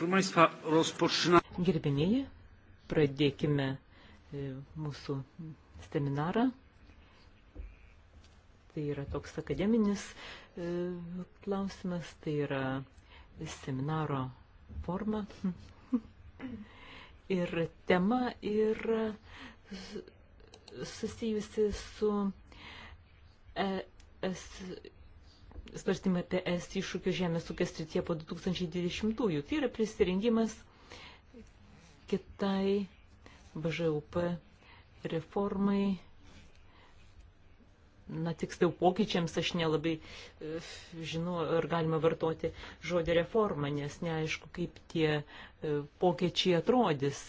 Gerbėmėji, pradėkime e, mūsų seminarą. Tai yra toks akademinis e, klausimas, tai yra seminaro forma. Ir tema yra susijusi su ES svarstymą apie es iššūkių žemės ūkio srityje po 2020-ųjų. Tai yra prisirengimas kitai BŽUP reformai, na tiksliau pokyčiams aš nelabai e, žinau, ar galima vartoti žodį reforma, nes neaišku, kaip tie e, pokyčiai atrodys.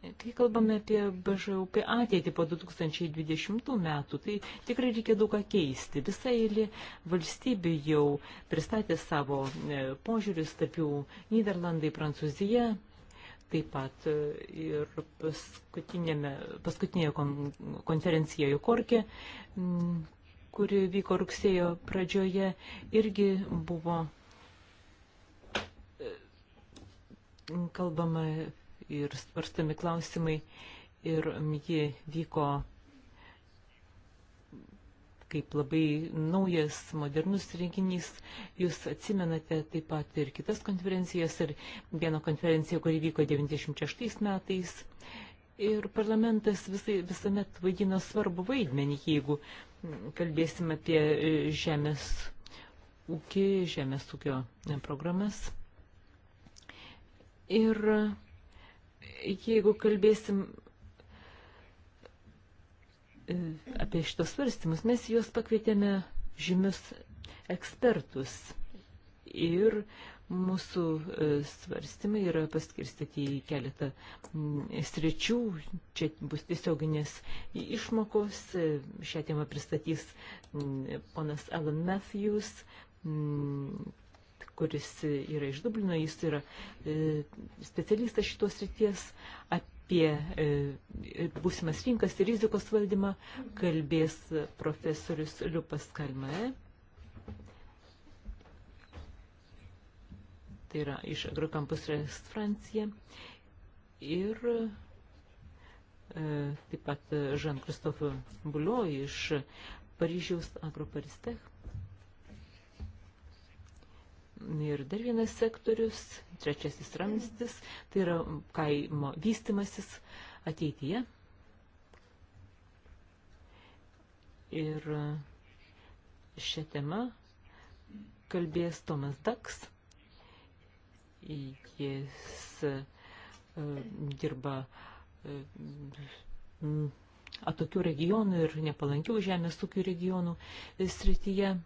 Kai kalbame apie BŽUP ateitį po 2020 metų, tai tikrai reikia daug ką keisti. Visa eilė valstybių jau pristatė savo e, požiūrius, tarp jų Niderlandai, Prancūzija, taip pat e, ir paskutinėje konferencijoje Korke, kuri vyko rugsėjo pradžioje, irgi buvo e, kalbama ir svarstami klausimai ir ji vyko kaip labai naujas, modernus renginys. Jūs atsimenate taip pat ir kitas konferencijas, ir vieną konferenciją, kuri vyko 96 metais. Ir parlamentas visai, visuomet vaidino svarbu vaidmenį, jeigu kalbėsime apie e, žemės ūkį, žemės ūkio e, programas. Ir jeigu kalbėsim e, apie šitos svarstymus, mes juos pakvietėme žymius ekspertus ir mūsų e, svarstymai yra paskirstyti į keletą sričių. Čia bus tiesioginės išmokos. E, šią temą pristatys ponas Alan Matthews, kuris yra iš Dublino, jis yra e, specialistas šitos ryties apie e, būsimas rinkas ir rizikos valdymą, kalbės profesorius Liupas Kalmae. Tai yra iš Agrocampus Rest Francija. Ir e, taip pat Jean-Christophe Bulio iš Paryžiaus Agroparistech. Ir dar vienas sektorius, trečiasis ramstis, tai yra kaimo vystimasis ateityje. Ir šią temą kalbės Tomas Daks. Jis e, dirba e, atokių regionų ir nepalankių žemės ūkių regionų srityje.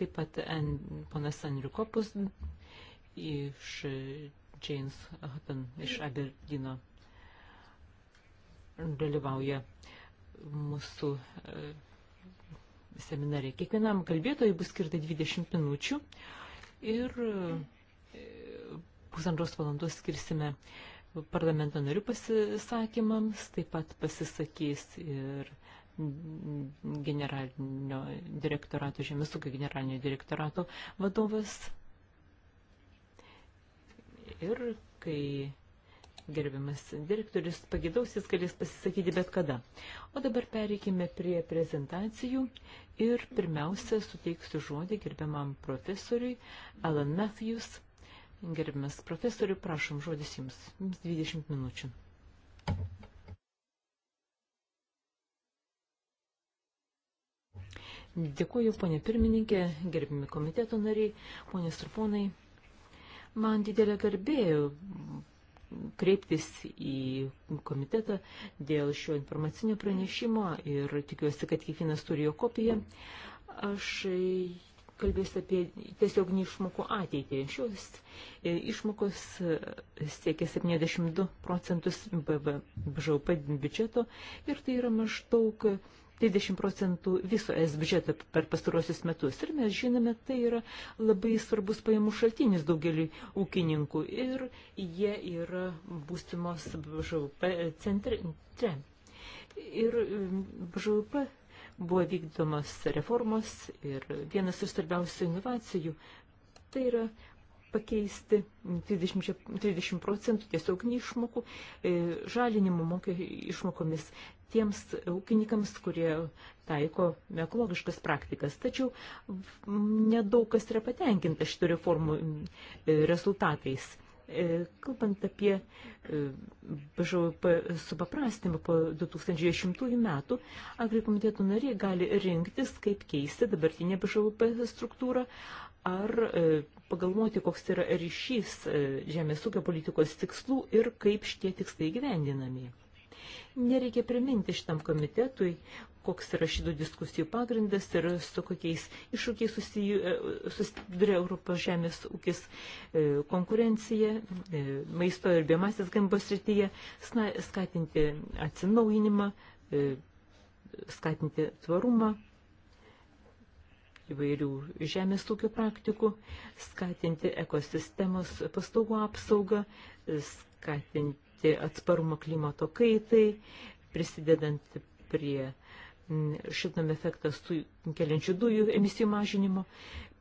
Taip pat en, ponas Enrikopus iš James Hutton iš Aberdino dalyvauja mūsų e, seminare. Kiekvienam kalbėtojui bus skirta 20 minučių ir e, pusantros valandos skirsime parlamento narių pasisakymams, taip pat pasisakys ir generalinio direktorato, Žemės ūkio generalinio direktorato vadovas. Ir kai gerbiamas direktorius pagėdaus, jis galės pasisakyti bet kada. O dabar pereikime prie prezentacijų ir pirmiausia suteiksiu žodį gerbiamam profesoriui Alan Matthews. Gerbiamas profesoriui, prašom žodis jums. Jums 20 minučių. Dėkuoju, ponė pirmininkė, gerbimi komiteto nariai, ponės ir ponai. Man didelė garbė kreiptis į komitetą dėl šio informacinio pranešimo ir tikiuosi, kad kiekvienas turi jo kopiją. Aš kalbės apie tiesiog neišmokų ateitį. Šios išmokos siekia 72 procentus BŽP biudžeto ir tai yra maždaug 1,5 20 procentų viso es biudžeto per pastarosius metus. Ir mes žinome, tai yra labai svarbus pajamų šaltinis daugeliu ūkininkų ir jie yra būsimos BŽUP centre. Ir um, BŽUP buvo vykdomas reformos ir vienas iš svarbiausių inovacijų tai yra pakeisti 30, 30 procentų tiesiog neišmokų e, žalinimo mokė išmokomis tiems ūkininkams, kurie taiko ekologiškas praktikas. Tačiau nedaug kas yra patenkinta šitų reformų e, rezultatais. E, kalbant apie e, BŽP supaprastymą po 2010 metų, agrikomiteto nariai gali rinktis, kaip keisti dabartinę BŽP struktūrą ar pagalvoti, koks yra ryšys žemės ūkio politikos tikslų ir kaip šitie tikslai gyvendinami. Nereikia priminti šitam komitetui, koks yra šitų diskusijų pagrindas ir su kokiais iššūkiais e, susiduria Europos žemės ūkis e, konkurencija, e, maisto ir biomasės gambos rytyje, skatinti atsinaujinimą, skatinti tvarumą įvairių žemės ūkio praktikų, skatinti ekosistemos paslaugų apsaugą, skatinti didinti atsparumą klimato kaitai, prisidedant prie šiltnamio efektą keliančių dujų emisijų mažinimo,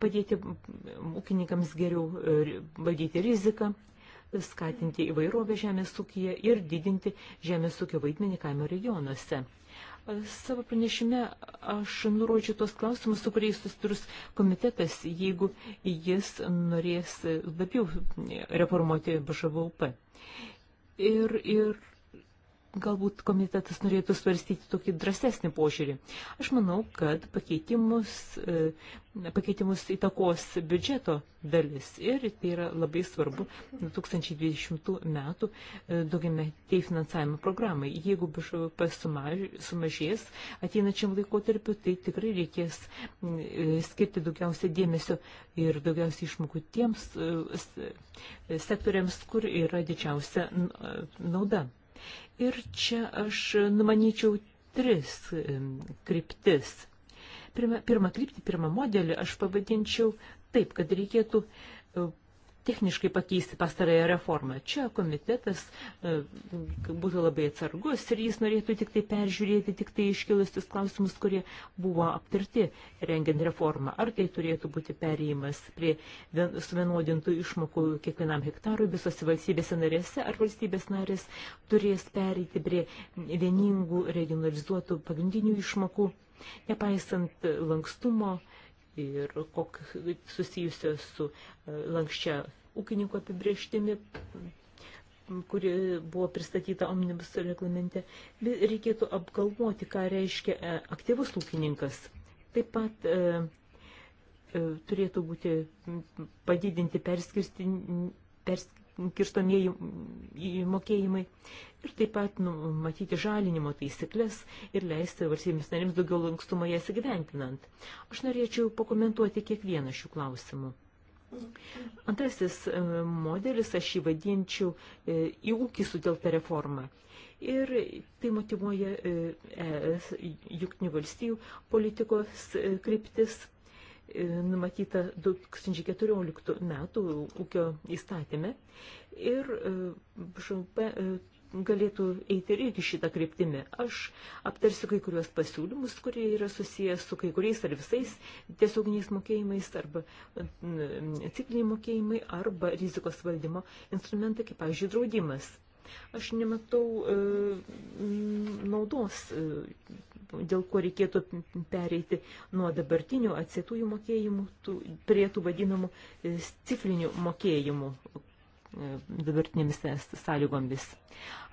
padėti ūkininkams geriau e, valdyti riziką, skatinti įvairovę žemės ūkiją ir didinti žemės ūkio vaidmenį kaimo regionuose. Savo pranešime aš nurodžiu tos klausimus, su kuriais susidurs komitetas, jeigu jis norės labiau reformuoti BŽVP ir, ir galbūt komitetas norėtų svarstyti tokį drąsesnį požiūrį. Aš manau, kad pakeitimus, e, pakeitimus įtakos biudžeto dalis ir tai yra labai svarbu 2020 metų e, daugiametei finansavimo programai. Jeigu BŽP sumažės ateinačiam laikotarpiu, tai tikrai reikės e, skirti daugiausia dėmesio ir daugiausia išmokų tiems sektoriams, kur yra didžiausia nauda. Ir čia aš numanyčiau tris kryptis. Pirma, pirmą kryptį, pirmą modelį aš pavadinčiau taip, kad reikėtų techniškai pakeisti pastarąją reformą. Čia komitetas e, būtų labai atsargus ir jis norėtų tik tai peržiūrėti tik tai iškilusius klausimus, kurie buvo aptarti rengiant reformą. Ar tai turėtų būti perėjimas prie suvienodintų išmokų kiekvienam hektarui visose valstybėse narėse, ar valstybės narės turės perėti prie vieningų regionalizuotų pagrindinių išmokų, nepaisant lankstumo ir kok, susijusios su e, lankščia ūkininko apibrieštimi, kuri buvo pristatyta omnibus reglamente, reikėtų apgalvoti, ką reiškia e, aktyvus ūkininkas. Taip pat e, e, turėtų būti padidinti perskirstinį persk kirstomieji mokėjimai ir taip pat numatyti žalinimo taisyklės ir leisti valstybėms narėms daugiau lankstumo jas įgyventinant. Aš norėčiau pakomentuoti kiekvieną šių klausimų. Antrasis e, modelis aš jį vadinčiau e, į ūkį suteltą reformą. Ir tai motivuoja ES, e jungtinių valstybių politikos kryptis numatyta 2014 metų ūkio įstatymė ir BŽP e, e, galėtų eiti ir iki šitą kryptimį. Aš aptarsiu kai kuriuos pasiūlymus, kurie yra susijęs su kai kuriais ar visais tiesioginiais mokėjimais arba cikliniai mokėjimai arba rizikos valdymo instrumentai, kaip, pavyzdžiui, draudimas. Aš nematau e, naudos, e, dėl ko reikėtų pereiti nuo dabartinių atsietųjų mokėjimų tų, prie tų vadinamų e, ciklinių mokėjimų, e, dabartinėmis sąlygomis.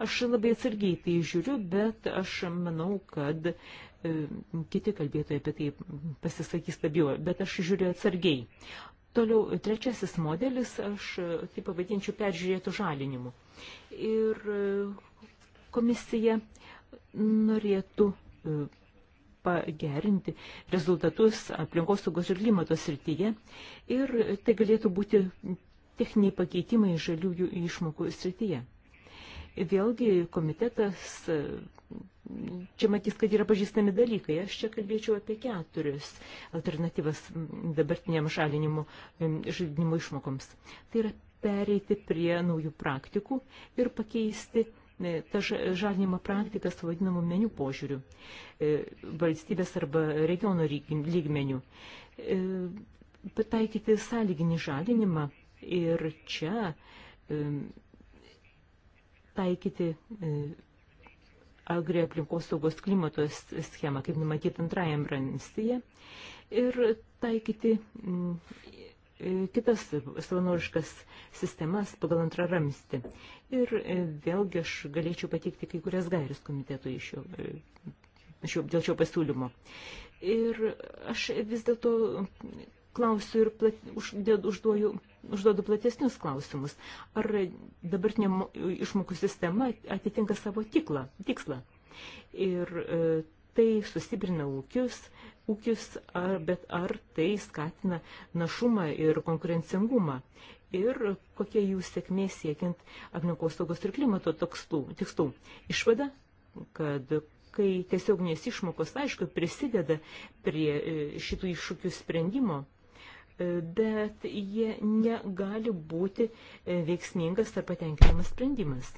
Aš labai atsargiai tai žiūriu, bet aš manau, kad e, kiti kalbėtojai apie tai pasisakys labiau, bet aš žiūriu atsargiai. Toliau, trečiasis modelis, aš tai pavadinčiau peržiūrėtų žalinimu. Ir e, komisija norėtų e, pagerinti rezultatus aplinkosaugos ir klimato srityje ir tai galėtų būti techniniai pakeitimai žaliųjų išmokų srityje vėlgi komitetas čia matys, kad yra pažįstami dalykai. Aš čia kalbėčiau apie keturis alternatyvas dabartiniam šalinimo žaidinimo išmokoms. Tai yra pereiti prie naujų praktikų ir pakeisti e, tą žalinimo praktiką su vadinamu meniu požiūriu e, valstybės arba regiono lygmeniu. E, pataikyti sąlyginį žalinimą ir čia taikyti e, agri aplinkos saugos klimatos schemą, kaip numatyti antrajam ramstyje, ir taikyti e, kitas savanoriškas sistemas pagal antrą ramstį. Ir e, vėlgi aš galėčiau pateikti kai kurias gairias komitetui šio, šio, dėl šio pasiūlymo. Ir aš vis dėlto klausiu ir plat, už, dėl, užduoju užduodu platesnius klausimus. Ar dabartinė išmokų sistema atitinka savo tiklą, tikslą? Ir e, tai sustiprina ūkius, ūkius ar, bet ar tai skatina našumą ir konkurencingumą? ir kokia jų sėkmė siekiant aplinkos saugos ir klimato tikslų. Išvada, kad kai tiesioginės išmokos, aišku, prisideda prie e, šitų iššūkių sprendimo, bet jie negali būti e, veiksmingas ar patenkinamas sprendimas.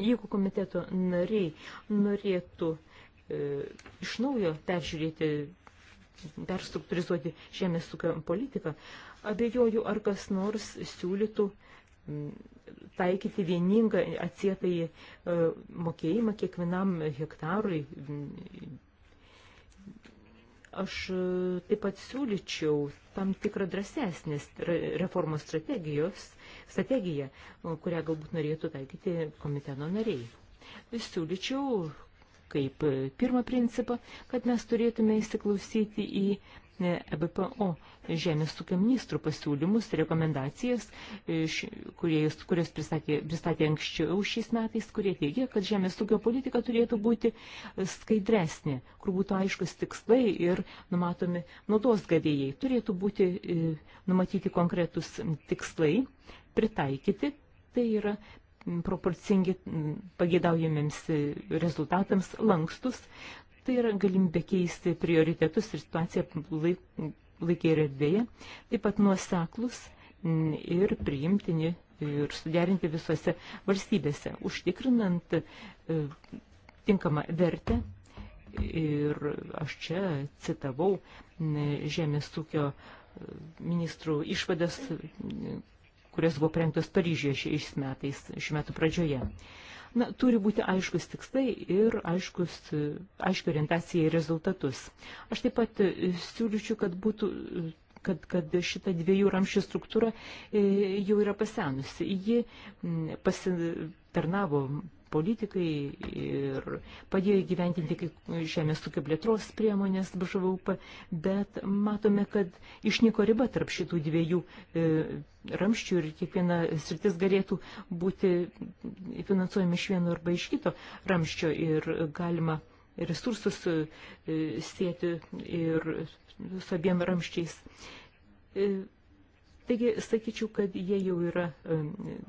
Jeigu komiteto nariai norėtų e, iš naujo peržiūrėti, perstruktūrizuoti žemės ūkio politiką, abejoju, ar kas nors siūlytų taikyti vieningą atsietai e, mokėjimą kiekvienam hektarui Aš e, taip pat siūlyčiau tam tikrą drąsesnės reformos strategijos, strategiją, kurią galbūt norėtų taikyti komiteto nariai. Siūlyčiau kaip pirmą principą, kad mes turėtume įsiklausyti į EBPO e žemės ūkio ministrų pasiūlymus, rekomendacijas, e, kuries, kurias pristatė, pristatė anksčiau šiais metais, kurie teigia, kad žemės ūkio politika turėtų būti skaidresnė, kur būtų aiškus tikslai ir numatomi naudos gavėjai. Turėtų būti e, numatyti konkretus tikslai, pritaikyti. Tai yra proporcingi pagėdaujamiems rezultatams lankstus, Tai yra galimybė keisti prioritetus ir situaciją laik, laikė ir erdvėje, taip pat nuoseklus ir priimtini ir suderinti visose valstybėse, užtikrinant e, tinkamą vertę. Ir aš čia citavau Žemės ūkio e, ministrų išvadas kurios buvo prengtos Paryžiuje šiais metais, šių metų pradžioje. Na, turi būti aiškus tikslai ir aiškus, aiški orientacija į rezultatus. Aš taip pat e, siūlyčiau, kad būtų kad, kad šita dviejų ramščių struktūra e, jau yra pasenusi. Ji pasitarnavo politikai ir padėjo įgyventinti žemės ūkio plėtros priemonės BŽVP, bet matome, kad išnyko riba tarp šitų dviejų e, ramščių ir kiekviena sritis galėtų būti finansuojama iš vieno arba iš kito ramščio ir galima resursus e, sėti ir su abiem ramščiais e, Taigi, sakyčiau, kad jie jau yra,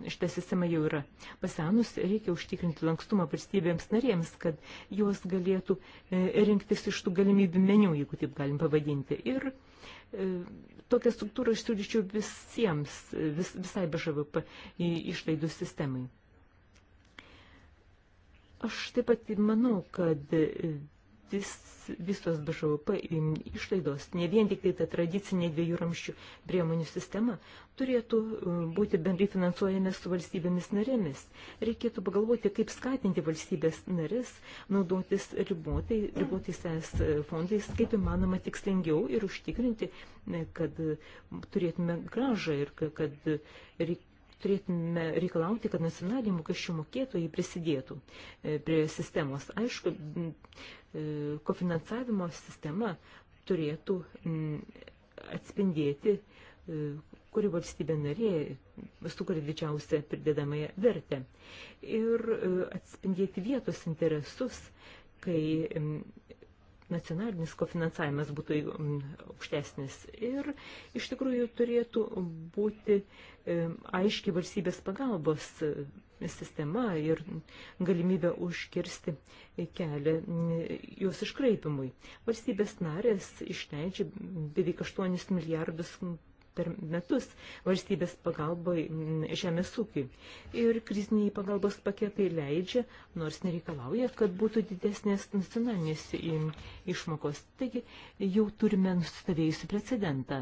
šitą sistemą jau yra pasenus, reikia užtikrinti lankstumą valstybėms narėms, kad jos galėtų e, rinktis iš tų galimybių meniu, jeigu taip galim pavadinti. Ir e, tokią struktūrą aš siūlyčiau visiems, vis, visai be ŽVP išlaidų sistemai. Aš taip pat manau, kad e, vis, visos BŽP išlaidos, ne vien tik tai ta tradicinė dviejų ramščių priemonių sistema, turėtų e, būti bendrai finansuojami su valstybėmis narėmis. Reikėtų pagalvoti, kaip skatinti valstybės narės naudotis ribotai, ribotais es fondais, kaip įmanoma tikslingiau ir užtikrinti, e, kad turėtume gražą ir kad reikia turėtume reikalauti, kad nacionaliniai mokesčių mokėtojai prisidėtų e, prie sistemos. Aišku, E, kofinansavimo sistema turėtų atspindėti, e, kuri valstybė narė sukuria didžiausią pridedamąją vertę ir e, atspindėti vietos interesus, kai nacionalinis kofinansavimas būtų aukštesnis ir iš tikrųjų turėtų būti aiški valstybės pagalbos sistema ir galimybė užkirsti kelią jos iškraipimui. Valstybės narės išleidžia beveik 8 milijardus per metus valstybės pagalbai žemės ūkiui. Ir kriziniai pagalbos paketai leidžia, nors nereikalauja, kad būtų didesnės nacionalinės išmokos. Taigi jau turime nusistovėjusi precedentą.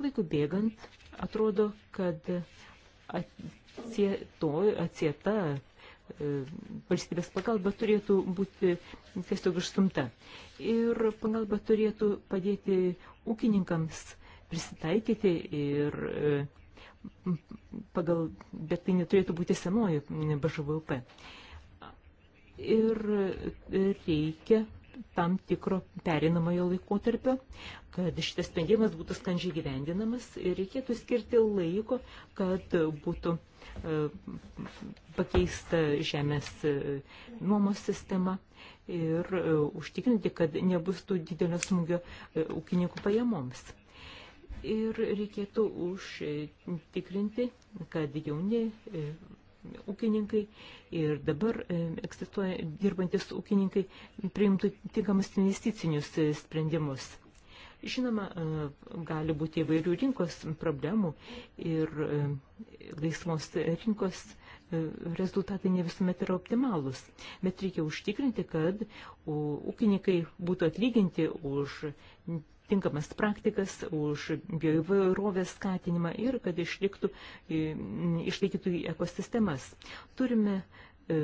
Laiku bėgant atrodo, kad atsieta E, valstybės pagalba turėtų būti tiesiog išstumta. Ir pagalba turėtų padėti ūkininkams prisitaikyti ir e, pagal, bet tai neturėtų būti senoji BŽVP. Ir reikia tam tikro perinamojo laikotarpio, kad šitas sprendimas būtų skandžiai gyvendinamas ir reikėtų skirti laiko, kad būtų e, pakeista žemės e, nuomos sistema ir e, užtikrinti, kad nebus tų didelio smūgio ūkininkų pajamoms. Ir reikėtų užtikrinti, kad jauni ūkininkai ir dabar e, egzistuoja dirbantis ūkininkai priimtų tinkamus investicinius e, sprendimus. Žinoma, e, gali būti įvairių rinkos problemų ir laisvos rinkos rezultatai ne visuomet yra optimalūs, bet reikia užtikrinti, kad ūkininkai būtų atlyginti už tinkamas praktikas, už bioįvairovės skatinimą ir kad išliktų, išlaikytų ekosistemas. Turime e,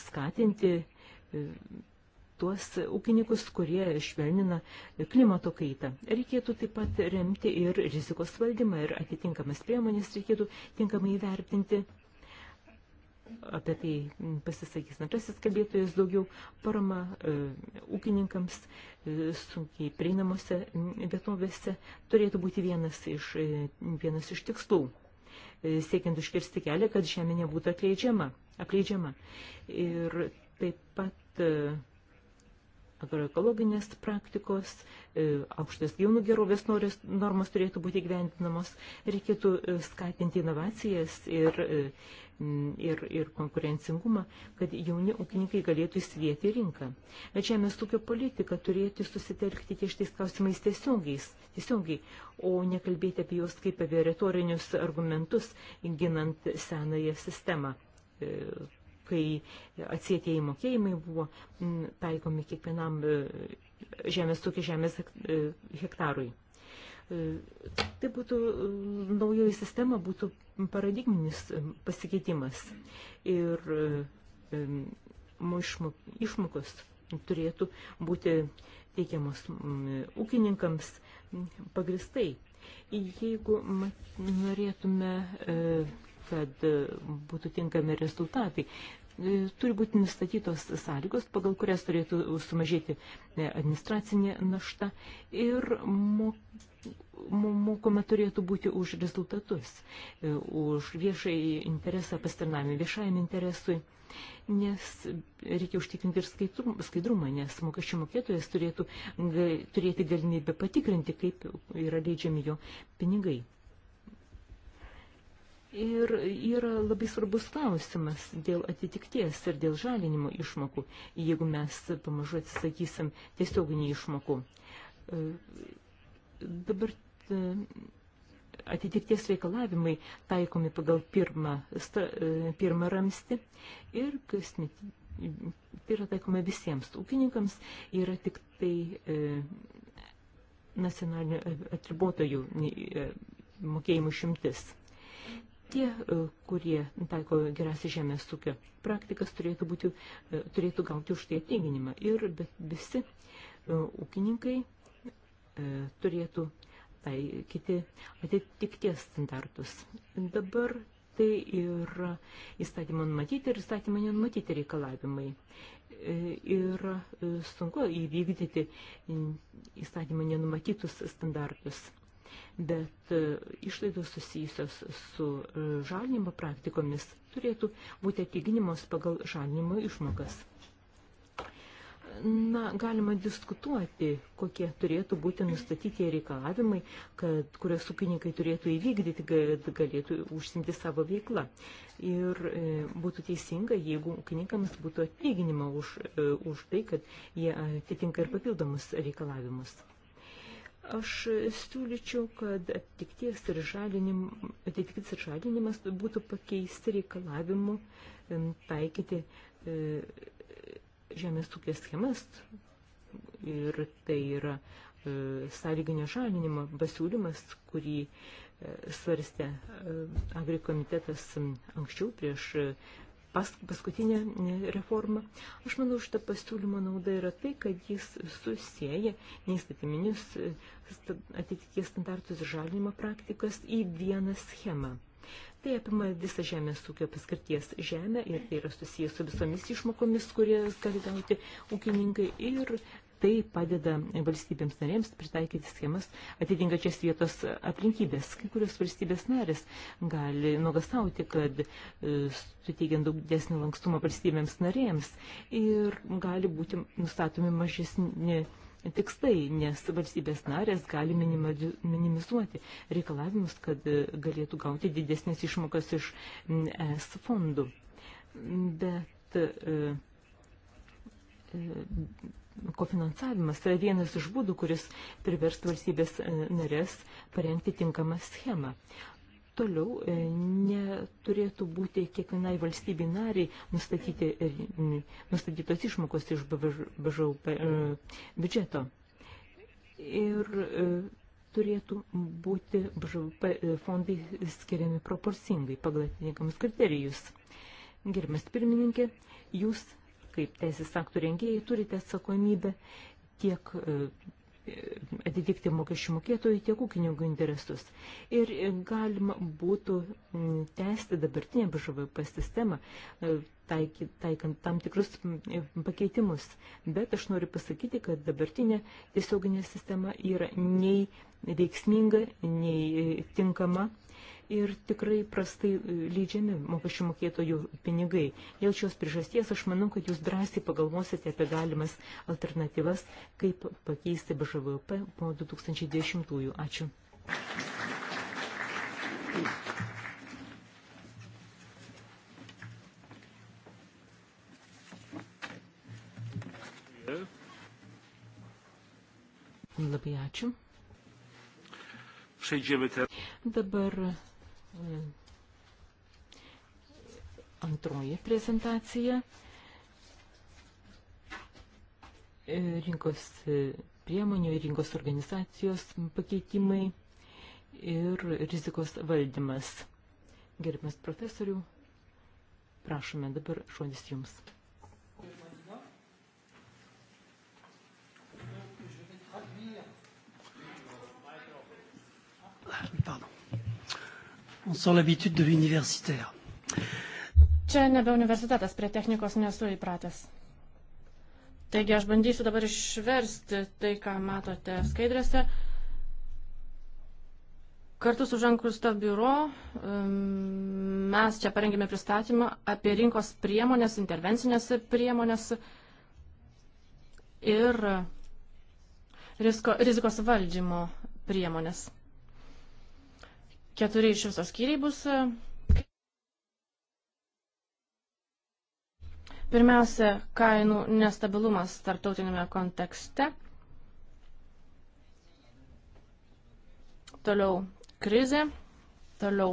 skatinti e, tuos ūkininkus, kurie švelnina klimato kaitą. Reikėtų taip pat remti ir rizikos valdymą ir atitinkamas priemonės reikėtų tinkamai įvertinti apie tai pasisakys antrasis kalbėtojas daugiau parama e, ūkininkams e, sunkiai prieinamose vietovėse turėtų būti vienas iš, e, vienas iš tikslų, e, siekiant užkirsti kelią, kad žemė nebūtų atleidžiama, apleidžiama. Ir taip pat e, agroekologinės praktikos, e, aukštas gyvūnų gerovės norės, normos turėtų būti gyventinamos, reikėtų e, skatinti inovacijas ir, e, ir, ir konkurencingumą, kad jauni ūkininkai galėtų įsilieti rinką. Žemės ūkio politika turėtų susitelkti ties tais klausimais tiesiogiai, o nekalbėti apie juos kaip apie retorinius argumentus, ginant senąją sistemą kai atsietieji mokėjimai buvo taikomi kiekvienam e, žemės tokį žemės e, hektarui. E, tai būtų naujoji sistema, būtų paradigminis pasikeitimas ir išmokos turėtų būti teikiamos ūkininkams pagristai. Jeigu norėtume kad e, būtų tinkami rezultatai. E, turi būti nustatytos sąlygos, pagal kurias turėtų sumažėti e, administracinė našta ir mokoma turėtų būti už rezultatus, už viešai interesą pastarnami, viešajam interesui nes reikia užtikrinti ir skaidrumą, nes mokesčių mokėtojas turėtų turėti galimybę patikrinti, kaip yra leidžiami jo pinigai. Ir yra labai svarbus klausimas dėl atitikties ir dėl žalinimo išmokų, jeigu mes pamažu atsisakysim tiesioginį išmokų. E, dabar e, atitikties reikalavimai taikomi pagal pirmą, stra, e, pirmą ramstį ir kasmet, tai yra taikoma visiems ūkininkams, yra tik tai e, nacionalinių atribuotojų e, mokėjimų šimtis. E, tie, e, kurie taiko gerasią žemės ūkio praktikas, turėtų, būti, e, turėtų gauti už tai atlyginimą. Ir visi e, ūkininkai turėtų taikyti atitikties standartus. Dabar tai yra įstatymą numatyti ir įstatymą nenumatyti reikalavimai. Ir sunku įvykdyti įstatymą nenumatytus standartus bet e, išlaidos susijusios su e, žalinimo praktikomis turėtų būti atlyginimos pagal žalinimo išmokas. Na, galima diskutuoti, kokie turėtų būti nustatyti reikalavimai, kad, kurios ūkininkai turėtų įvykdyti, kad galėtų užsimti savo veiklą. Ir e, būtų teisinga, jeigu ūkininkams būtų atlyginima už, e, už tai, kad jie atitinka ir papildomus reikalavimus. Aš siūlyčiau, kad atitikties ir žalinim, atitiktis ir žalinimas būtų pakeisti reikalavimu taikyti e, žemės ūkio schemas ir tai yra e, sąlyginio žalinimo pasiūlymas, kurį e, svarstė agrikomitetas anksčiau prieš pas, paskutinę reformą. Aš manau, šitą pasiūlymą nauda yra tai, kad jis susieja neįstatyminius e, atitikties standartus ir žalinimo praktikas į vieną schemą. Tai apima visą žemės ūkio paskirties žemę ir tai yra susijęs su visomis išmokomis, kurias gali gauti ūkininkai ir Tai padeda valstybėms narėms pritaikyti schemas atitinkačias vietos aplinkybės. Kai kurios valstybės narės gali nuogastauti, kad e, suteikiant daug desnį lankstumą valstybėms narėms ir gali būti nustatomi mažesni tikslai, nes valstybės narės gali minimizuoti reikalavimus, kad e, galėtų gauti didesnės išmokas iš ES fondų. Bet e, kofinansavimas yra vienas iš būdų, kuris privers valstybės e, narės parengti tinkamą schemą. Toliau e, neturėtų būti kiekvienai valstybei nariai nustatyti, e, nustatytos išmokos iš BŽUP biudžeto. Ir turėtų būti BŽUP fondai skiriami proporcingai pagal atitinkamus kriterijus. Gerbiamas pirmininkė, jūs kaip teisės aktų rengėjai turite atsakomybę tiek e, atitikti mokesčių mokėtojų, tiek ūkininkų interesus. Ir galima būtų tęsti dabartinę BŽVP sistemą, e, taikant tam tikrus e, pakeitimus. Bet aš noriu pasakyti, kad dabartinė tiesioginė sistema yra nei veiksminga, nei tinkama ir tikrai prastai e, leidžiami mokesčių mokėtojų pinigai. Dėl šios priežasties aš manau, kad jūs drąsiai pagalvosite apie galimas alternatyvas, kaip pakeisti BŽVP po 2010-ųjų. Ačiū. Labai ačiū. Dabar Antroji prezentacija. Rinkos priemonių, rinkos organizacijos pakeitimai ir rizikos valdymas. Gerbimas profesorių, prašome dabar žodis jums. On sent l'habitude de l'universitaire. Čia nebe universitetas, prie technikos nesu įpratęs. Taigi aš bandysiu dabar išversti tai, ką matote skaidrėse. Kartu su Žankrusto biuro mes čia parengėme pristatymą apie rinkos priemonės, intervencinės priemonės ir risko, rizikos valdymo priemonės. Keturi iš viso skyriai bus. E, Pirmiausia, kainų nestabilumas tarptautinėme kontekste. Toliau krizė. Toliau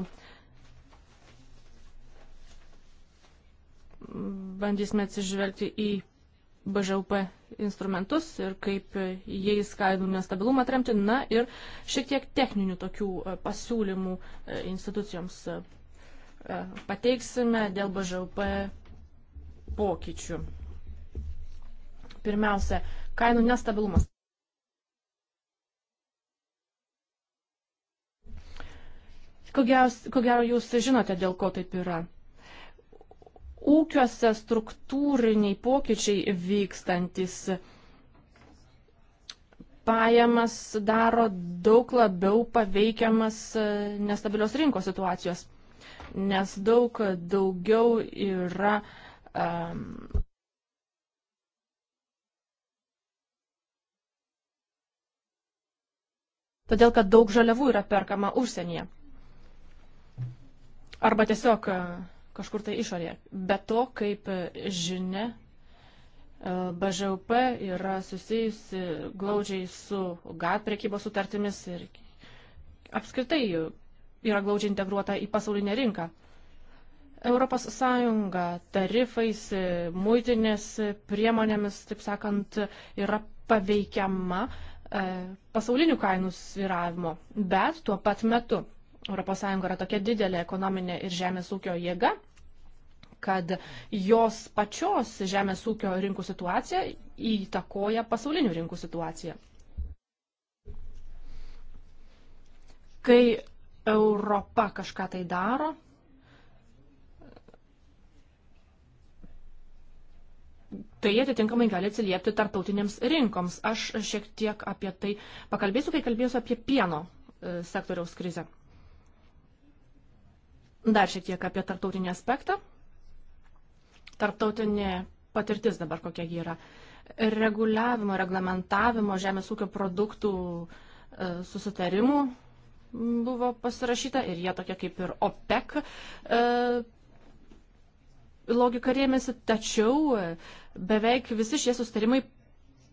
bandysime atsižvelgti į BŽUP instrumentus ir kaip jais skaidome stabilumą atremti, na ir šiek tiek techninių tokių e, pasiūlymų e, institucijoms e, pateiksime dėl BŽUP pokyčių. Pirmiausia, kainų nestabilumas. Ko gero, jūs žinote, dėl ko taip yra ūkiuose struktūriniai pokyčiai vykstantis pajamas daro daug labiau paveikiamas e, nestabilios rinkos situacijos, nes daug daugiau yra um, todėl kad daug žaliavų yra perkama užsienyje. Arba tiesiog e, kažkur tai išorėje. Be to, kaip žinia, BŽUP yra susijusi glaudžiai su GAT priekybos sutartimis ir apskritai yra glaudžiai integruota į pasaulinę rinką. ES tarifais, muitinės priemonėmis, taip sakant, yra paveikiama e, pasaulinių kainų sviravimo, bet tuo pat metu ES yra tokia didelė ekonominė ir žemės ūkio jėga, kad jos pačios žemės ūkio rinkų situacija įtakoja pasaulinių rinkų situaciją. Kai Europa kažką tai daro, tai atitinkamai gali atsiliepti tarptautinėms rinkoms. Aš šiek tiek apie tai pakalbėsiu, kai kalbėsiu apie pieno e, sektoriaus krizę. Dar šiek tiek apie tarptautinį aspektą. Tarptautinė patirtis dabar kokia ji yra. Reguliavimo, reglamentavimo žemės ūkio produktų e, susitarimų buvo pasirašyta ir jie tokie kaip ir OPEC e, logika rėmėsi, tačiau e, beveik visi šie sustarimai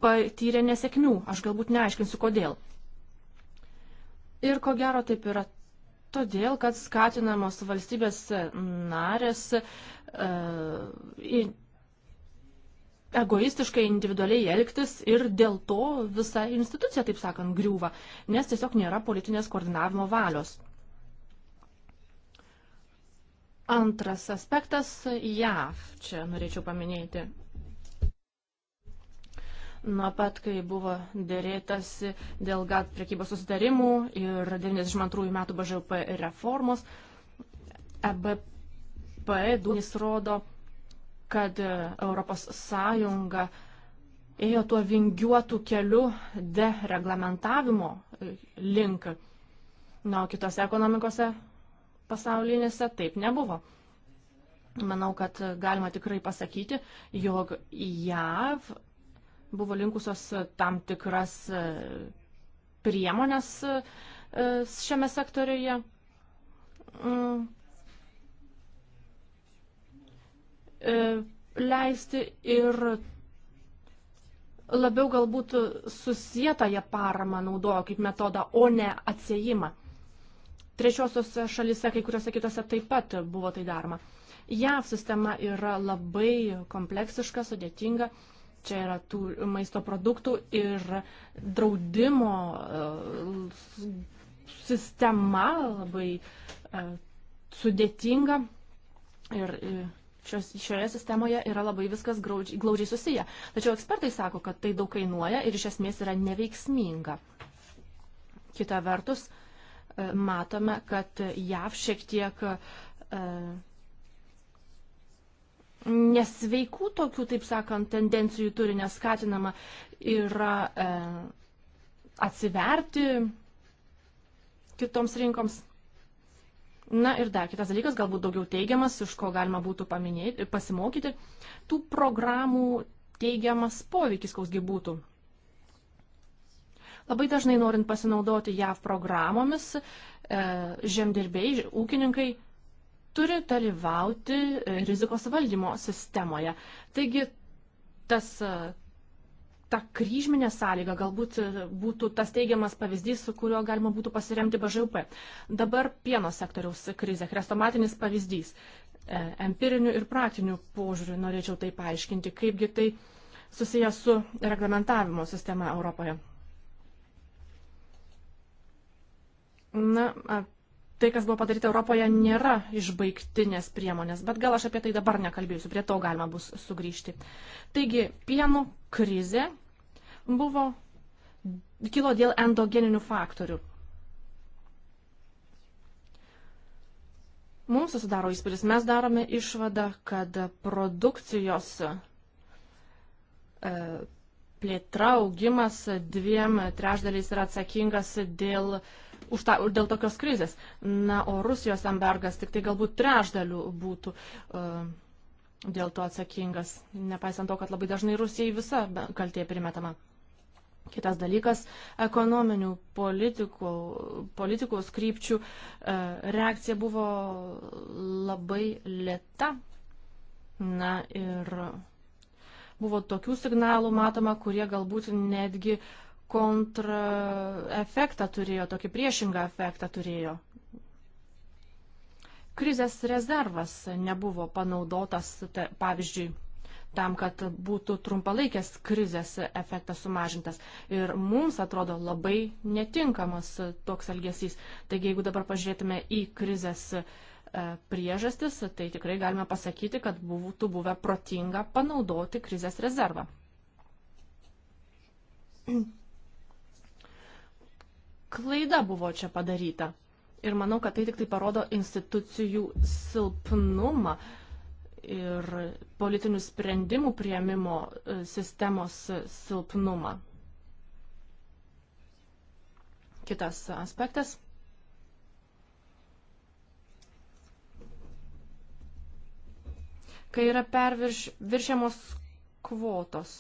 patyrė nesėkmių. Aš galbūt neaiškinsiu, kodėl. Ir ko gero taip yra Todėl, kad skatinamos valstybės narės e, egoistiškai individualiai elgtis ir dėl to visa institucija, taip sakant, griūva, nes tiesiog nėra politinės koordinavimo valios. Antras aspektas - JAV. Čia norėčiau paminėti nuo pat, kai buvo dėrėtasi dėl GAT prekybos susitarimų ir 92 metų BŽP reformos. EBP duomenys rodo, kad ES ėjo tuo vingiuotų keliu dereglamentavimo link. Na, o kitose ekonomikose pasaulinėse taip nebuvo. Manau, kad galima tikrai pasakyti, jog JAV buvo linkusios tam tikras e, priemonės e, šiame sektoriuje mm. e, leisti ir labiau galbūt susietąją paramą naudojo kaip metodą, o ne atsėjimą. Trečiosiuose šalise, kai kuriuose kitose taip pat buvo tai daroma. JAV sistema yra labai kompleksiška, sudėtinga. E, čia yra tų maisto produktų ir draudimo e, sistema labai e, sudėtinga ir e, šios, šioje sistemoje yra labai viskas glaudžiai, glaudžiai susiję. Tačiau ekspertai sako, kad tai daug kainuoja ir iš esmės yra neveiksminga. Kita vertus, matome, kad JAV šiek tiek nesveikų tokių, taip sakant, tendencijų turi, neskatinama yra e, atsiverti kitoms rinkoms. Na ir dar kitas dalykas, galbūt daugiau teigiamas, iš ko galima būtų paminėti, pasimokyti, tų programų teigiamas poveikis, kausgi būtų. Labai dažnai norint pasinaudoti JAV programomis, e, žemdirbiai, ūkininkai turi dalyvauti e, rizikos valdymo sistemoje. Taigi tas, e, ta kryžminė sąlyga galbūt e, būtų tas teigiamas pavyzdys, su kuriuo galima būtų pasiremti BŽUP. Dabar pieno sektoriaus krizė, chrestomatinis pavyzdys. Empirinių ir praktinių požiūrių norėčiau tai paaiškinti, kaipgi tai susijęs su reglamentavimo sistema Europoje. Na, apie tai, kas buvo padaryta Europoje, nėra išbaigtinės priemonės, bet gal aš apie tai dabar nekalbėsiu, prie to galima bus sugrįžti. Taigi, pieno krizė buvo, kilo dėl endogeninių faktorių. Mums susidaro įspūdis, mes darome išvadą, kad produkcijos e, plėtra, augimas dviem trešdaliais yra atsakingas dėl uh, už tą, dėl tokios krizės. Na, o Rusijos embargas tik tai galbūt trešdalių būtų uh, dėl to atsakingas, nepaisant to, kad labai dažnai Rusijai visa kaltė primetama. Kitas dalykas - ekonominių politikų, politikos krypčių uh, reakcija buvo labai lėta. Na ir buvo tokių signalų matoma, kurie galbūt netgi uh, kontraefektą turėjo, tokį priešingą efektą turėjo. Krizės rezervas nebuvo panaudotas, te, pavyzdžiui, tam, kad būtų trumpalaikės krizės efektas sumažintas. Ir mums atrodo labai netinkamas toks elgesys. Taigi, jeigu dabar pažiūrėtume į krizės e, priežastis, tai tikrai galime pasakyti, kad būtų buvę protinga panaudoti krizės rezervą klaida buvo čia padaryta. Ir manau, kad tai tik tai parodo institucijų silpnumą ir politinių sprendimų prieimimo e, sistemos silpnumą. Kitas aspektas. Kai yra perviršiamos kvotos.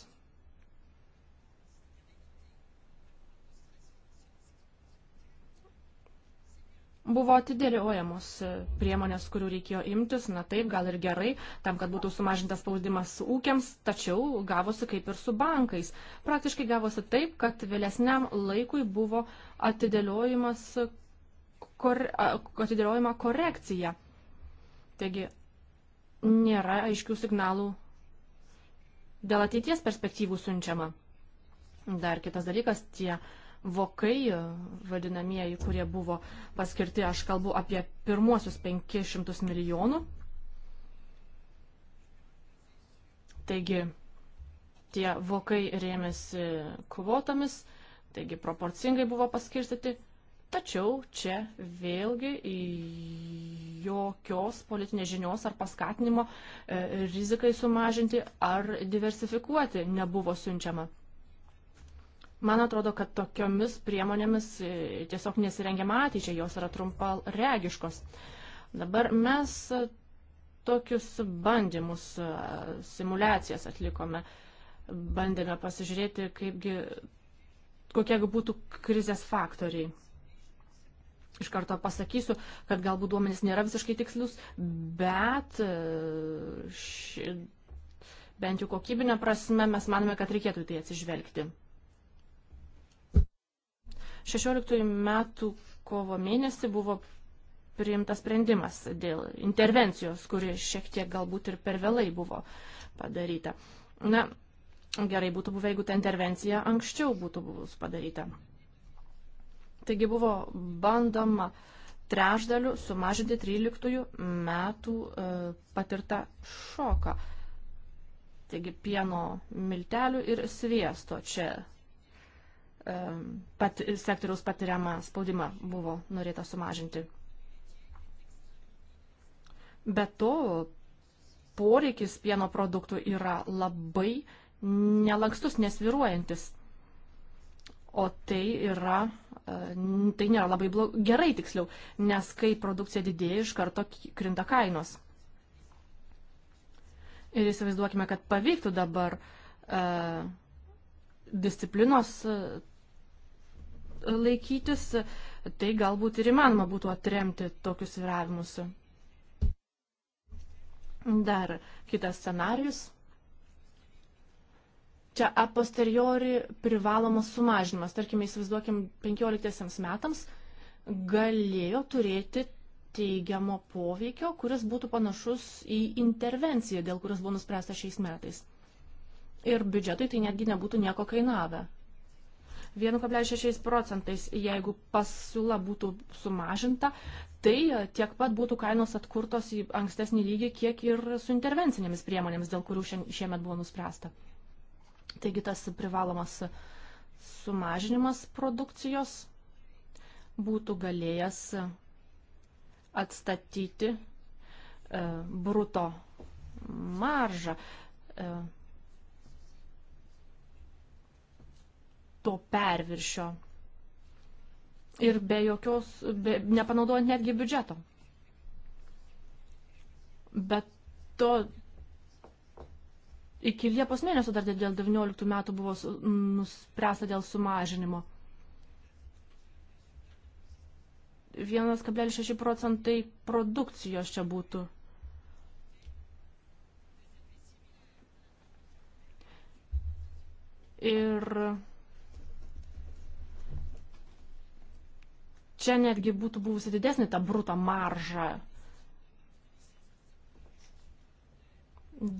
buvo atidėliojamos e, priemonės, kurių reikėjo imtis, na taip, gal ir gerai, tam, kad būtų sumažintas spaudimas ūkiams, tačiau gavosi kaip ir su bankais. Praktiškai gavosi taip, kad vėlesniam laikui buvo atidėliojimas, kor, atidėliojama korekcija. Taigi nėra aiškių signalų dėl ateities perspektyvų siunčiama. Dar kitas dalykas, tie uh, vokai, vadinamieji, kurie buvo paskirti, aš kalbu apie pirmuosius 500 milijonų. Taigi, tie vokai rėmėsi kvotomis, taigi proporcingai buvo paskirstyti, tačiau čia vėlgi jokios politinės žinios ar paskatinimo e, rizikai sumažinti ar diversifikuoti nebuvo siunčiama. Man atrodo, kad tokiomis priemonėmis e, tiesiog nesirengiama ateičiai, jos yra trumparegiškos. Dabar mes e, tokius bandymus, e, simulacijas atlikome, bandėme pasižiūrėti, kaipgi, kokie būtų krizės faktoriai. Iš karto pasakysiu, kad galbūt duomenys nėra visiškai tikslus, bet ši, bent jau kokybinė prasme mes manome, kad reikėtų tai atsižvelgti. 16 metų kovo mėnesį buvo priimtas sprendimas dėl intervencijos, kuri šiek tiek galbūt ir per vėlai buvo padaryta. Na, gerai būtų buvę, jeigu ta intervencija anksčiau būtų buvus padaryta. Taigi buvo bandoma trešdaliu sumažinti 13 metų e, patirtą šoką. Taigi pieno miltelių ir sviesto čia pat, sektoriaus patiriamą spaudimą buvo norėta sumažinti. Be to, poreikis pieno produktų yra labai nelankstus, nesviruojantis. O tai yra, e, tai nėra labai blog, gerai tiksliau, nes kai produkcija didėja, iš karto krinta kainos. Ir įsivaizduokime, kad pavyktų dabar uh, disciplinos e, laikytis, tai galbūt ir įmanoma būtų atremti tokius sviravimus. Dar kitas scenarius. Čia a posteriori privalomas sumažinimas, tarkime, įsivaizduokim, 15 metams galėjo turėti teigiamo poveikio, kuris būtų panašus į intervenciją, dėl kurios buvo nuspręsta šiais metais. Ir biudžetui tai netgi nebūtų nieko kainavę. 1,6 procentais. Jeigu pasiūla būtų sumažinta, tai e, tiek pat būtų kainos atkurtos į ankstesnį lygį, kiek ir su intervencinėmis priemonėmis, dėl kurių šiemet buvo nuspręsta. Taigi tas privalomas sumažinimas produkcijos būtų galėjęs atstatyti e, bruto maržą. E, to perviršio ir be jokios, be, nepanaudojant netgi biudžeto. Bet to iki Liepos mėnesio dar dėl 19 metų buvo nuspręsta dėl sumažinimo. 1,6 procentai produkcijos čia būtų. Ir čia netgi būtų buvusi didesnė ta bruto marža.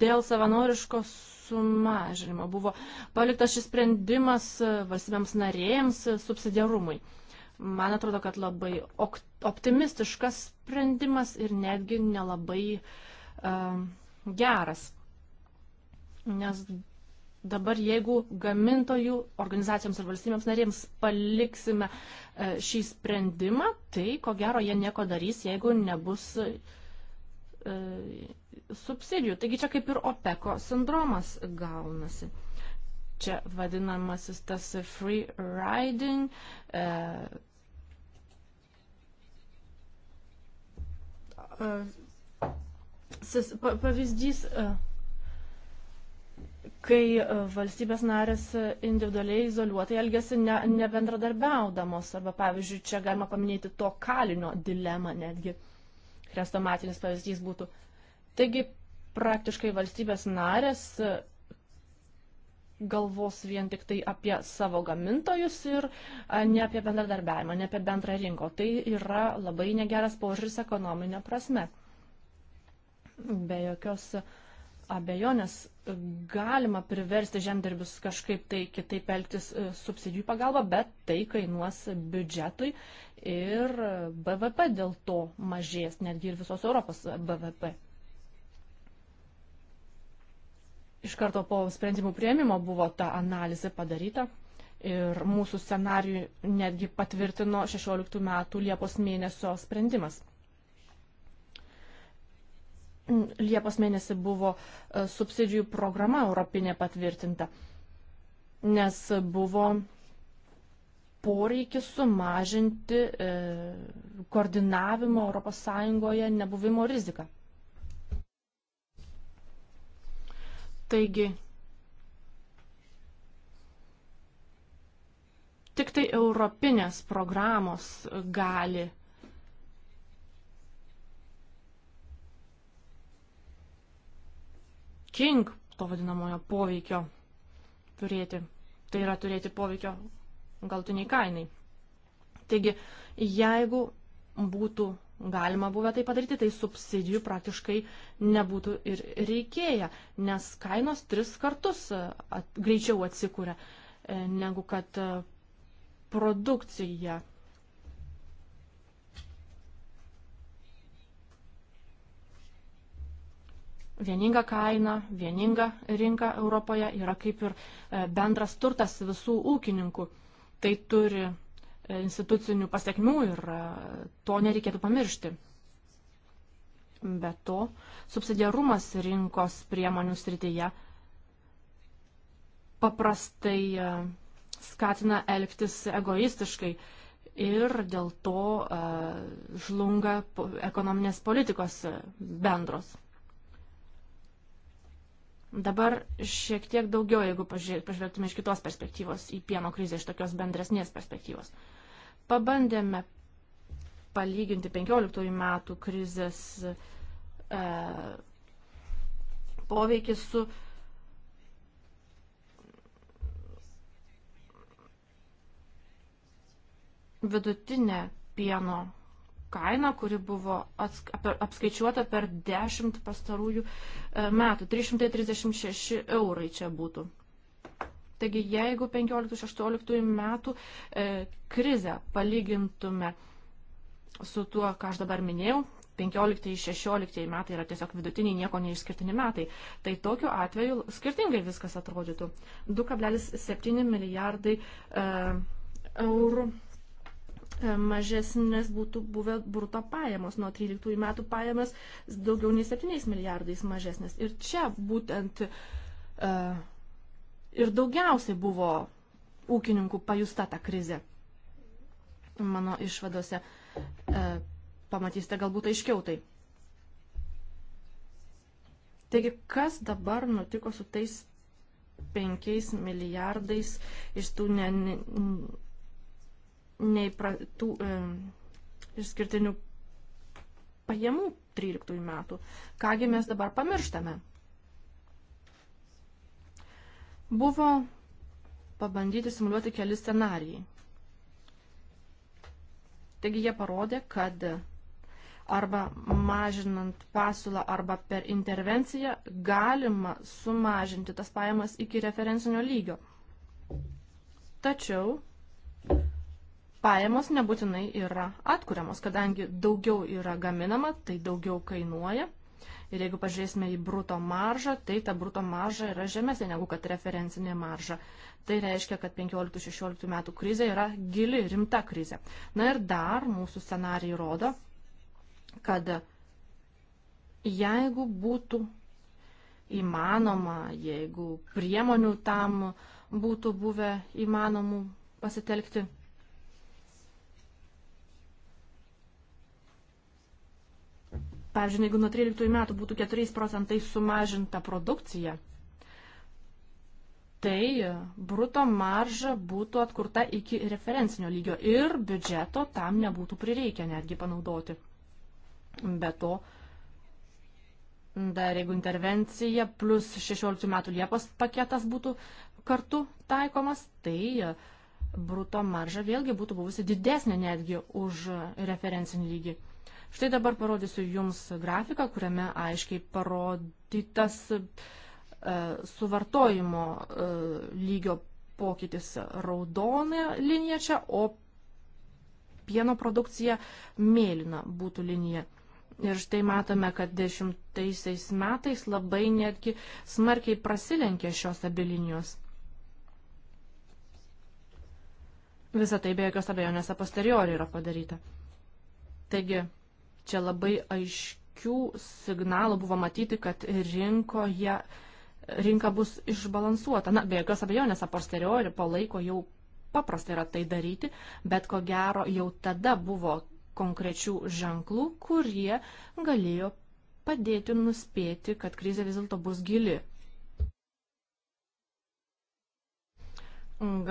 Dėl savanoriško sumažinimo buvo paliktas šis sprendimas valstybėms narėjams subsidiarumui. Man atrodo, kad labai optimistiškas sprendimas ir netgi nelabai uh, geras. Nes Dabar jeigu gamintojų organizacijoms ir valstybėms narėms paliksime e, šį sprendimą, tai ko gero jie nieko darys, jeigu nebus e, subsidijų. Taigi čia kaip ir OPECO sindromas gaunasi. Čia vadinamasis tas free riding. E, pavyzdys. Uh, kai e, valstybės narės individualiai izoliuotai elgesi ne, nebendradarbiaudamos. Arba, pavyzdžiui, čia galima paminėti to kalinio dilemą netgi. Chrestomatinis pavyzdys būtų. Taigi, praktiškai valstybės narės e, galvos vien tik tai apie savo gamintojus ir e, ne apie bendradarbiavimą, ne apie bendrą rinką. Tai yra labai negeras požiūris ekonominė prasme. Be jokios abejonės galima priversti žemdirbius kažkaip tai kitaip elgtis e, subsidijų pagalba, bet tai kainuos biudžetui ir BVP dėl to mažės, netgi ir visos Europos BVP. Iš karto po sprendimų prieimimo buvo ta analizė padaryta ir mūsų scenarijų netgi patvirtino 16 metų Liepos mėnesio sprendimas. Liepos mėnesį buvo e, subsidijų programa europinė patvirtinta, nes buvo poreikis sumažinti e, koordinavimo ES nebuvimo riziką. Taigi, tik tai europinės programos gali king to vadinamojo poveikio turėti. Tai yra turėti poveikio galtiniai kainai. Taigi, jeigu būtų galima buvę tai padaryti, tai subsidijų praktiškai nebūtų ir reikėję, nes kainos tris kartus e, at, greičiau atsikūrė e, negu kad e, produkcija. Vieninga kaina, vieninga rinka Europoje yra kaip ir e, bendras turtas visų ūkininkų. Tai turi e, institucinių pasiekmių ir e, to nereikėtų pamiršti. Be to, subsidiarumas rinkos priemonių srityje paprastai skatina elgtis egoistiškai ir dėl to žlunga ekonominės politikos bendros. Dabar šiek tiek daugiau, jeigu pažvelgtume iš kitos perspektyvos į pieno krizę, iš tokios bendresnės perspektyvos. Pabandėme palyginti 15 metų krizės e, poveikį su vidutinė pieno kaina, kuri buvo apskaičiuota per 10 pastarųjų e, metų. 336 eurai čia būtų. Taigi jeigu 15-16 metų e, krizę palygintume su tuo, ką aš dabar minėjau, 15-16 metai yra tiesiog vidutiniai, nieko neišskirtini metai. Tai tokiu atveju skirtingai viskas atrodytų. 2,7 milijardai e, eurų E, mažesnės būtų buvę bruto pajamos. Nuo 13 metų pajamas daugiau nei 7 milijardais mažesnės. Ir čia būtent uh, ir daugiausiai buvo ūkininkų pajusta ta krizė. Mano išvadose uh, pamatysite galbūt aiškiau tai. Taigi, kas dabar nutiko su tais 5 milijardais iš tų ne, ne, neįpratų e, išskirtinių pajamų 13 metų. Kągi mes dabar pamirštame? Buvo pabandyti simuliuoti keli scenarijai. Taigi jie parodė, kad arba mažinant pasiūlą arba per intervenciją galima sumažinti tas pajamas iki referencinio lygio. Tačiau pajamos nebūtinai yra atkuriamos, kadangi daugiau yra gaminama, tai daugiau kainuoja. Ir jeigu pažiūrėsime į bruto maržą, tai ta bruto marža yra žemesnė negu kad referencinė marža. Tai reiškia, kad 15-16 metų krizė yra gili, rimta krizė. Na ir dar mūsų scenarijai rodo, kad jeigu būtų įmanoma, jeigu priemonių tam būtų buvę įmanomų pasitelkti, Pavyzdžiui, jeigu nuo 13 metų būtų 4 procentais sumažinta produkcija, tai bruto marža būtų atkurta iki referencinio lygio ir biudžeto tam nebūtų prireikę netgi panaudoti. Be to, dar jeigu intervencija plus 16 metų Liepos paketas būtų kartu taikomas, tai bruto marža vėlgi būtų buvusi didesnė netgi už referencinį lygį. Štai dabar parodysiu Jums grafiką, kuriame aiškiai parodytas e, suvartojimo e, lygio pokytis raudonė linija čia, o pieno produkcija mėlyna būtų linija. Ir štai matome, kad dešimtaisiais metais labai netgi smarkiai prasilenkė šios abi linijos. Visą tai be jokios abejonės a posteriori yra padaryta. Taigi, Čia labai aiškių signalų buvo matyti, kad rinkoje, rinka bus išbalansuota. Na, be jokios abejonės, aposteriori po laiko jau paprasta yra tai daryti, bet ko gero jau tada buvo konkrečių ženklų, kurie galėjo padėti nuspėti, kad krizė vis dėlto bus gili.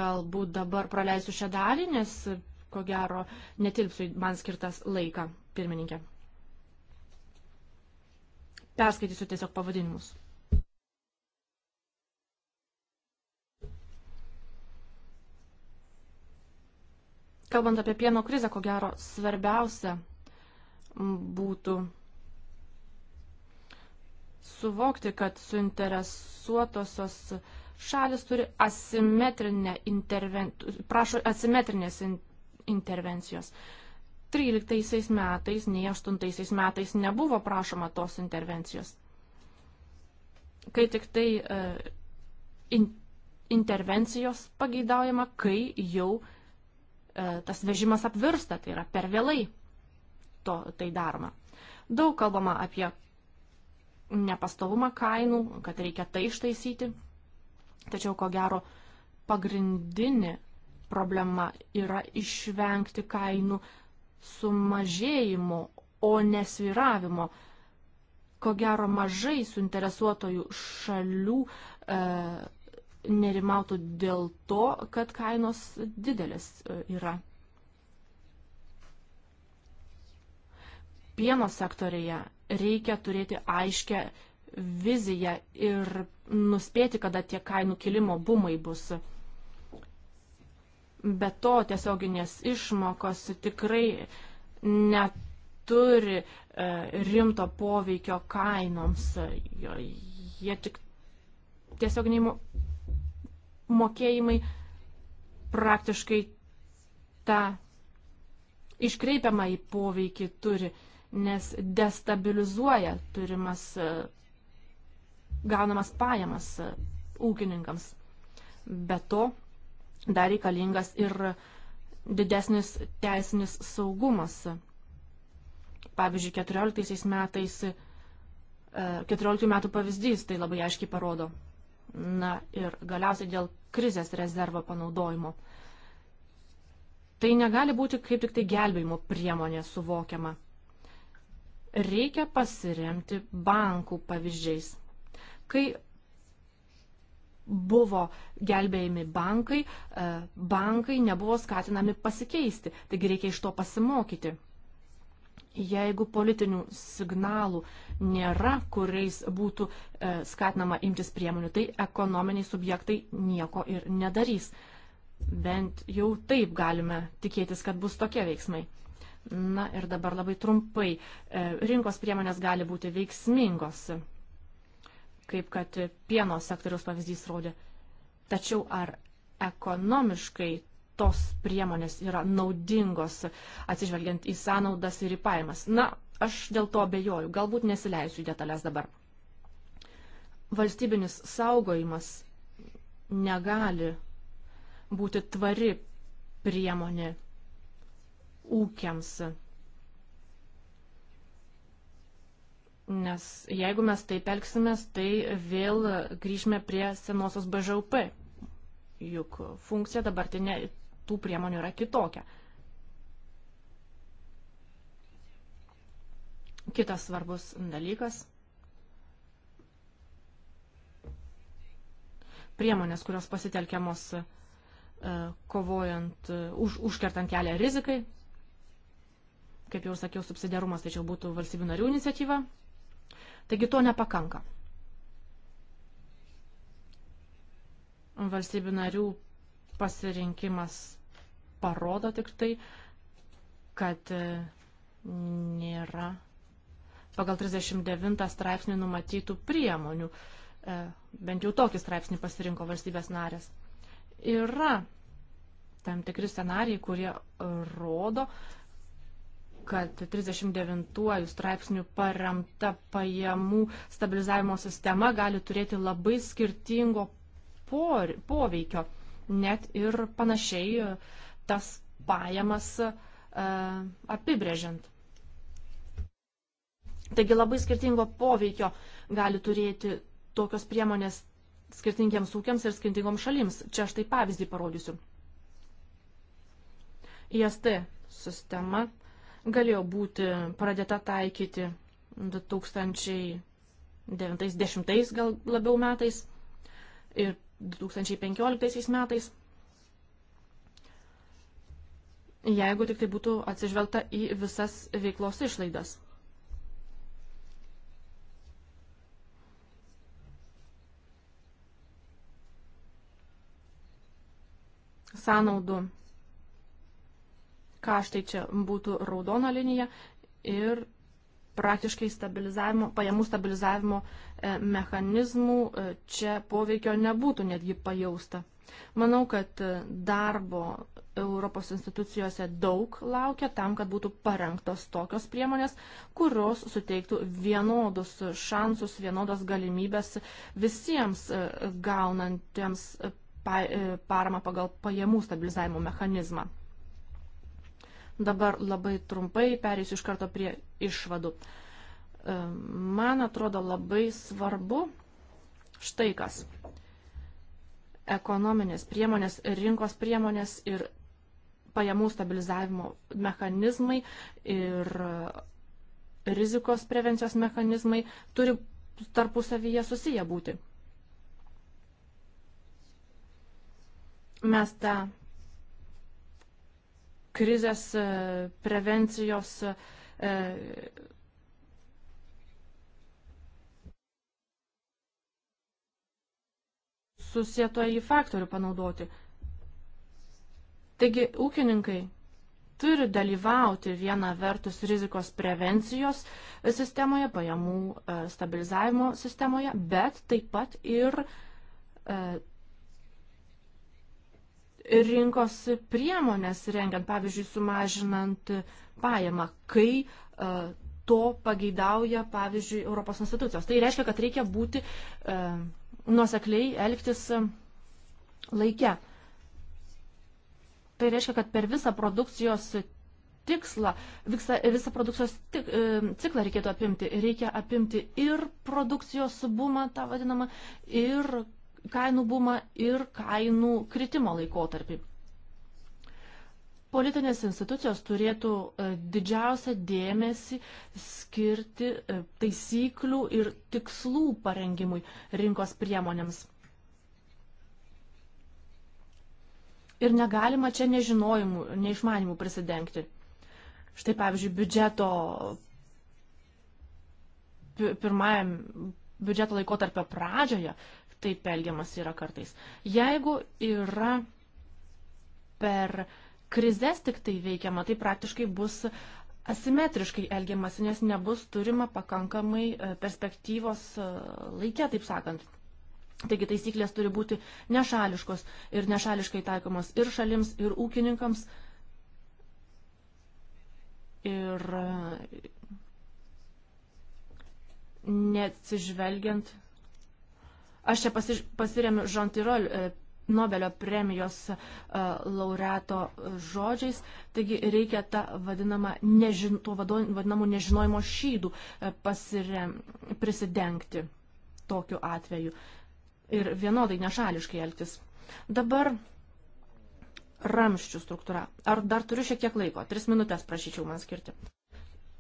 Galbūt dabar praleisiu šią dalį, nes ko gero netilpsiu man skirtas laiką, pirmininkė. Perskaitysiu tiesiog pavadinimus. Kalbant apie pieno krizę, ko gero svarbiausia būtų suvokti, kad suinteresuotosios šalis turi asimetrinę interven... prašo asimetrinės intervencijos intervencijos. 13 metais, nei 8 metais nebuvo prašoma tos intervencijos. Kai tik tai e, in, intervencijos pageidaujama, kai jau e, tas vežimas apvirsta, tai yra per vėlai to, tai daroma. Daug kalbama apie nepastovumą kainų, kad reikia tai ištaisyti. Tačiau, ko gero, pagrindinė problema yra išvengti kainų sumažėjimo, o nesviravimo. Ko gero mažai suinteresuotojų šalių e, nerimautų dėl to, kad kainos didelės e, yra. Pieno sektorėje reikia turėti aiškę viziją ir nuspėti, kada tie kainų kilimo bumai bus. Be to tiesioginės išmokos tikrai neturi e, rimto poveikio kainoms. Jie tik tiesioginiai mokėjimai praktiškai tą iškreipiamą į poveikį turi, nes destabilizuoja turimas e, gaunamas pajamas e, ūkininkams. Be to, dar reikalingas ir didesnis teisinis saugumas. Pavyzdžiui, 14 metais, 14 e, metų pavyzdys tai labai aiškiai parodo. Na ir galiausiai dėl krizės rezervo panaudojimo. Tai negali būti kaip tik tai gelbėjimo priemonė suvokiama. Reikia pasiremti bankų pavyzdžiais. Kai buvo gelbėjami bankai, e, bankai nebuvo skatinami pasikeisti, taigi reikia iš to pasimokyti. Jeigu politinių signalų nėra, kuriais būtų e, skatinama imtis priemonių, tai ekonominiai subjektai nieko ir nedarys. Bent jau taip galime tikėtis, kad bus tokie veiksmai. Na ir dabar labai trumpai. E, rinkos priemonės gali būti veiksmingos kaip kad pieno sektoriaus pavyzdys rodė. Tačiau ar ekonomiškai tos priemonės yra naudingos, atsižvelgiant į sąnaudas ir į pajamas? Na, aš dėl to abejoju, galbūt nesileisiu į detalės dabar. Valstybinis saugojimas negali būti tvari priemonė ūkiams Nes jeigu mes taip elgsimės, tai vėl grįžime prie senosios BŽUP. Juk funkcija dabartinė tų priemonių yra kitokia. Kitas svarbus dalykas. Priemonės, kurios pasitelkiamos e, kovojant, e, už, užkertant kelią rizikai. Kaip jau sakiau, subsidiarumas tačiau būtų valstybių narių iniciatyva, Taigi to nepakanka. Valstybių narių pasirinkimas parodo tik tai, kad e, nėra pagal 39 straipsnį numatytų priemonių. E, bent jau tokį straipsnį pasirinko valstybės narės. Yra tam tikri scenarijai, kurie rodo, kad 39 straipsnių paremta pajamų stabilizavimo sistema gali turėti labai skirtingo por, poveikio. Net ir panašiai e, tas pajamas uh, apibrėžiant. Taigi labai skirtingo poveikio gali turėti tokios priemonės skirtingiems ūkiams ir skirtingoms šalims. Čia aš tai pavyzdį parodysiu. IST sistema uh, galėjo būti pradėta taikyti 2009-2010 gal labiau metais ir 2015 metais, jeigu tik tai būtų atsižvelgta į visas veiklos išlaidas. Sąnaudų kaštai čia būtų raudona linija ir praktiškai stabilizavimo, pajamų stabilizavimo e, mechanizmų e, čia poveikio nebūtų netgi pajausta. Manau, kad e, darbo Europos institucijose daug laukia tam, kad būtų parengtos tokios priemonės, kurios suteiktų vienodus šansus, vienodas galimybės visiems gaunantiems paramą pagal pajamų stabilizavimo mechanizmą. Dabar labai trumpai perėsiu iš karto prie išvadų. E, man atrodo labai svarbu štai kas. Ekonominės priemonės, rinkos priemonės ir pajamų stabilizavimo mechanizmai ir rizikos prevencijos mechanizmai turi tarpusavyje susiję būti. Mes tą krizės e, prevencijos e, susieto į faktorių panaudoti. Taigi, ūkininkai turi dalyvauti viena vertus rizikos prevencijos sistemoje, pajamų e, stabilizavimo sistemoje, bet taip pat ir rinkos priemonės rengiant, pavyzdžiui, sumažinant pajamą, kai uh, to pageidauja, pavyzdžiui, Europos institucijos. Tai reiškia, kad reikia būti uh, nuosekliai elgtis laike. Tai reiškia, kad per visą produkcijos tikslą, visą, visą produkcijos tik, e, ciklą reikėtų apimti. Reikia apimti ir produkcijos bumą, tą vadinamą, ir kainų bumą ir kainų kritimo laikotarpį. Politinės institucijos turėtų e, didžiausią dėmesį skirti e, taisyklių ir tikslų parengimui rinkos priemonėms. Ir negalima čia nežinojimų, neišmanimų prisidengti. Štai pavyzdžiui, biudžeto pirmajam biudžeto laikotarpio pradžioje taip elgiamas yra kartais. Jeigu yra per krizės tik tai veikiama, tai praktiškai bus asimetriškai elgiamasi, nes nebus turima pakankamai e, perspektyvos e, laikė, taip sakant. Taigi taisyklės turi būti nešališkos ir nešališkai taikomos ir šalims, ir ūkininkams. Ir e, neatsižvelgiant Aš čia pasi, pasiremiu Jean Tirol e, Nobelio premijos e, laureato e, žodžiais, taigi reikia tą vadinamą nežin, tuo vadinamų nežinojimo šydų pasirem, prisidengti tokiu atveju ir vienodai nešališkai elgtis. Dabar ramščių struktūra. Ar dar turiu šiek tiek laiko? Tris minutės prašyčiau man skirti.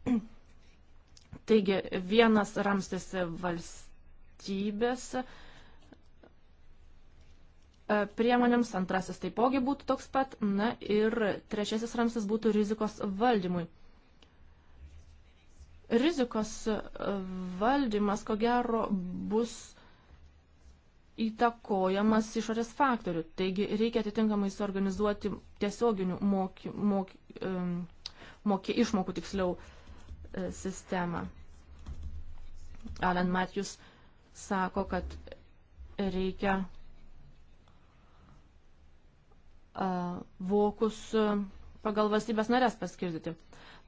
Taigi, vienas ramstis valstybės E, priemonėms, antrasis taipogi būtų toks pat, na ir trečiasis ramstis būtų rizikos valdymui. Rizikos e, valdymas, ko gero, bus įtakojamas išorės faktorių. Taigi reikia atitinkamai suorganizuoti tiesioginių moky, moky, e, moky, išmokų tiksliau sistemą. Alan Matthews sako, kad reikia vokus pagal valstybės narės paskirstyti.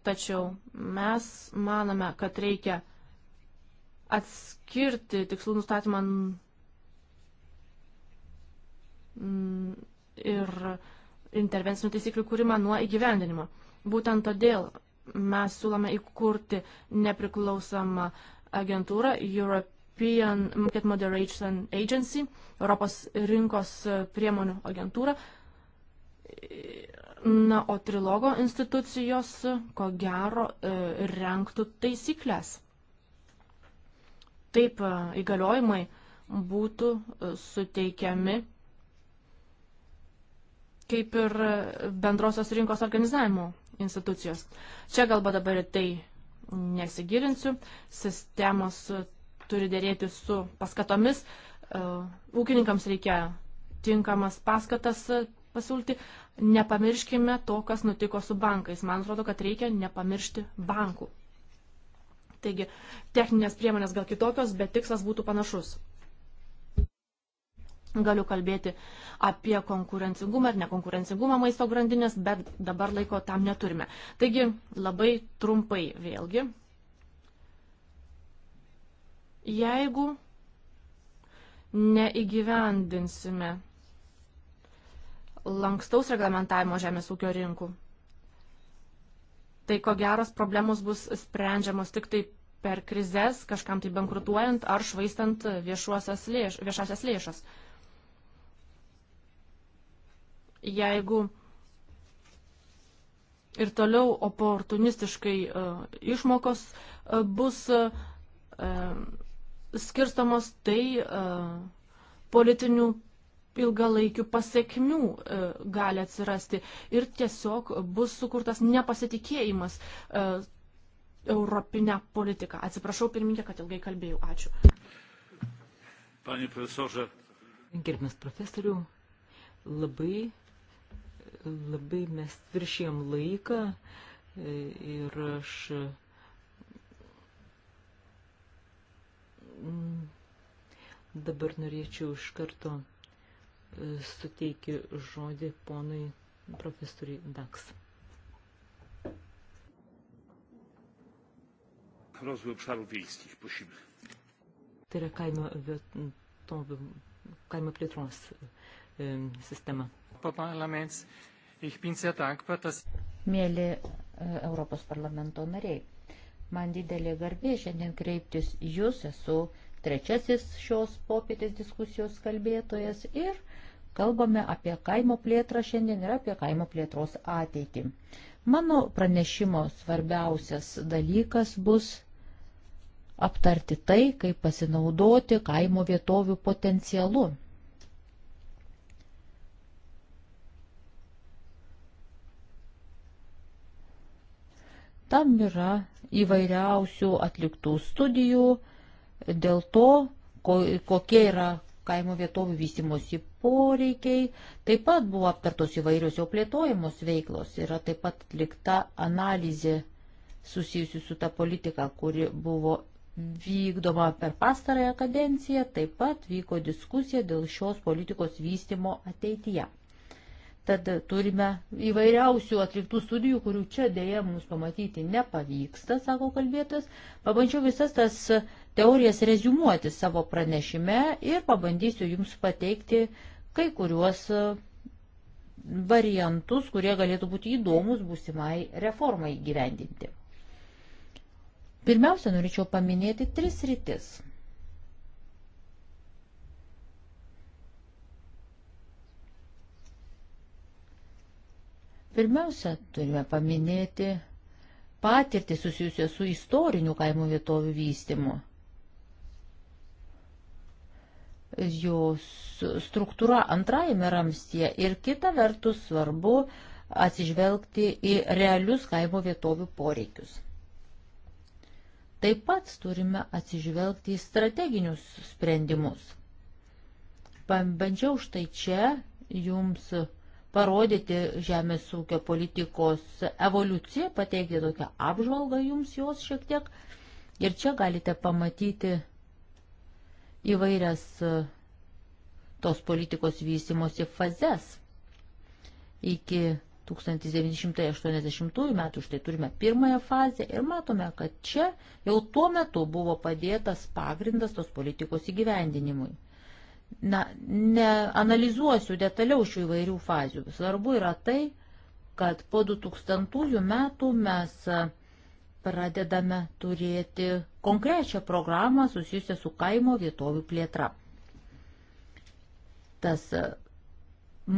Tačiau mes manome, kad reikia atskirti tikslų nustatymą ir intervencinių taisyklių kūrimą nuo įgyvendinimo. Būtent todėl mes siūlome įkurti nepriklausomą agentūrą European Market Moderation Agency, Europos rinkos priemonių agentūrą, Na, o trilogo institucijos, ko gero, e, renktų taisyklės. Taip e, įgaliojimai būtų e, suteikiami kaip ir bendrosios rinkos organizavimo institucijos. Čia galba dabar tai nesigilinsiu. Sistemos turi dėrėti su paskatomis. Ūkininkams reikia tinkamas paskatas pasiūlyti, nepamirškime to, kas nutiko su bankais. Man atrodo, kad reikia nepamiršti bankų. Taigi, techninės priemonės gal kitokios, bet tikslas būtų panašus. Galiu kalbėti apie konkurencingumą ir nekonkurencingumą maisto grandinės, bet dabar laiko tam neturime. Taigi, labai trumpai vėlgi. Jeigu neįgyvendinsime lankstaus reglamentavimo žemės ūkio rinkų. Tai ko geros problemos bus sprendžiamos tik tai per krizės, kažkam tai bankrutuojant ar švaistant lėš, viešasias lėšas. Jeigu ir toliau oportunistiškai uh, išmokos uh, bus uh, skirstomos, tai politinių ilgalaikių pasiekmių e, gali atsirasti ir tiesiog bus sukurtas nepasitikėjimas e, europinę politiką. Atsiprašau, pirmininkė, kad ilgai kalbėjau. Ačiū. Panie profesorė. Gerbimas profesorių, labai, labai mes viršėjom laiką e, ir aš mm, dabar norėčiau iš karto suteikiu žodį ponui profesoriui Daks. Rozvoj obšarų viejskich prosimy. Tai yra kaimo vietovių, kaimo plėtros e, sistema. Mėly Europos parlamento nariai, man didelė garbė šiandien kreiptis jūs, esu trečiasis šios popietės diskusijos kalbėtojas ir kalbame apie kaimo plėtrą šiandien ir apie kaimo plėtros ateitį. Mano pranešimo svarbiausias dalykas bus aptarti tai, kaip pasinaudoti kaimo vietovių potencialu. Tam yra įvairiausių atliktų studijų, dėl to, ko, kokie yra kaimo vietovių vystimosi poreikiai. Taip pat buvo aptartos įvairios jau plėtojamos veiklos. Yra taip pat atlikta analizė susijusi su ta politika, kuri buvo vykdoma per pastarąją kadenciją. Taip pat vyko diskusija dėl šios politikos vystimo ateityje. Tad turime įvairiausių atliktų studijų, kurių čia dėja mums pamatyti nepavyksta, sako kalbėtas. Pabandžiau visas tas uh, teorijas rezumuoti savo pranešime ir pabandysiu jums pateikti kai kuriuos e, variantus, kurie galėtų būti įdomus būsimai reformai gyvendinti. Pirmiausia, norėčiau paminėti tris rytis. Pirmiausia, turime paminėti patirtį susijusią su istoriniu kaimo vietovių vystimu jos struktūra antrajame ramstyje ir kita vertus svarbu atsižvelgti į realius kaimo vietovių poreikius. Taip pat turime atsižvelgti į strateginius sprendimus. Bandžiau štai čia jums parodyti žemės ūkio politikos evoliuciją, pateikti tokią apžvalgą jums jos šiek tiek. Ir čia galite pamatyti įvairias e, tos politikos vystimosi fazes. Iki 1980 metų štai turime pirmąją fazę ir matome, kad čia jau tuo metu buvo padėtas pagrindas tos politikos įgyvendinimui. Na, neanalizuosiu detaliau šių įvairių fazių. Svarbu yra tai, kad po 2000 metų mes e, pradedame turėti konkrečią programą susijusią su kaimo vietovių plėtra. Tas e,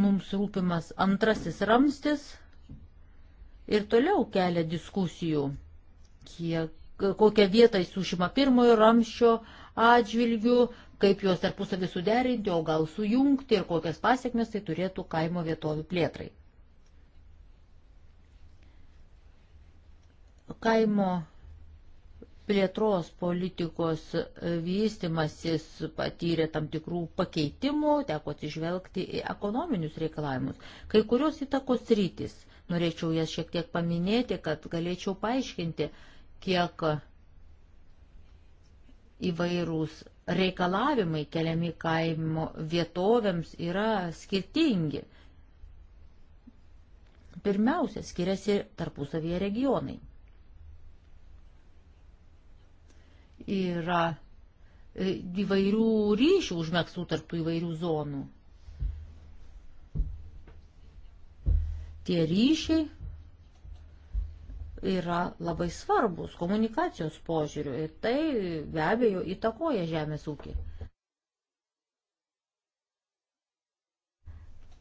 mums rūpimas antrasis ramstis ir toliau kelia diskusijų, kiek, kokią vietą jis užima pirmojo ramščio atžvilgių, kaip juos tarpusavį suderinti, o gal sujungti ir kokias pasiekmes tai turėtų kaimo vietovių plėtrai. Kaimo plėtros politikos vystimasis patyrė tam tikrų pakeitimų, teko atsižvelgti į ekonominius reikalavimus. Kai kurios įtakos rytis, norėčiau jas šiek tiek paminėti, kad galėčiau paaiškinti, kiek įvairūs reikalavimai keliami kaimo vietovėms yra skirtingi. Pirmiausia, skiriasi tarpusavėje regionai. yra e, įvairių ryšių užmėgstų tarptų įvairių zonų. Tie ryšiai yra labai svarbus komunikacijos požiūriu ir tai be abejo įtakoja žemės ūkį.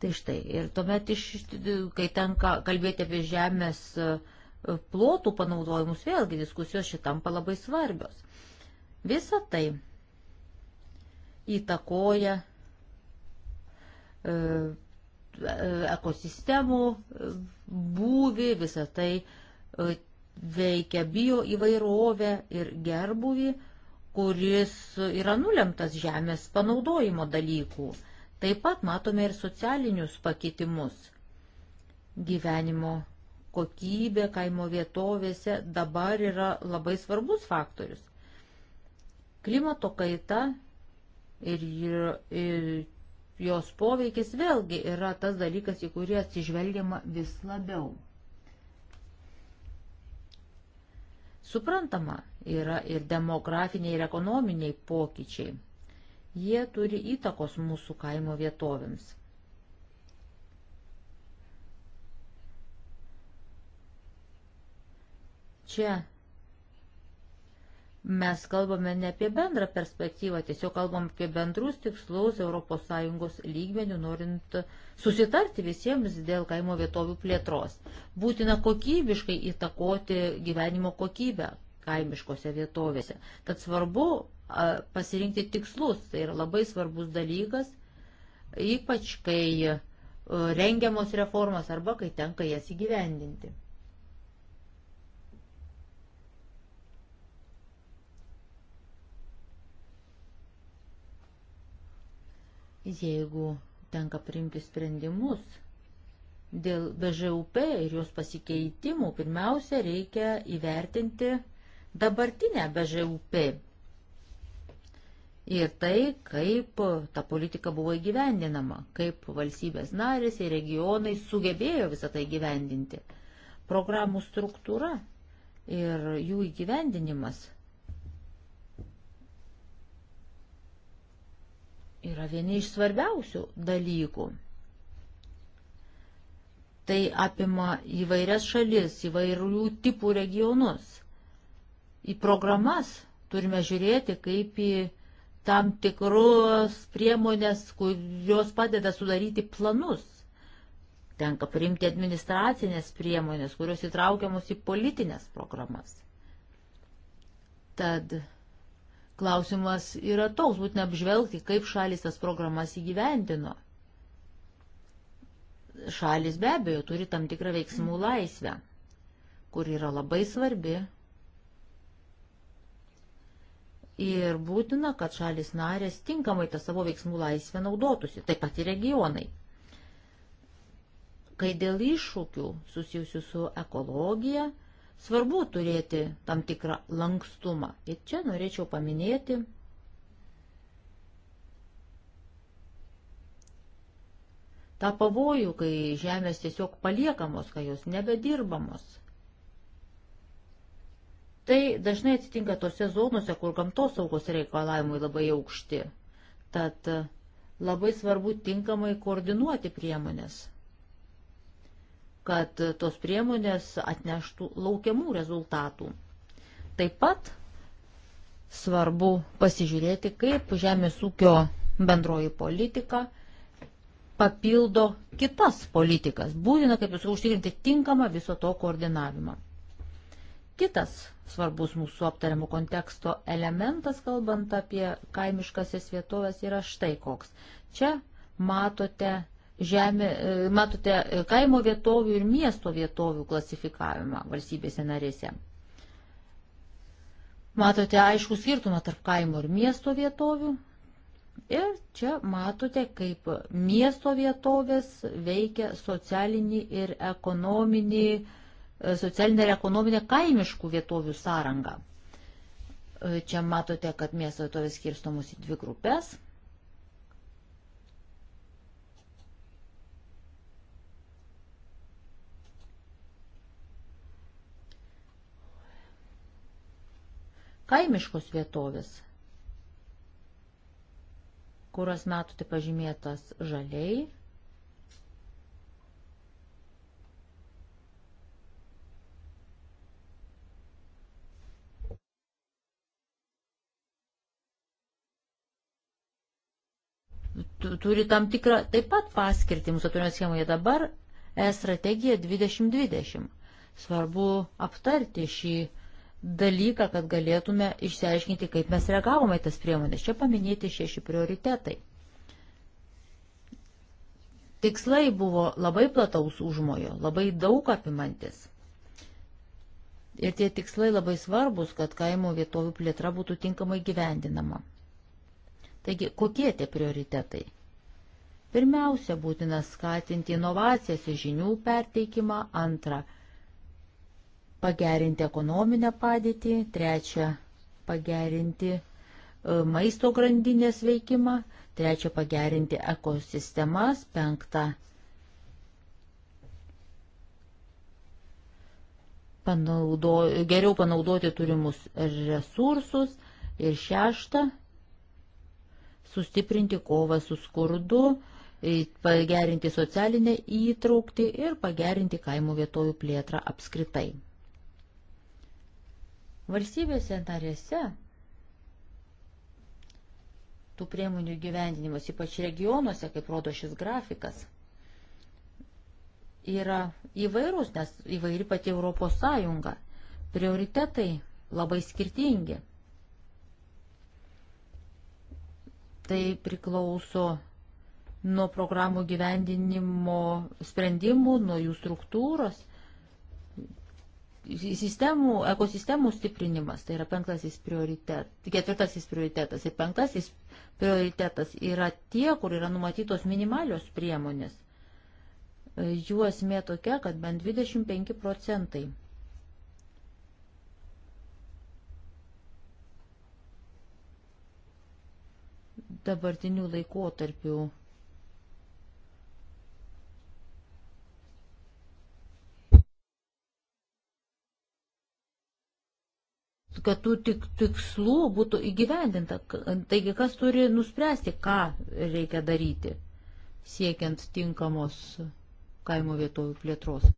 Tai štai, ir tuomet, iš, kai tenka kalbėti apie žemės e, plotų panaudojimus, vėlgi diskusijos šitam labai svarbios. Visa tai įtakoja e, ekosistemų e, būvį, visą tai e, veikia bio įvairovę ir gerbuvį, kuris yra nulemtas žemės panaudojimo dalykų. Taip pat matome ir socialinius pakitimus. Gyvenimo kokybė kaimo vietovėse dabar yra labai svarbus faktorius. Klimato kaita ir, ir jos poveikis vėlgi yra tas dalykas, į kurį atsižvelgiama vis labiau. Suprantama, yra ir demografiniai ir ekonominiai pokyčiai. Jie turi įtakos mūsų kaimo vietovėms. Čia mes kalbame ne apie bendrą perspektyvą, tiesiog kalbam apie bendrus tikslus ES lygmenių, norint susitarti visiems dėl kaimo vietovių plėtros. Būtina kokybiškai įtakoti gyvenimo kokybę kaimiškose vietovėse. Tad svarbu pasirinkti tikslus, tai yra labai svarbus dalykas, ypač kai rengiamos reformos arba kai tenka jas įgyvendinti. jeigu tenka priimti sprendimus dėl BŽUP ir jos pasikeitimų, pirmiausia, reikia įvertinti dabartinę BŽUP ir tai, kaip ta politika buvo įgyvendinama, kaip valstybės narės ir regionai sugebėjo visą tai įgyvendinti. Programų struktūra ir jų įgyvendinimas yra vieni iš svarbiausių dalykų. Tai apima įvairias šalis, įvairių tipų regionus. Į programas turime žiūrėti kaip į tam tikrus priemonės, kurios padeda sudaryti planus. Tenka priimti administracinės priemonės, kurios įtraukiamos į politinės programas. Tad Klausimas yra toks, būtent apžvelgti, kaip šalis tas programas įgyvendino. Šalis be abejo turi tam tikrą veiksmų laisvę, kur yra labai svarbi. Ir būtina, kad šalis narės tinkamai tą savo veiksmų laisvę naudotųsi, taip pat ir regionai. Kai dėl iššūkių susijusių su ekologija, Svarbu turėti tam tikrą lankstumą. Ir čia norėčiau paminėti tą pavojų, kai žemės tiesiog paliekamos, kai jos nebedirbamos. Tai dažnai atsitinka tose zonose, kur gamtos saugos reikalavimai labai aukšti. Tad labai svarbu tinkamai koordinuoti priemonės kad tos priemonės atneštų laukiamų rezultatų. Taip pat svarbu pasižiūrėti, kaip žemės ūkio bendroji politika papildo kitas politikas. Būtina, kaip jūs užtikrinti, tinkamą viso to koordinavimą. Kitas svarbus mūsų aptariamų konteksto elementas, kalbant apie kaimiškasias vietovės, yra štai koks. Čia matote žemė, e, matote e, kaimo vietovių ir miesto vietovių klasifikavimą valstybėse narėse. Matote aišku skirtumą tarp kaimo ir miesto vietovių. Ir čia matote, kaip miesto vietovės veikia socialinį ir ekonominį, e, socialinę ir ekonominę kaimiškų vietovių sąrangą. Čia matote, kad miesto vietovės skirstomos į dvi grupės. kaimiškos vietovės, kurios metų tai pažymėtas žaliai. Turi tam tikrą taip pat paskirtį mūsų turinio schemoje dabar E strategija 2020. Svarbu aptarti šį dalyką, kad galėtume išsiaiškinti, kaip mes reagavome į tas priemonės. Čia paminėti šeši prioritetai. Tikslai buvo labai plataus užmojo, labai daug apimantis. Ir tie tikslai labai svarbus, kad kaimo vietovių plėtra būtų tinkamai gyvendinama. Taigi, kokie tie prioritetai? Pirmiausia, būtina skatinti inovacijas ir žinių perteikimą, antrą – pagerinti ekonominę padėtį, trečia, pagerinti e, maisto grandinės veikimą, trečia, pagerinti ekosistemas, penkta, panaudo, geriau panaudoti turimus resursus ir šešta, sustiprinti kovą su skurdu, pagerinti socialinę įtraukti ir pagerinti kaimo vietovių plėtrą apskritai. Valstybėse narėse tų priemonių gyvendinimas, ypač regionuose, kaip rodo šis grafikas, yra įvairūs, nes įvairi pati Europos Sąjunga. Prioritetai labai skirtingi. Tai priklauso nuo programų gyvendinimo sprendimų, nuo jų struktūros – sistemų, ekosistemų stiprinimas, tai yra penktasis prioritetas, ketvirtasis prioritetas ir penktasis prioritetas yra tie, kur yra numatytos minimalios priemonės. E, jų esmė tokia, kad bent 25 procentai. Dabartinių laikotarpių kad tų tik, tikslų būtų įgyvendinta. Taigi, kas turi nuspręsti, ką reikia daryti, siekiant tinkamos kaimo vietovių plėtros.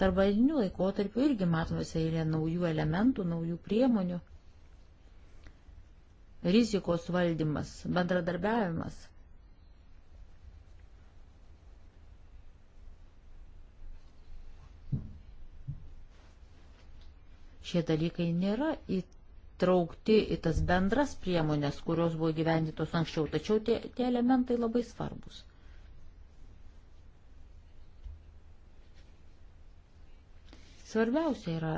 Tarp vadinių laikotarpių irgi matomasi eilė naujų elementų, naujų priemonių. Rizikos valdymas, bendradarbiavimas – Šie dalykai nėra įtraukti į tas bendras priemonės, kurios buvo gyvendytos anksčiau, tačiau tie, tie elementai labai svarbus. Svarbiausia yra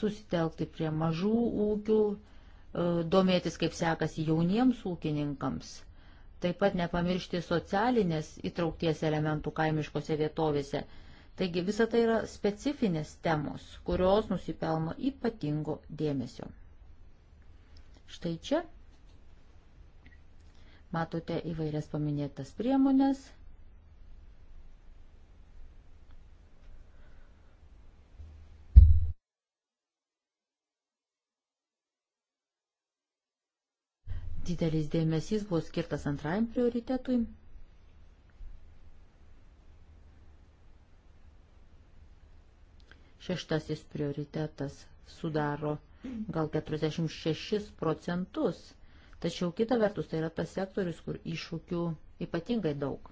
susitelkti prie mažų ūkių, e, domėtis, kaip sekasi jauniems ūkininkams, taip pat nepamiršti socialinės įtraukties elementų kaimiškose vietovėse, Taigi visa tai yra specifinės temos, kurios nusipelno ypatingo dėmesio. Štai čia matote įvairias paminėtas priemonės. Didelis dėmesys buvo skirtas antrajam prioritetui Šeštasis prioritetas sudaro gal 46 procentus, tačiau kita vertus tai yra tas sektorius, kur iššūkių ypatingai daug.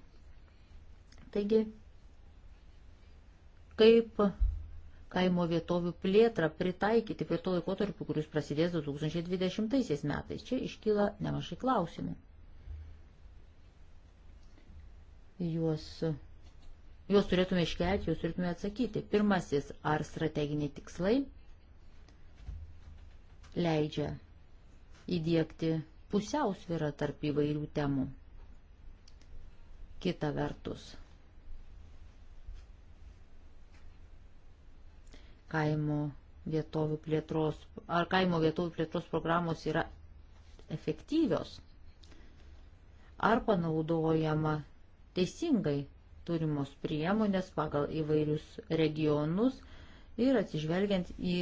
Taigi, kaip kaimo vietovių plėtrą pritaikyti prie to laikotarpio, kuris prasidės 2020 metais. Čia iškyla nemažai klausimų. Juos juos turėtume iškelti, juos turėtume atsakyti. Pirmasis, ar strateginiai tikslai leidžia įdėkti pusiausvyrą tarp įvairių temų. Kita vertus, kaimo vietovių plėtros, ar kaimo vietovių plėtros programos yra efektyvios, ar panaudojama teisingai turimos priemonės pagal įvairius regionus ir atsižvelgiant į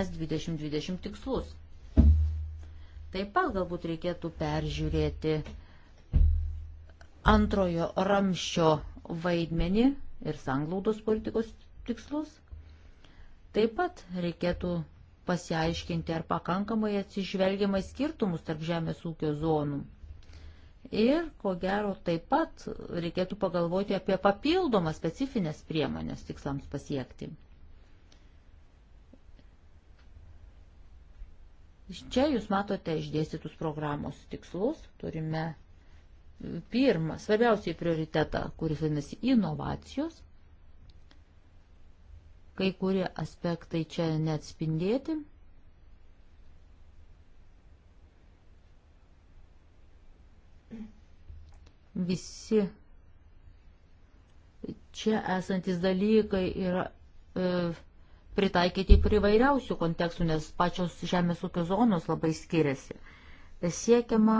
ES 2020 tikslus. Taip pat galbūt reikėtų peržiūrėti antrojo ramščio vaidmenį ir sanglaudos politikos tikslus. Taip pat reikėtų pasiaiškinti, ar pakankamai atsižvelgiamai skirtumus tarp žemės ūkio zonų Ir, ko gero, taip pat reikėtų pagalvoti apie papildomas specifines priemonės tikslams pasiekti. Čia jūs matote išdėstytus programos tikslus. Turime pirmą, svarbiausiai prioritetą, kuris vadinasi inovacijos. Kai kurie aspektai čia neatspindėti. Visi čia esantis dalykai yra e, pritaikyti prie vairiausių kontekstų, nes pačios žemės ūkio zonos labai skiriasi. Siekiama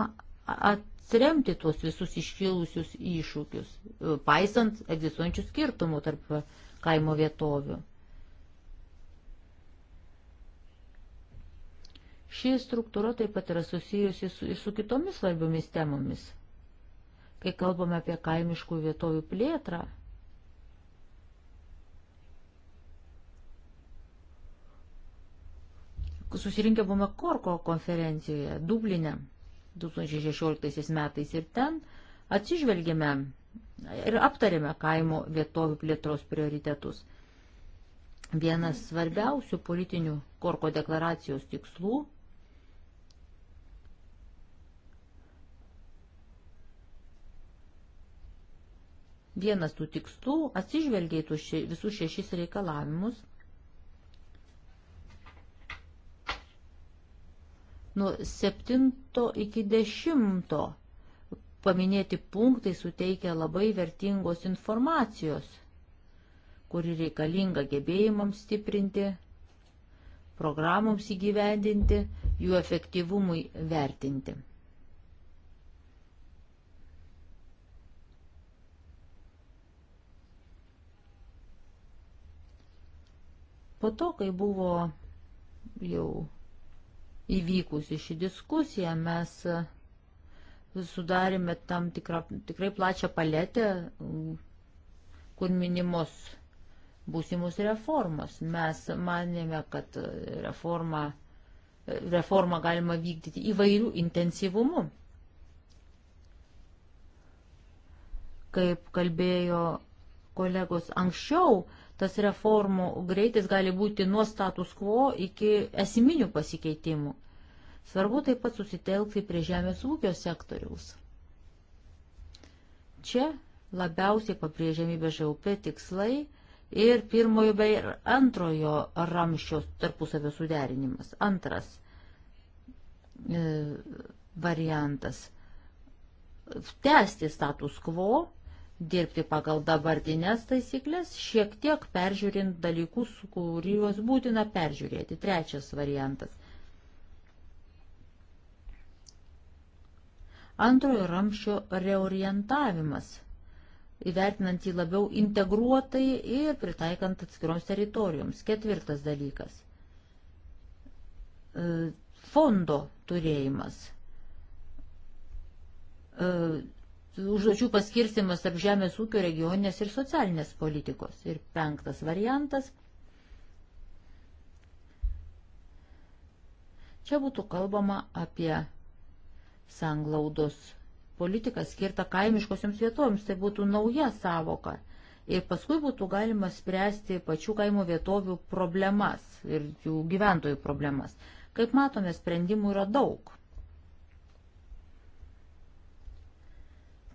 atremti tuos visus iškilusius iššūkius, e, paisant egzistuojančių skirtumų tarp kaimo vietovių. Ši struktūra taip pat yra susijusi su, su kitomis svarbiomis temomis Kai kalbame apie kaimiškų vietovių plėtrą, susirinkę buvome Korko konferencijoje Dublinė 2016 metais ir ten atsižvelgėme ir aptarėme kaimo vietovių plėtros prioritetus. Vienas svarbiausių politinių Korko deklaracijos tikslų Vienas tų tikslų atsižvelgia į še, visus šešis reikalavimus. Nuo 7 iki 10 paminėti punktai suteikia labai vertingos informacijos, kuri reikalinga gebėjimams stiprinti, programoms įgyvendinti, jų efektyvumui vertinti. Po to, kai buvo jau įvykusi ši diskusija, mes e, sudarėme tam tikrą, tikrai plačią paletę, kur minimos būsimus reformos. Mes manėme, kad e, reformą, e, reformą galima vykdyti įvairių intensyvumų. Kaip kalbėjo kolegos anksčiau, tas reformų greitis gali būti nuo status quo iki esminių pasikeitimų. Svarbu taip pat susitelkti prie žemės ūkio sektoriaus. Čia labiausiai pabrėžiami BŽUP tikslai ir pirmojo bei antrojo ramščio tarpusavio suderinimas. Antras e, variantas - tęsti status quo dirbti pagal dabartinės taisyklės, šiek tiek peržiūrint dalykus, kuriuos būtina peržiūrėti. Trečias variantas. Antrojo ramščio reorientavimas, įvertinant jį labiau integruotai ir pritaikant atskiroms teritorijoms. Ketvirtas dalykas. E, fondo turėjimas e, užduočių paskirstimas tarp žemės ūkio regioninės ir socialinės politikos. Ir penktas variantas. Čia būtų kalbama apie sanglaudos politiką skirtą kaimiškosioms vietovėms. Tai būtų nauja savoka. Ir paskui būtų galima spręsti pačių kaimo vietovių problemas ir jų gyventojų problemas. Kaip matome, sprendimų yra daug.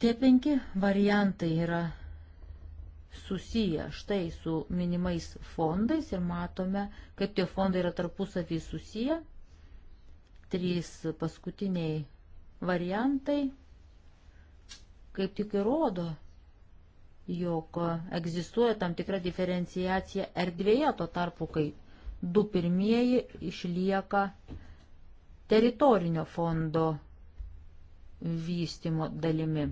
Tie penki variantai yra susiję štai su minimais fondais ir matome, kaip tie fondai yra tarpusavį susiję. Trys paskutiniai variantai kaip tik įrodo, jog egzistuoja tam tikra diferenciacija erdvėje, tuo tarpu, kai du pirmieji išlieka teritorinio fondo vystimo dalimi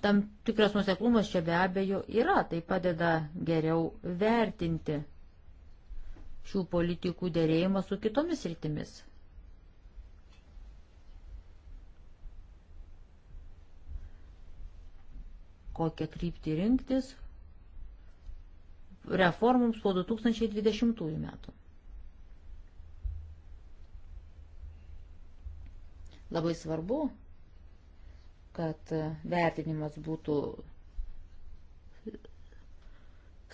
tam tikras nuseklumas čia be abejo yra, tai padeda geriau vertinti šių politikų dėrėjimą su kitomis rytimis. Kokią kryptį rinktis reformoms po 2020 metų. Labai svarbu, kad e, vertinimas būtų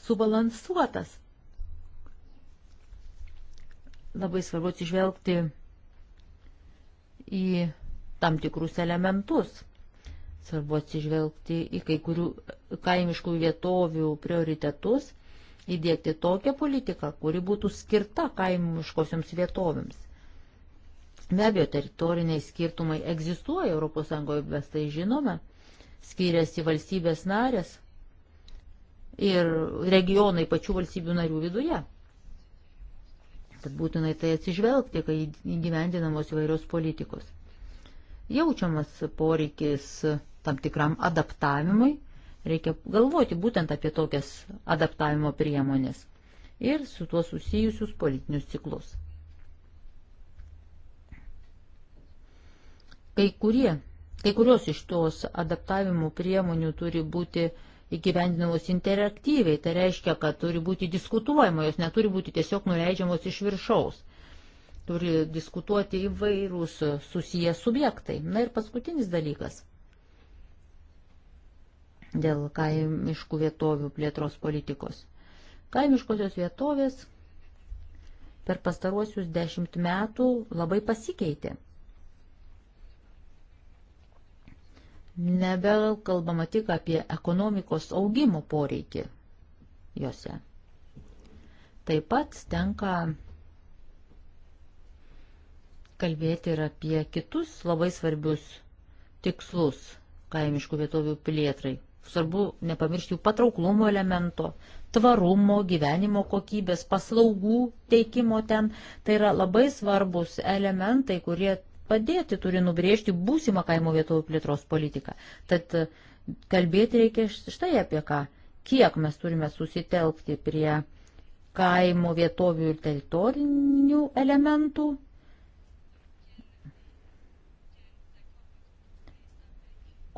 subalansuotas. Labai svarbu atsižvelgti į tam tikrus elementus. Svarbu atsižvelgti į kai kurių kaimiškų vietovių prioritetus, įdėkti tokią politiką, kuri būtų skirta kaimiškosioms vietovėms. Be abejo, teritoriniai skirtumai egzistuoja ES, mes tai žinome, skiriasi valstybės narės ir regionai pačių valstybių narių viduje. Tad būtinai tai atsižvelgti, kai įgyvendinamos įvairios politikos. Jaučiamas poreikis tam tikram adaptavimui, reikia galvoti būtent apie tokias adaptavimo priemonės ir su tuo susijusius politinius ciklus. Kai, kurie, kai kurios iš tos adaptavimo priemonių turi būti įgyvendinamos interaktyviai, tai reiškia, kad turi būti diskutuojama, jos neturi būti tiesiog nuleidžiamos iš viršaus. Turi diskutuoti įvairūs susiję subjektai. Na ir paskutinis dalykas dėl kaimiškų vietovių plėtros politikos. Kaimiškosios vietovės per pastaruosius dešimt metų labai pasikeitė. nebekalbama tik apie ekonomikos augimo poreikį juose. Taip pat tenka kalbėti ir apie kitus labai svarbius tikslus kaimiškų vietovių plėtrai. Svarbu nepamiršti jų patrauklumo elemento, tvarumo, gyvenimo kokybės, paslaugų teikimo ten. Tai yra labai svarbus elementai, kurie padėti, turi nubrėžti būsimą kaimo vietovių plėtros politiką. Tad e, kalbėti reikia štai apie ką. Kiek mes turime susitelkti prie kaimo vietovių ir teritorinių elementų.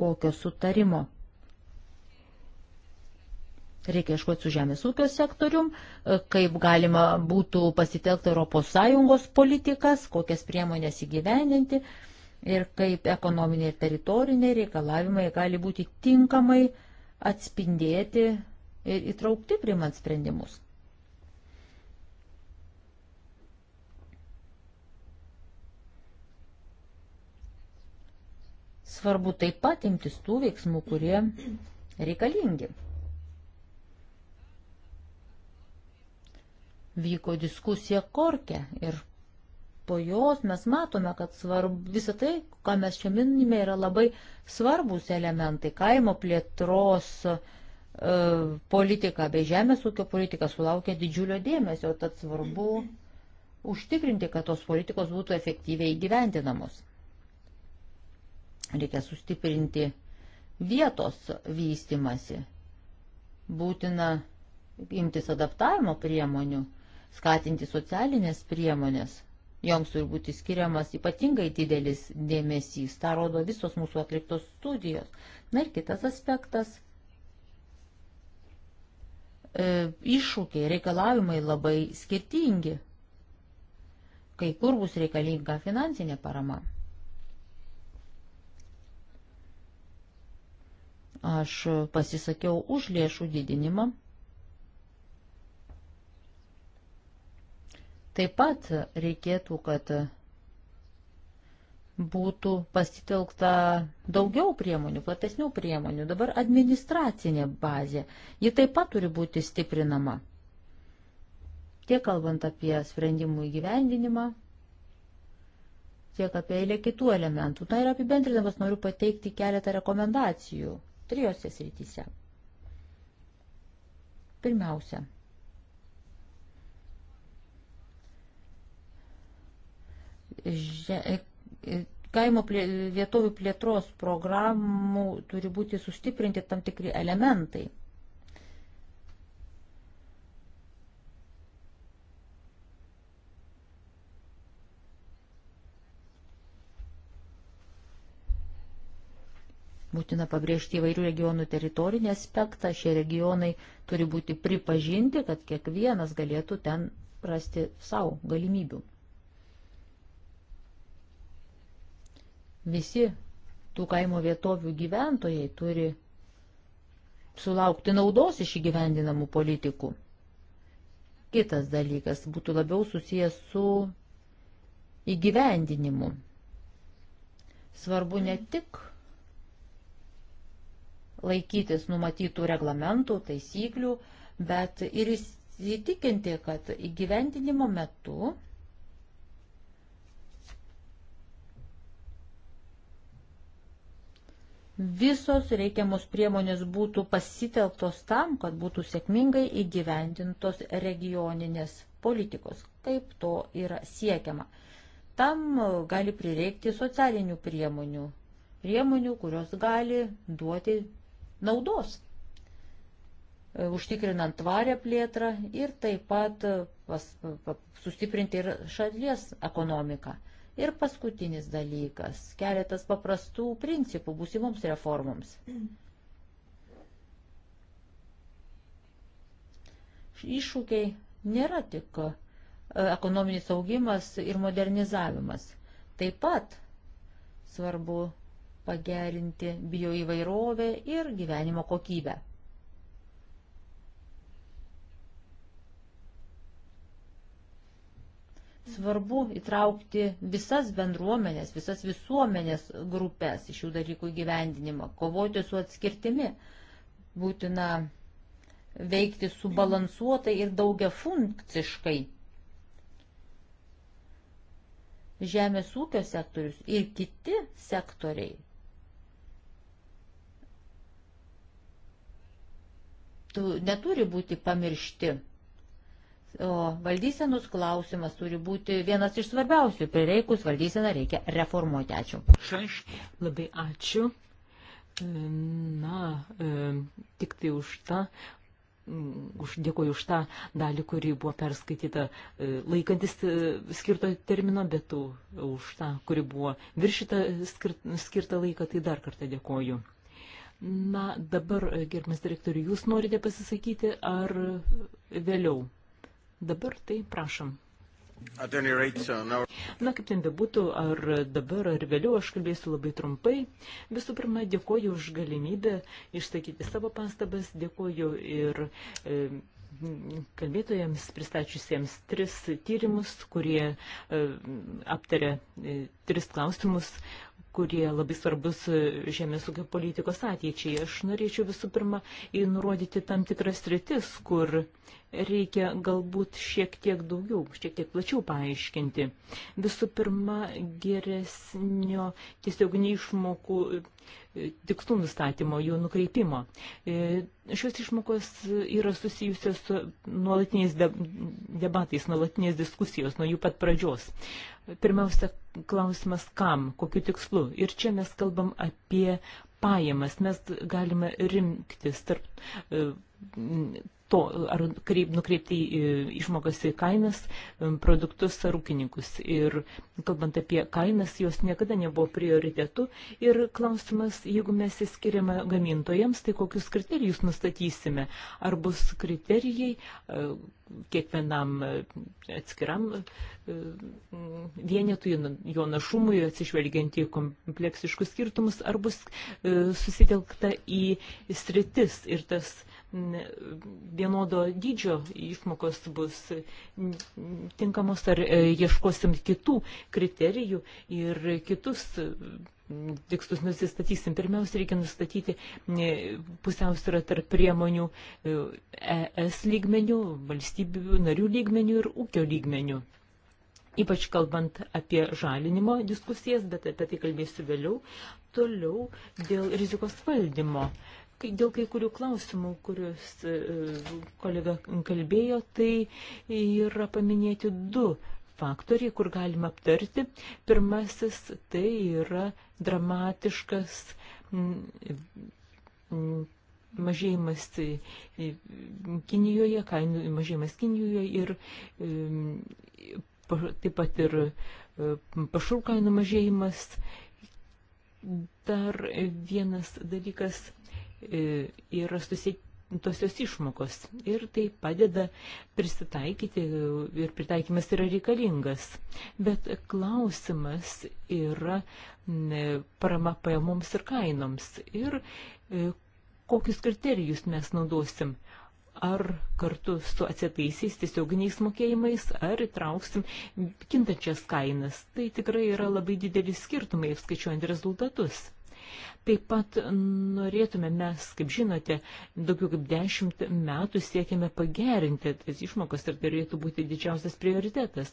Kokio sutarimo Reikia iškoti su žemės ūkio sektorium, e, kaip galima būtų pasitelkti ES politikas, kokias priemonės įgyveninti ir kaip ekonominiai ir teritoriniai reikalavimai gali būti tinkamai atspindėti ir įtraukti primant sprendimus. Svarbu taip pat imtis tų veiksmų, kurie reikalingi. vyko diskusija Korke ir po jos mes matome, kad svarbu, visą tai, ką mes čia minime, yra labai svarbus elementai kaimo plėtros e, politika bei žemės ūkio politika sulaukia didžiulio dėmesio, tad svarbu užtikrinti, kad tos politikos būtų efektyviai įgyvendinamos. Reikia sustiprinti vietos vystimasi. Būtina imtis adaptavimo priemonių skatinti socialinės priemonės, joms turi būti skiriamas ypatingai didelis dėmesys, tą rodo visos mūsų atliktos studijos. Na ir kitas aspektas e, - iššūkiai, reikalavimai labai skirtingi. Kai kur bus reikalinga finansinė parama. Aš pasisakiau už lėšų didinimą Taip pat reikėtų, kad būtų pasitelkta daugiau priemonių, platesnių priemonių. Dabar administracinė bazė, ji taip pat turi būti stiprinama. Tiek kalbant apie sprendimų įgyvendinimą, tiek apie eilę kitų elementų. Na ir apibendrinamas noriu pateikti keletą rekomendacijų trijose srityse. Pirmiausia, E, kaimo plė, vietovių plėtros programų turi būti sustiprinti tam tikri elementai. Būtina pabrėžti įvairių regionų teritorinį aspektą, šie regionai turi būti pripažinti, kad kiekvienas galėtų ten rasti savo galimybių. Visi tų kaimo vietovių gyventojai turi sulaukti naudos iš įgyvendinamų politikų. Kitas dalykas būtų labiau susijęs su įgyvendinimu. Svarbu ne tik laikytis numatytų reglamentų, taisyklių, bet ir įsitikinti, kad įgyvendinimo metu visos reikiamos priemonės būtų pasitelktos tam, kad būtų sėkmingai įgyvendintos regioninės politikos, kaip to yra siekiama. Tam e, gali prireikti socialinių priemonių, priemonių, kurios gali duoti naudos, e, užtikrinant tvarę plėtrą ir taip pat e, pas, pa, sustiprinti ir šalies ekonomiką. Ir paskutinis dalykas - keletas paprastų principų būsimoms reformoms. Iššūkiai nėra tik e, ekonominis augimas ir modernizavimas. Taip pat svarbu pagerinti bioįvairovę ir gyvenimo kokybę. Svarbu įtraukti visas bendruomenės, visas visuomenės grupės iš šių dalykų gyvendinimą, kovoti su atskirtimi. Būtina veikti subalansuotai ir daugia funkciškai. Žemės ūkio sektorius ir kiti sektoriai neturi būti pamiršti. O valdysenos klausimas turi būti vienas iš svarbiausių. Prireikus valdyseną reikia reformuoti. Ačiū. Labai ačiū. Na, e, tik tai už tą. Už, dėkuoju už tą dalį, kuri buvo perskaityta e, laikantis e, skirto termino, bet už tą, kuri buvo viršita skirtą laiką, tai dar kartą dėkuoju. Na, dabar, gerbimas direktoriui, jūs norite pasisakyti ar vėliau? dabar, tai prašom. Uh, Na, kaip ten bebūtų, ar dabar, ar vėliau, aš kalbėsiu labai trumpai. Visų pirma, dėkoju už galimybę išsakyti savo pastabas, dėkoju ir e, kalbėtojams pristačiusiems tris tyrimus, kurie e, aptarė e, tris klausimus, kurie labai svarbus e, žemės ūkio politikos ateičiai. Aš norėčiau visų pirma nurodyti tam tikras rytis, kur reikia galbūt šiek tiek daugiau, šiek tiek plačiau paaiškinti. Visų pirma, geresnio tiesiog neišmokų tikslų nustatymo, jų nukreipimo. E, šios išmokos yra susijusios su nuolatiniais debatais, nuolatinės diskusijos nuo jų pat pradžios. Pirmiausia, klausimas kam, kokiu tikslu. Ir čia mes kalbam apie pajamas. Mes galime rinktis tarp e, to, ar kreip, nukreipti į išmokas į kainas, produktus ar ūkininkus. Ir kalbant apie kainas, jos niekada nebuvo prioritetu. Ir klausimas, jeigu mes įskiriame gamintojams, tai kokius kriterijus nustatysime? Ar bus kriterijai e, kiekvienam e, atskiram e, vienetui, jo našumui, atsižvelgiant į kompleksiškus skirtumus, ar bus susitelkta į sritis ir tas vienodo dydžio išmokos bus tinkamos, ar e, ieškosim kitų kriterijų ir kitus tikslus nusistatysim. Pirmiausia, reikia nustatyti pusiausvyrą tarp priemonių ES e lygmenių, valstybių narių lygmenių ir ūkio lygmenių. Ypač kalbant apie žalinimo diskusijas, bet apie tai kalbėsiu vėliau. Toliau dėl rizikos valdymo. E, dėl kai kurių klausimų, kuriuos e, kolega kalbėjo, tai yra paminėti du faktoriai, kur galima aptarti. Pirmasis tai yra dramatiškas mažėjimas Kinijoje, kainų mažėjimas Kinijoje ir taip pat ir e, pašarų kainų mažėjimas. Dar vienas dalykas E, yra susitintosios išmokos ir tai padeda prisitaikyti ir pritaikymas yra reikalingas. Bet klausimas yra parama pajamoms ir kainoms ir e, kokius kriterijus mes naudosim ar kartu su atsitaisiais tiesioginiais mokėjimais, ar įtrauksim kintančias kainas. Tai tikrai yra labai dideli skirtumai, skaičiuojant rezultatus. Taip pat norėtume mes, kaip žinote, daugiau kaip dešimt metų siekiame pagerinti tas išmokas ir tai turėtų būti didžiausias prioritetas.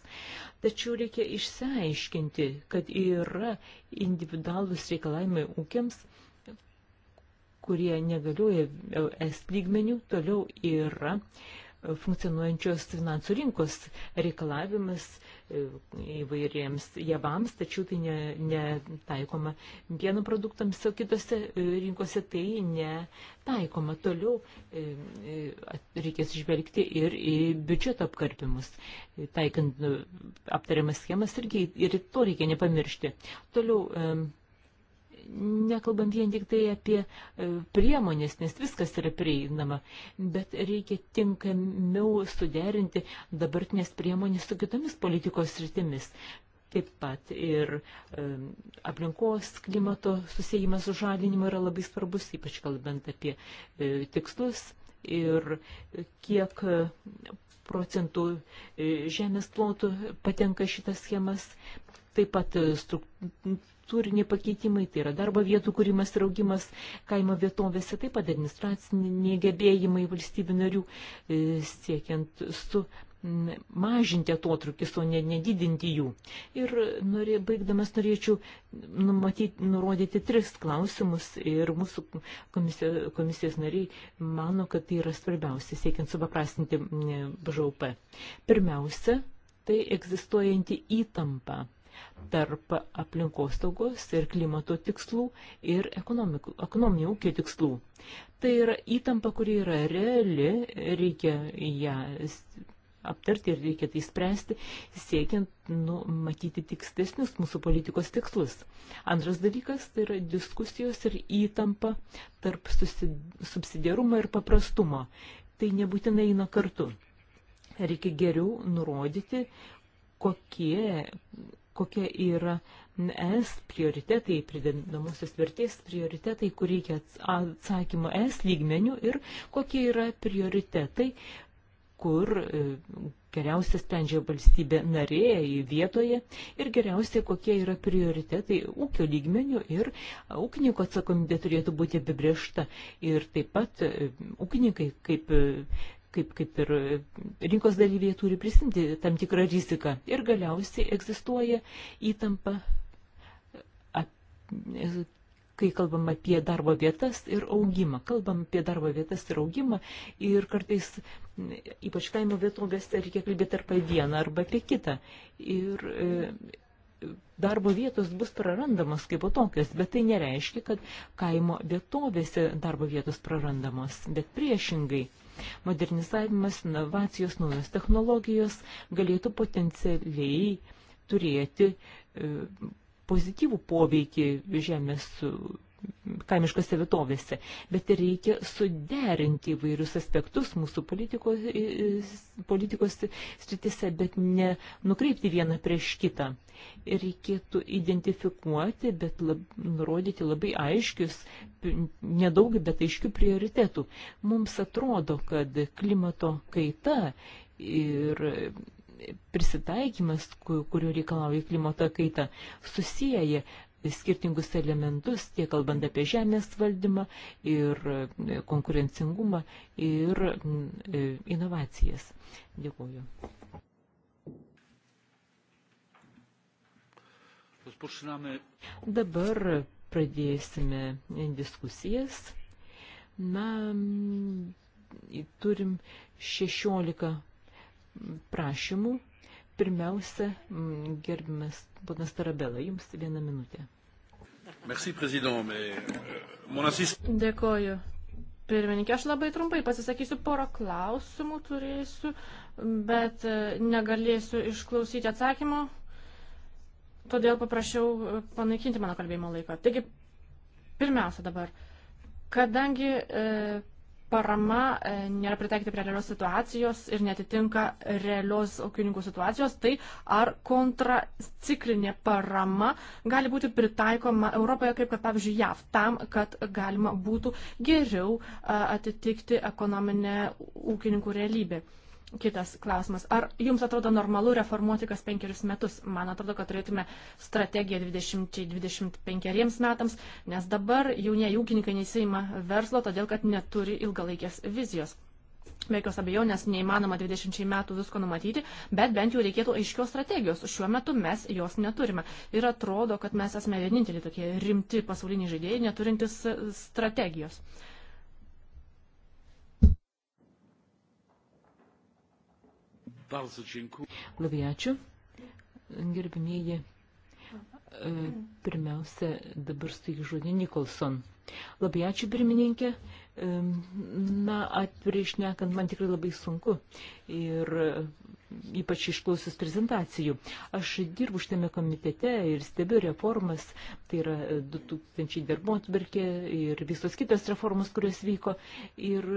Tačiau reikia išsiaiškinti, kad yra individualus reikalavimai ūkiams kurie negalioja es lygmenių, toliau yra funkcionuojančios finansų rinkos reikalavimas įvairiems javams, tačiau tai netaikoma ne pieno produktams, o kitose e, rinkose tai netaikoma. Toliau e, e, reikės žvelgti ir į biudžeto apkarpimus, taikant aptariamas schemas irgi ir to reikia nepamiršti. Toliau nekalbam vien tik tai apie e, priemonės, nes viskas yra prieinama, bet reikia tinkamiau suderinti dabartinės priemonės su kitomis politikos sritimis. Taip pat ir e, aplinkos klimato susijimas su žalinimu yra labai svarbus, ypač kalbant apie e, tikslus ir kiek procentų e, žemės plotų patenka šitas schemas, taip pat struk, struktūriniai pakeitimai, tai yra darbo vietų kūrimas ir augimas kaimo vietovėse, taip pat administraciniai gebėjimai valstybių narių e, siekiant su mažinti atotrukis, o ne nedidinti jų. Ir norė, baigdamas norėčiau numatyti, nurodyti tris klausimus ir mūsų komisijos, komisijos nariai mano, kad tai yra svarbiausia, siekiant supaprastinti BŽUP. Pirmiausia, tai egzistuojanti įtampa tarp aplinkos saugos ir klimato tikslų ir ekonominio ūkio tikslų. Tai yra įtampa, kuri yra reali, reikia ją aptarti ir reikia tai spręsti, siekiant numatyti tikstesnius mūsų politikos tikslus. Antras dalykas tai yra diskusijos ir įtampa tarp subsidiarumo ir paprastumo. Tai nebūtinai eina kartu. Reikia geriau nurodyti, kokie kokie yra es prioritetai, pridedamosios vertės prioritetai, kur reikia atsakymą es lygmenių ir kokie yra prioritetai, kur e, geriausia sprendžia valstybė narėje vietoje ir geriausia kokie yra prioritetai ūkio lygmenių ir ūkininko atsakomybė turėtų būti apibriešta ir taip pat e, ūkininkai kaip e, kaip, kaip ir rinkos dalyviai turi prisimti tam tikrą riziką. Ir galiausiai egzistuoja įtampa, ap, kai kalbam apie darbo vietas ir augimą. Kalbam apie darbo vietas ir augimą ir kartais, ypač kaimo vietovėse, reikia kalbėti arba vieną, arba apie kitą. Ir, e, darbo vietos bus prarandamos kaip tokios, bet tai nereiškia, kad kaimo vietovėse darbo vietos prarandamos, bet priešingai Modernizavimas, inovacijos, naujos technologijos galėtų potencialiai turėti e, pozityvų poveikį žemės kaimiškose vietovėse, bet reikia suderinti įvairius aspektus mūsų politikos, politikos sritise, bet ne nukreipti vieną prieš kitą. Reikėtų identifikuoti, bet lab, nurodyti labai aiškius, nedaug, bet aiškių prioritetų. Mums atrodo, kad klimato kaita ir prisitaikymas, kurio reikalauja klimato kaita, susiję skirtingus elementus, tiek kalbant apie žemės valdymą ir e, konkurencingumą ir e, inovacijas. Dėkuoju. Dabar pradėsime diskusijas. Na, turim 16 prašymų Pirmiausia, mm, gerbimas ponas Tarabela, jums vieną minutę. Merci, euh, assist... Dėkoju. Pirmininkė, aš labai trumpai pasisakysiu, porą klausimų turėsiu, bet e, negalėsiu išklausyti atsakymų, todėl paprašiau e, panaikinti mano kalbėjimo laiką. Taigi, pirmiausia dabar, kadangi e, parama e, nėra pritaikyta prie realios situacijos ir netitinka realios ūkininkų situacijos, tai ar kontraciklinė parama gali būti pritaikoma Europoje, kaip kad pavyzdžiui JAV, tam, kad galima būtų geriau e, atitikti ekonominę ūkininkų realybę. Kitas klausimas. Ar jums atrodo normalu reformuoti kas penkerius metus? Man atrodo, kad turėtume strategiją 20-25 metams, nes dabar jaunieji ūkininkai neįsima verslo, todėl kad neturi ilgalaikės vizijos. Be jokios abejonės neįmanoma 20 metų visko numatyti, bet bent jau reikėtų aiškios strategijos. Šiuo metu mes jos neturime. Ir atrodo, kad mes esame vieninteliai tokie rimti pasauliniai žaidėjai, neturintis strategijos. Uh, Labai ačiū. Gerbimieji, e, pirmiausia, dabar staigiu žodį Nikolson. Labai ačiū, pirmininkė. E, na, atvirai išnekant, man tikrai labai sunku. Ir e, ypač išklausius prezentacijų. Aš dirbu šitame komitete ir stebiu reformas, tai yra 2000 darbotvarkė ir visos kitos reformos, kurios vyko. Ir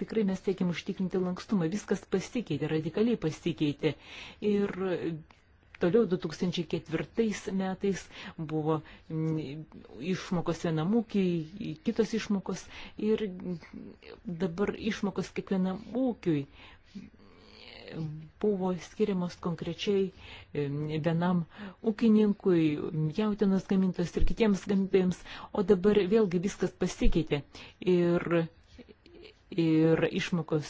tikrai mes siekiam užtikrinti lankstumą. Viskas pasikeitė, radikaliai pasikeitė. Ir Toliau 2004 metais buvo išmokos vienam ūkiai, kitos išmokos ir dabar išmokos kiekvienam ūkiui buvo skiriamos konkrečiai vienam ūkininkui, jautinos gamintojams ir kitiems gamintojams, o dabar vėlgi viskas pasikeitė. Ir ir išmokos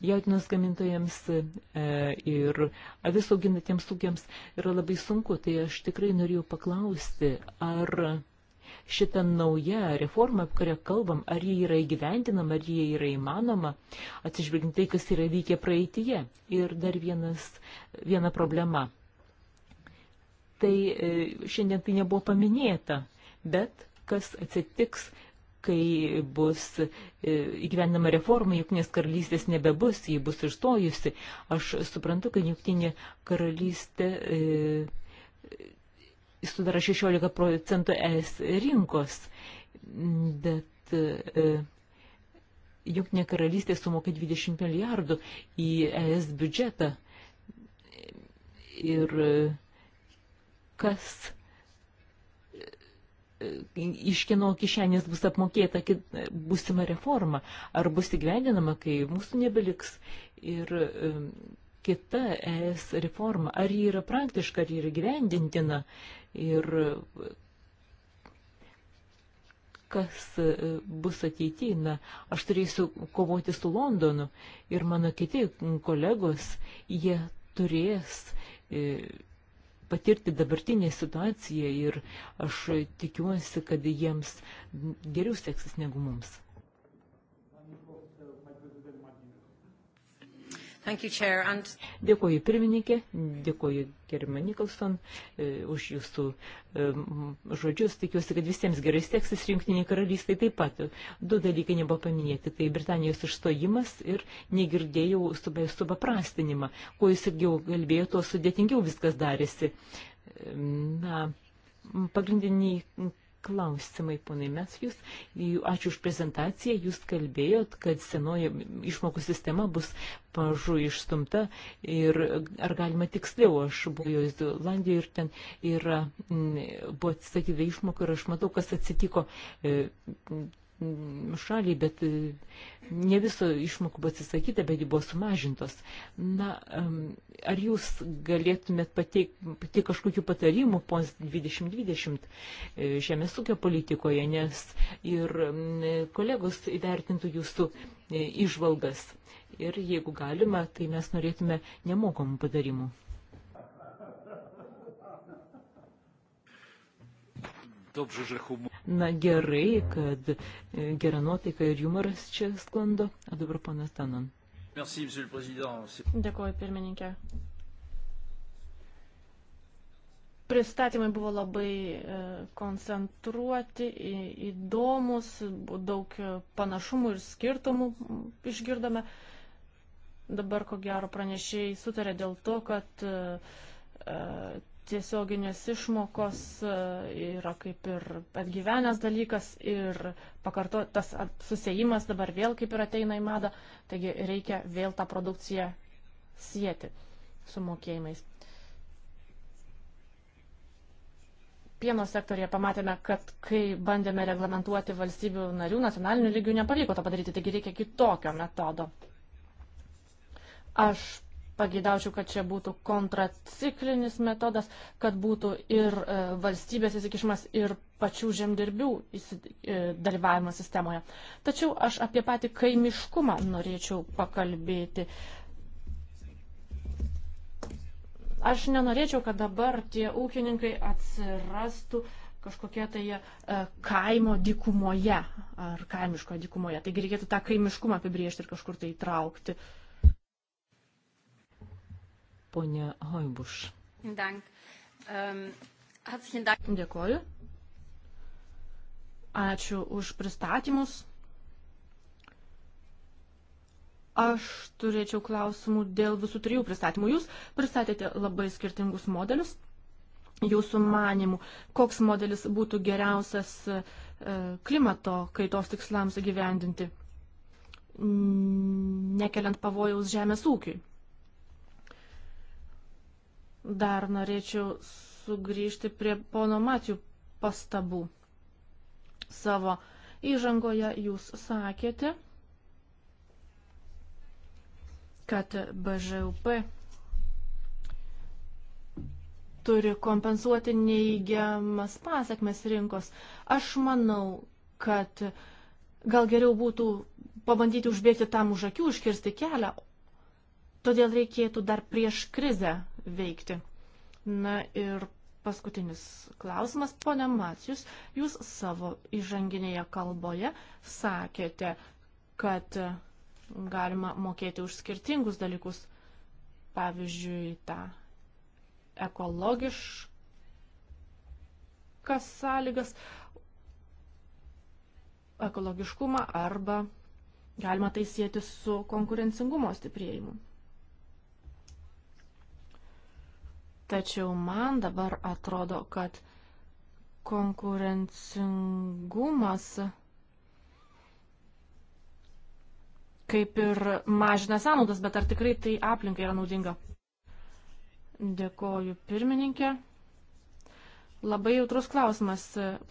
jautinos gamintojams e, ir avis auginatiems ūkiams yra labai sunku. Tai aš tikrai norėjau paklausti, ar šita nauja reforma, apie kurią kalbam, ar jie yra įgyvendinama, ar jie yra įmanoma, atsižvelgiant tai, kas yra vykę praeitie. Ir dar vienas, viena problema. Tai e, šiandien tai nebuvo paminėta, bet kas atsitiks kai bus e, įgyvendama reforma, jungtinės karalystės nebebus, ji bus išstojusi. Aš suprantu, kad jungtinė karalystė e, sudara 16 procentų ES rinkos, bet e, jungtinė karalystė sumokė 20 milijardų į ES biudžetą. Ir kas iš kieno kišenės bus apmokėta būsima reforma, ar bus įgyvendinama, kai mūsų nebeliks. Ir um, kita ES reforma, ar ji yra praktiška, ar ji yra gyvendintina ir kas e, bus ateityje. Na, aš turėsiu kovoti su Londonu ir mano kiti kolegos, jie turės e, patirti dabartinę situaciją ir aš tikiuosi, kad jiems geriau seksis negu mums. You, And... Dėkuoju pirmininkė, dėkuoju gerimą Nikolson e, už jūsų e, žodžius. Tikiuosi, kad visiems gerai seksis rinktiniai karalystai taip pat. Du dalykai nebuvo paminėti. Tai Britanijos išstojimas ir negirdėjau supaprastinimą. Kuo jūs ilgiau kalbėjo, tuo sudėtingiau viskas darėsi. E, na, pagrindiniai klausimai, ponai Mesijus. Ačiū už prezentaciją. Jūs kalbėjot, kad senoji išmokų sistema bus pažu išstumta. Ir ar galima tiksliau, aš buvau Islandijoje ir ten yra, buvo atsisakyta išmoka ir aš matau, kas atsitiko e, šalį, bet e, ne viso išmokų buvo atsisakyta, bet jų buvo sumažintos. Na, ar jūs galėtumėt pateikti pateik kažkokių patarimų po 2020 e, žemės ūkio politikoje, nes ir kolegos įvertintų jūsų e, išvalgas. Ir jeigu galima, tai mes norėtume nemokamų patarimų. Dobrze, że humor. Na gerai, kad e, gera nuotaika ir humoras čia sklando. O dabar ponas Tanan. Dėkuoju, pirmininkė. Pristatymai buvo labai e, koncentruoti, įdomus, daug panašumų ir skirtumų išgirdome. Dabar, ko gero, pranešėjai sutarė dėl to, kad e, tiesioginės išmokos e, yra kaip ir atgyvenęs dalykas ir pakarto, tas susijimas dabar vėl kaip ir ateina į madą, taigi reikia vėl tą produkciją sieti su mokėjimais. Pieno sektorėje pamatėme, kad kai bandėme reglamentuoti valstybių narių nacionalinių lygių, nepavyko to padaryti, taigi reikia kitokio metodo. Aš pagėdaučiau, kad čia būtų kontraciklinis metodas, kad būtų ir e, valstybės įsikišimas, ir pačių žemdirbių e, dalyvavimas sistemoje. Tačiau aš apie patį kaimiškumą norėčiau pakalbėti. Aš nenorėčiau, kad dabar tie ūkininkai atsirastų kažkokie tai e, kaimo dikumoje ar kaimiškoje dikumoje. Taigi reikėtų tą kaimiškumą apibriežti ir kažkur tai įtraukti. Uh, ponia Hoibuš. Ehm, Dėkoju. Ačiū už pristatymus. Aš turėčiau klausimų dėl visų trijų pristatymų. Jūs pristatėte labai skirtingus modelius. Jūsų manimų, koks modelis būtų geriausias e, klimato kaitos tikslams įgyvendinti, nekeliant pavojaus žemės ūkiui. Dar norėčiau sugrįžti prie pono Matijų pastabų. Savo įžangoje jūs sakėte, kad BŽUP turi kompensuoti neįgiamas pasakmes rinkos. Aš manau, kad gal geriau būtų pabandyti užbėgti tam už akių, užkirsti kelią. Todėl reikėtų dar prieš krizę veikti. Na ir paskutinis klausimas, ponė Macijus, jūs savo įžanginėje kalboje sakėte, kad galima mokėti už skirtingus dalykus, pavyzdžiui, tą ekologiškas sąlygas, ekologiškumą arba galima tai sėti su konkurencingumo stiprėjimu. Tačiau man dabar atrodo, kad konkurencingumas kaip ir mažina sąnaudas, bet ar tikrai tai aplinkai yra naudinga? Dėkoju pirmininkė. Labai jautrus klausimas.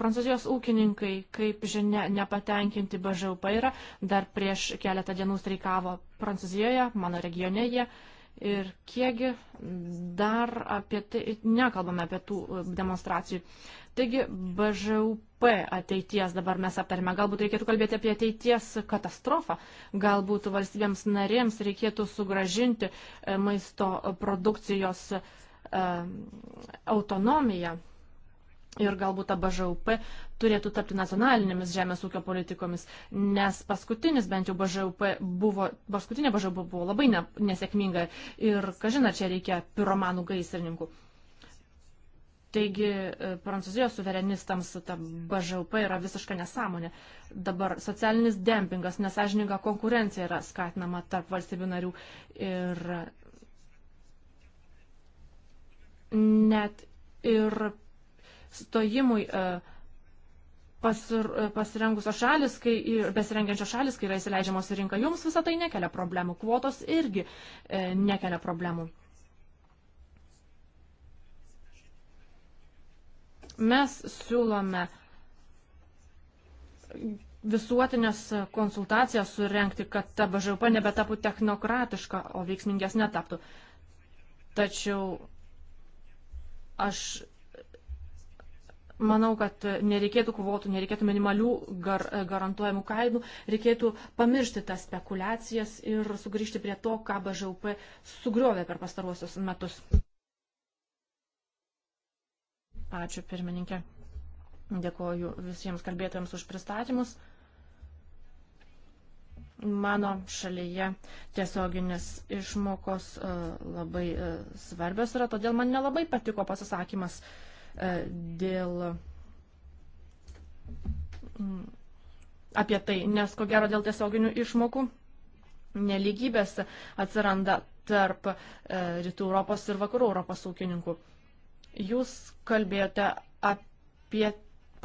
Prancūzijos ūkininkai, kaip žinia, nepatenkinti BŽUP yra. Dar prieš keletą dienų streikavo Prancūzijoje, mano regionėje. jie ir kiekgi dar apie tai, nekalbame apie tų e, demonstracijų. Taigi, BŽUP ateities dabar mes aptarime, galbūt reikėtų kalbėti apie ateities katastrofą, galbūt valstybėms narėms reikėtų sugražinti e, maisto produkcijos e, autonomiją ir galbūt BŽUP turėtų tapti nacionalinėmis žemės ūkio politikomis, nes paskutinis bent jau BŽUP buvo, paskutinė BŽUP buvo labai ne, nesėkminga ir, kažina, čia reikia piromanų gaisrininkų. Taigi e, prancūzijos suverenistams ta BŽUP yra visiška nesąmonė. Dabar socialinis dempingas, nesažininga konkurencija yra skatinama tarp valstybių narių ir net ir stojimui e, pasir, e, pasirengusios šalis, kai besirengiančios šalis, kai yra įsileidžiamos į rinką, jums visą tai nekelia problemų, kvotos irgi e, nekelia problemų. Mes siūlome visuotinės konsultacijas surenkti, kad ta BŽP nebetapų technokratiška, o veiksmingesnė taptų. Tačiau aš manau, kad nereikėtų kvotų, nereikėtų minimalių gar, garantuojamų kainų, reikėtų pamiršti tas spekulacijas ir sugrįžti prie to, ką BŽUP sugriovė per pastaruosius metus. Ačiū pirmininkė. Dėkoju visiems kalbėtojams už pristatymus. Mano šalyje tiesioginės išmokos e, labai e, svarbios yra, todėl man nelabai patiko pasisakymas uh, E, dėl mm, apie tai, nes ko gero dėl tiesioginių išmokų neligybės atsiranda tarp e, rytų Europos ir vakarų Europos ūkininkų. Jūs kalbėjote apie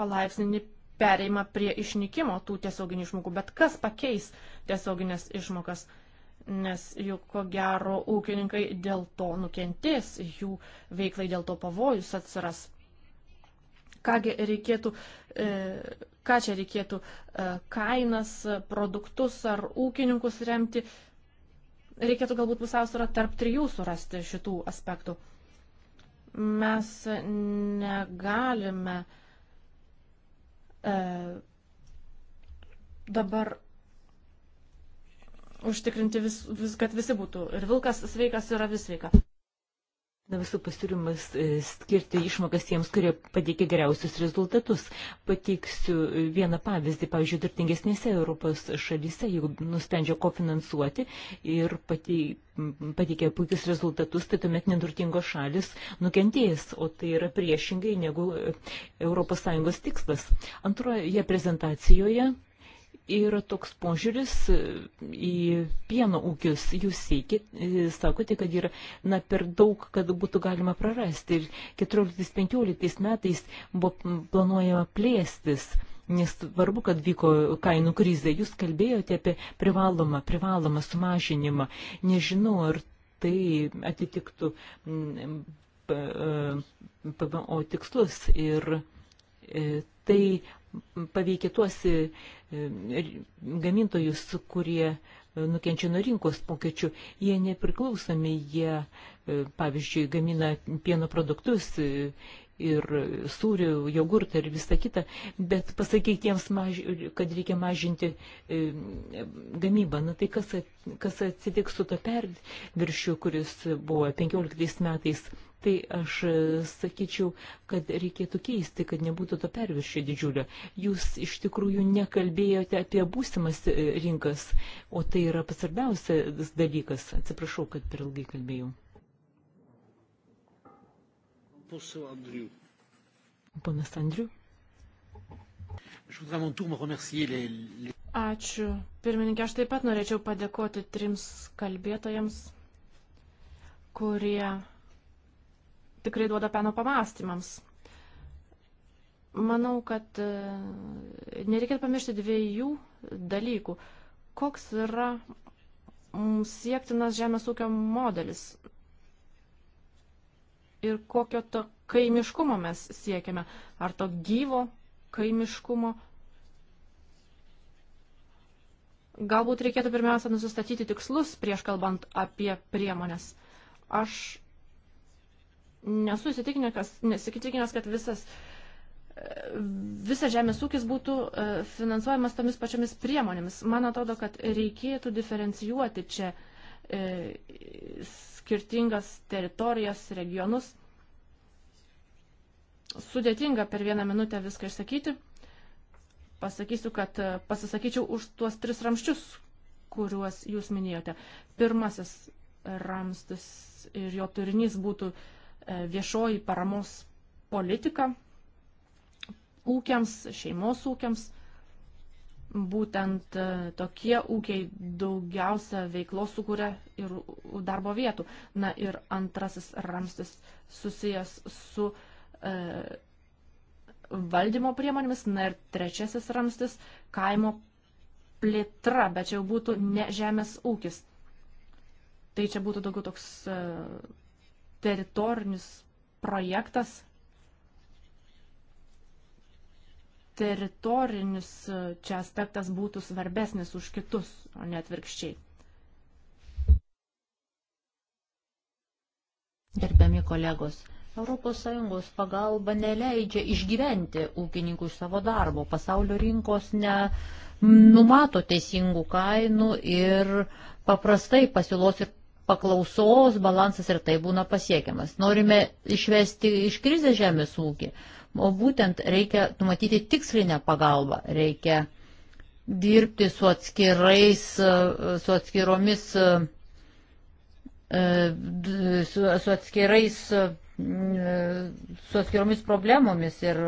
palaipsninį pereimą prie išnykimo tų tiesioginių išmokų, bet kas pakeis tiesioginės išmokas? Nes juk ko gero ūkininkai dėl to nukentės, jų veiklai dėl to pavojus atsiras kągi reikėtų, e, ką čia reikėtų, e, kainas, produktus ar ūkininkus remti. Reikėtų galbūt pusiausvyrą tarp trijų surasti šitų aspektų. Mes negalime e, dabar užtikrinti, vis, vis, kad visi būtų ir vilkas sveikas ir avis sveika. Na visų pasiūlymas e, skirti išmokas tiems, kurie pateikė geriausius rezultatus. Pateiksiu e, vieną pavyzdį, pavyzdžiui, turtingesnėse Europos šalyse, jeigu nusprendžia kofinansuoti ir pateikė puikius rezultatus, tai tuomet neturtingos šalis nukentėjęs, o tai yra priešingai negu ES tikslas. Antroje prezentacijoje yra toks požiūris e, į pieno ūkius. Jūs siekit, e, sakote, kad yra na, per daug, kad būtų galima prarasti. Ir 14-15 metais buvo planuojama plėstis. Nesvarbu, kad vyko kainų krizė. Jūs kalbėjote apie privalomą, privalomą sumažinimą. Nežinau, ar tai atitiktų PVO e, tikslus ir tai paveikia tuos gamintojus, kurie e, nukenčia nuo rinkos pokyčių, jie nepriklausomi, jie, e, pavyzdžiui, gamina pieno produktus e, ir sūrių, jogurtą ir visą kitą, bet pasakyti jiems, maž... kad reikia mažinti gamybą. Na tai kas, kas atsitiks su to perviršiu, kuris buvo 15 metais tai aš e, sakyčiau, kad reikėtų keisti, kad nebūtų to perviršio didžiulio. Jūs iš tikrųjų nekalbėjote apie būsimas e, rinkas, o tai yra pasarbiausias dalykas. Atsiprašau, kad per ilgai kalbėjau. Ponas Andriu. Ačiū. Pirmininkė, aš taip pat norėčiau padėkoti trims kalbėtojams, kurie tikrai duoda peno pamastymams. Manau, kad e, nereikia pamiršti dviejų dalykų. Koks yra siektinas žemės ūkio modelis ir kokio to kaimiškumo mes siekiame. Ar to gyvo kaimiškumo. Galbūt reikėtų pirmiausia nusistatyti tikslus prieš kalbant apie priemonės. Aš nesu įsitikinęs, kad visas, e, visas žemės ūkis būtų e, finansuojamas tomis pačiomis priemonėmis. Man atrodo, kad reikėtų diferencijuoti čia e, skirtingas teritorijas, regionus. Sudėtinga per vieną minutę viską išsakyti. Pasakysiu, kad pasisakyčiau už tuos tris ramščius, kuriuos jūs minėjote. Pirmasis ramstis ir jo turinys būtų uh, E, viešoji paramos politika ūkiams, šeimos ūkiams. Būtent e, tokie ūkiai daugiausia veiklos sukuria ir darbo vietų. Na ir antrasis ramstis susijęs su e, valdymo priemonėmis. Na ir trečiasis ramstis - kaimo plėtra, bet čia jau būtų ne žemės ūkis. Tai čia būtų daugiau toks e, teritorinis projektas, teritorinis e, čia aspektas būtų svarbesnis už kitus, o ne atvirkščiai. Gerbiami kolegos, ES pagalba neleidžia išgyventi ūkininkų iš savo darbo. Pasaulio rinkos nenumato teisingų kainų ir paprastai pasiūlos ir paklausos balansas ir tai būna pasiekiamas. Norime išvesti iš krizės žemės ūkį, o būtent reikia numatyti tikslinę pagalbą, reikia dirbti su, atskirais, su atskiromis E, su, su atskirais, e, su atskiromis problemomis ir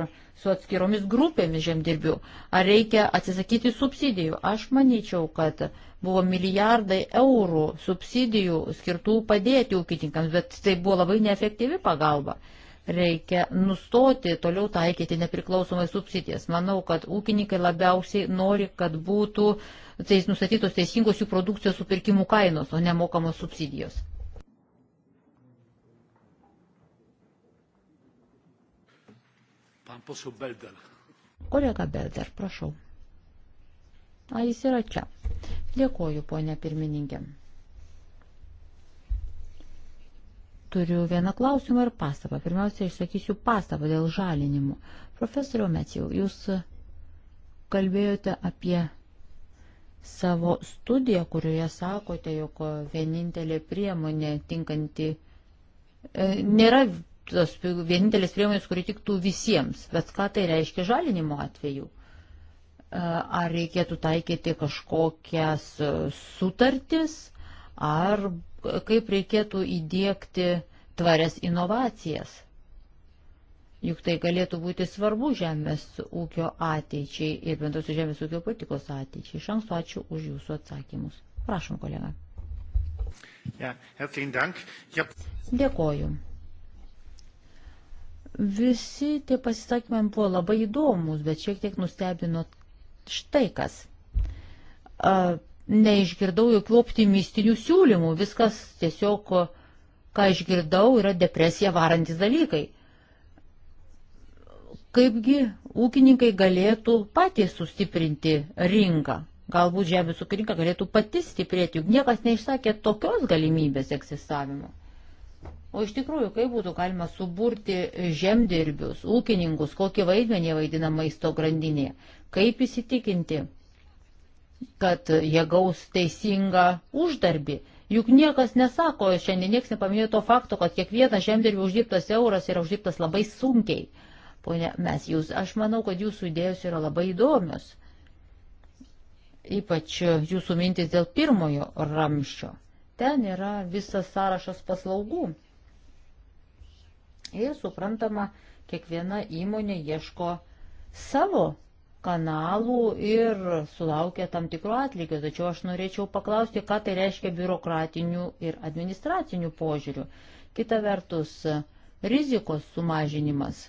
su atskiromis grupėmis žemdirbių. Ar reikia atsisakyti subsidijų? Aš manyčiau, kad buvo milijardai eurų subsidijų skirtų padėti ūkininkams, bet tai buvo labai neefektyvi pagalba. Reikia nustoti toliau taikyti nepriklausomai subsidijas. Manau, kad ūkininkai labiausiai nori, kad būtų teis, nustatytos teisingos jų produkcijos supirkimų kainos, o nemokamos subsidijos. Kolega Belder, prašau. A, jis yra čia. Dėkoju, ponė pirmininkė. Turiu vieną klausimą ir pastabą. Pirmiausia, išsakysiu pastabą dėl žalinimų. Profesoriu Mecijau, jūs kalbėjote apie savo studiją, kurioje sakote, jog vienintelė priemonė tinkanti e, nėra tos vienintelės priemonės, kuri tiktų visiems. Bet ką tai reiškia žalinimo atveju? Ar reikėtų taikyti kažkokias sutartis, ar kaip reikėtų įdėkti tvarias inovacijas? Juk tai galėtų būti svarbu žemės ūkio ateičiai ir bendros žemės ūkio politikos ateičiai. Iš anksto ačiū už jūsų atsakymus. Prašom, kolega. Ja, Dėkoju. Visi tie pasisakymai buvo labai įdomus, bet šiek tiek nustebino štai kas. A, neišgirdau jokių optimistinių siūlymų, viskas tiesiog, ką išgirdau, yra depresija varantis dalykai. Kaipgi ūkininkai galėtų patys sustiprinti rinką? Galbūt žemės ūkininkai galėtų patys stiprėti, juk niekas neišsakė tokios galimybės egzistavimo. O iš tikrųjų, kaip būtų galima suburti žemdirbius, ūkininkus, kokį vaidmenį vaidina maisto grandinėje, kaip įsitikinti, kad jie gaus teisingą uždarbį. Juk niekas nesako, šiandien niekas nepaminėjo to fakto, kad kiekvienas žemdirbių uždirbtas euras yra uždirbtas labai sunkiai. Pone, mes jūs, aš manau, kad jūsų idėjos yra labai įdomios. Ypač jūsų mintis dėl pirmojo ramščio. Ten yra visas sąrašas paslaugų. Ir suprantama, kiekviena įmonė ieško savo kanalų ir sulaukia tam tikro atlygio. Tačiau aš norėčiau paklausti, ką tai reiškia biurokratinių ir administracinių požiūrių. Kita vertus, rizikos sumažinimas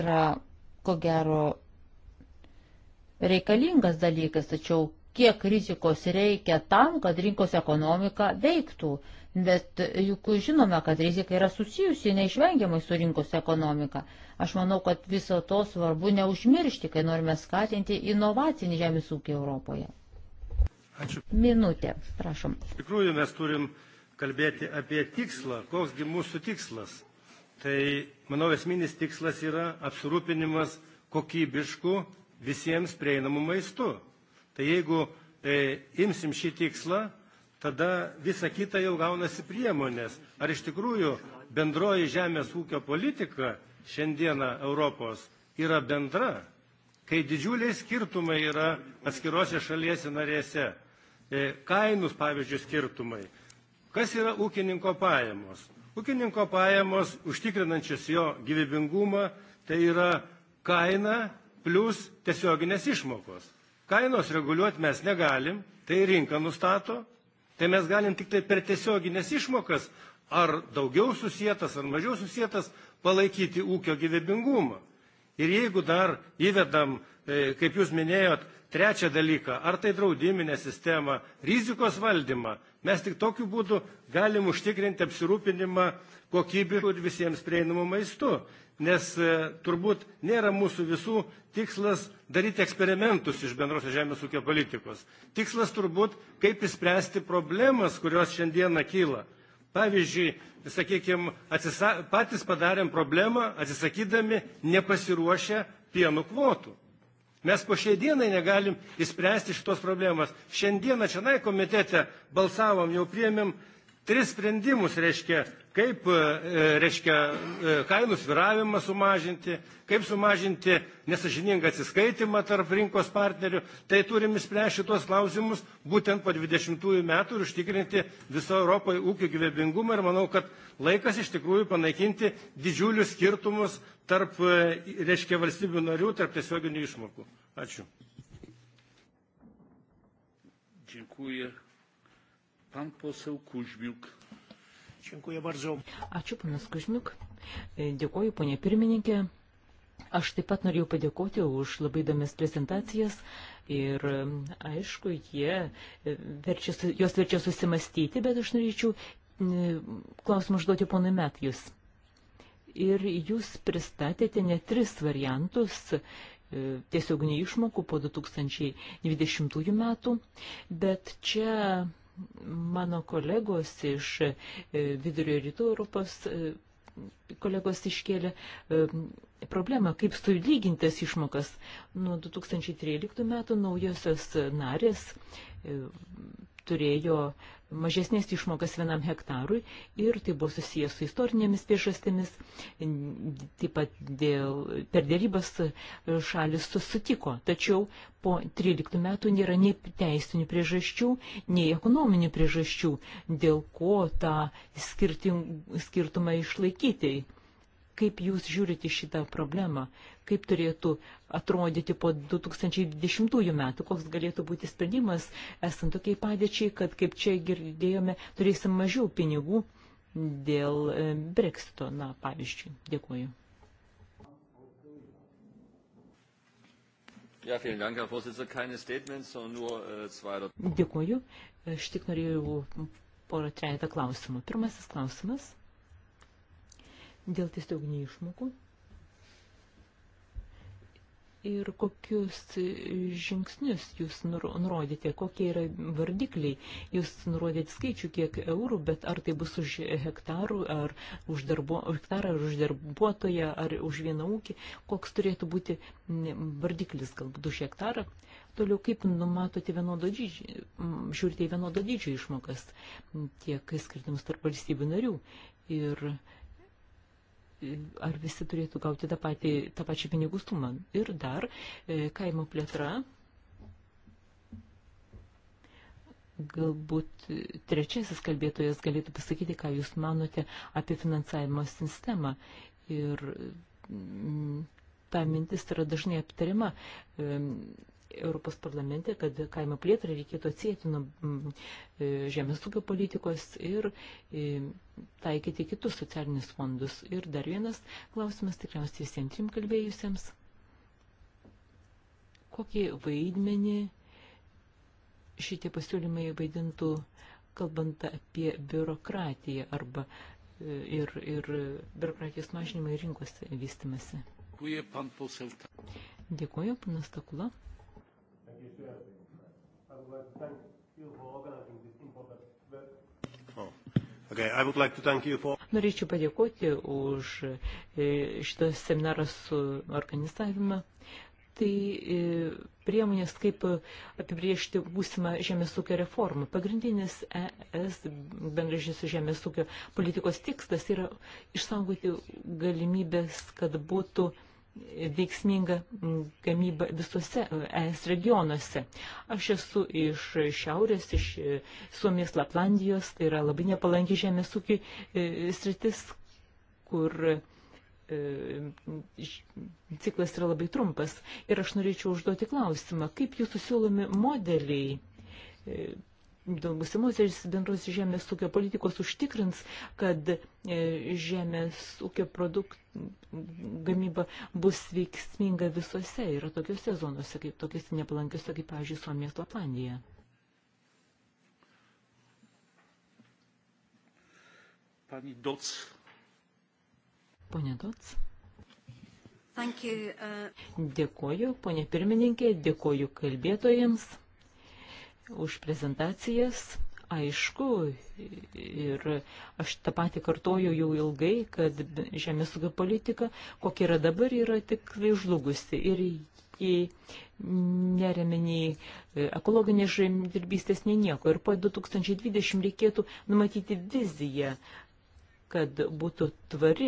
yra, ko gero, reikalingas dalykas, tačiau kiek rizikos reikia tam, kad rinkos ekonomika veiktų. Bet juk žinome, kad rizika yra susijusi neišvengiamai su rinkos ekonomika. Aš manau, kad viso to svarbu neužmiršti, kai norime skatinti inovacinį žemės ūkį Europoje. Ačiū. Minutė, prašom. Iš tikrųjų, mes turim kalbėti apie tikslą, koksgi mūsų tikslas. Tai, manau, esminis tikslas yra apsirūpinimas kokybišku visiems prieinamu maistu. Tai jeigu e, imsim šį tikslą, tada visa kita jau gaunasi priemonės. Ar iš tikrųjų bendroji žemės ūkio politika šiandieną Europos yra bendra, kai didžiuliai skirtumai yra atskirose šaliese narėse, e, kainus, pavyzdžiui, skirtumai. Kas yra ūkininko pajamos? Ūkininko pajamos, užtikrinančias jo gyvybingumą, tai yra kaina plus tiesioginės išmokos. Kainos reguliuoti mes negalim, tai rinka nustato, tai mes galim tik tai per tiesioginės išmokas ar daugiau susietas, ar mažiau susietas palaikyti ūkio gyvybingumą. Ir jeigu dar įvedam, e, kaip jūs minėjot, trečią dalyką, ar tai draudiminę sistemą, rizikos valdymą, mes tik tokiu būdu galim užtikrinti apsirūpinimą kokybišku ir visiems prieinamu maistu. Nes e, turbūt nėra mūsų visų tikslas daryti eksperimentus iš bendrosios žemės ūkio politikos. Tikslas turbūt, kaip įspręsti problemas, kurios šiandieną kyla. Pavyzdžiui, sakykime, atsisa... patys padarėm problemą, atsisakydami nepasiruošę pienų kvotų. Mes po šiai dienai negalim įspręsti šitos problemas. Šiandieną čia nai komitete balsavom, jau priemėm tris sprendimus, reiškia, kaip e, e, reiškia, e, kainų sviravimą sumažinti, kaip sumažinti nesažiningą atsiskaitimą tarp rinkos partnerių, tai turim išspręsti tuos klausimus būtent po 20 metų ir užtikrinti viso Europoje ūkio gyvybingumą ir manau, kad laikas iš tikrųjų panaikinti didžiulius skirtumus tarp, reiškia, valstybių narių, tarp tiesioginių išmokų. Ačiū. Dziękuję. Pan poseł Kuźmiuk. Dziękuję bardzo. Ačiū, panas Kužmiuk. E, Dėkuoju, ponė pirmininkė. Aš taip pat norėjau padėkoti už labai įdomias prezentacijas ir aišku, jie e, verčia, jos verčia susimastyti, bet aš norėčiau klausimą užduoti ponui Metjus. Ir jūs pristatėte ne tris variantus e, tiesiog neišmokų po 2020 metų, bet čia mano kolegos iš e, vidurio rytų Europos e, kolegos iškėlė e, problemą, kaip sulygintas išmokas. Nuo 2013 metų naujosios narės turėjo mažesnės išmokas vienam hektarui ir tai buvo susijęs su istorinėmis priežastėmis. Taip pat dėl, per dėrybas šalis susitiko, tačiau po 13 metų nėra nei teisinių priežasčių, nei ekonominių priežasčių, dėl ko tą skirtum, skirtumą išlaikyti. Kaip jūs žiūrite šitą problemą? kaip turėtų atrodyti po 2020 metų, koks galėtų būti sprendimas esant tokiai padėčiai, kad, kaip čia girdėjome, turėsim mažiau pinigų dėl e, Brexito, na, pavyzdžiui. Dėkuoju. Ja, vielen Dank, Herr Vorsitzender. Keine Statements, sondern nur äh, zwei oder drei. Dėkuoju. Aš tik norėjau porą trejata klausimų. Pirmasis klausimas dėl tiesioginių išmokų ir kokius žingsnius jūs nurodėte, kokie yra vardikliai. Jūs nurodėte skaičių kiek eurų, bet ar tai bus už hektarų, ar už darbo, hektarą, ar už darbuotoją, ar už vieną ūkį, koks turėtų būti vardiklis galbūt už hektarą. Toliau kaip numatote vienodo dydžio, žiūrite į vienodo dydžio išmokas, tiek skirtumus tarp valstybių narių. Ir ar visi turėtų gauti tą, patį, tą pačią pinigų sumą. Ir dar e, kaimo plėtra. Galbūt e, trečiasis kalbėtojas galėtų pasakyti, ką Jūs manote apie finansavimo sistemą. Ir mm, ta mintis yra dažnai aptariama Europos parlamente, kad kaimo plėtrą reikėtų atsėti nuo mm, e, žemės ūkio politikos ir e, taikyti kitus socialinius fondus. Ir dar vienas klausimas tikriausiai visiems trim kalbėjusiems. Kokį vaidmenį šitie pasiūlymai vaidintų, kalbant apie biurokratiją arba e, ir, ir biurokratijos mažinimą ir rinkos vystimasi? Dėkuoju, panas Takula. Yes, I would like to thank you for organizing this important work. Okay, I would like to thank you for... Norėčiau padėkoti už e, šito seminaro suorganizavimą. Tai e, priemonės, kaip apibriežti būsimą žemės ūkio reformą. Pagrindinis ES bendražys žemės ūkio politikos tikslas yra išsaugoti galimybės, kad būtų uh, veiksminga gamyba visose ES regionuose. Aš esu iš šiaurės, iš Suomijos Laplandijos, tai yra labai nepalanki žemės ūkiai e, sritis, kur e, ciklas yra labai trumpas. Ir aš norėčiau užduoti klausimą, kaip jūsų siūlomi modeliai e, dėl būsimosios bendros žemės ūkio politikos užtikrins, kad e, žemės ūkio produktų gamyba bus veiksminga visose ir tokiuose zonose, kaip tokiuose nepalankiuose, kaip, pavyzdžiui, Suomijos Laplandija. Pani Doc. Pone Doc. Thank you, uh... Dėkoju, ponė pirmininkė, dėkoju kalbėtojams už prezentacijas. Aišku, ir aš tą patį kartoju jau ilgai, kad žemės ūkio politika, kokia yra dabar, yra tik žlugusi. Ir į nereminiai e, ekologinės žemdirbystės, nei nieko. Ir po 2020 reikėtų numatyti viziją, kad būtų tvari,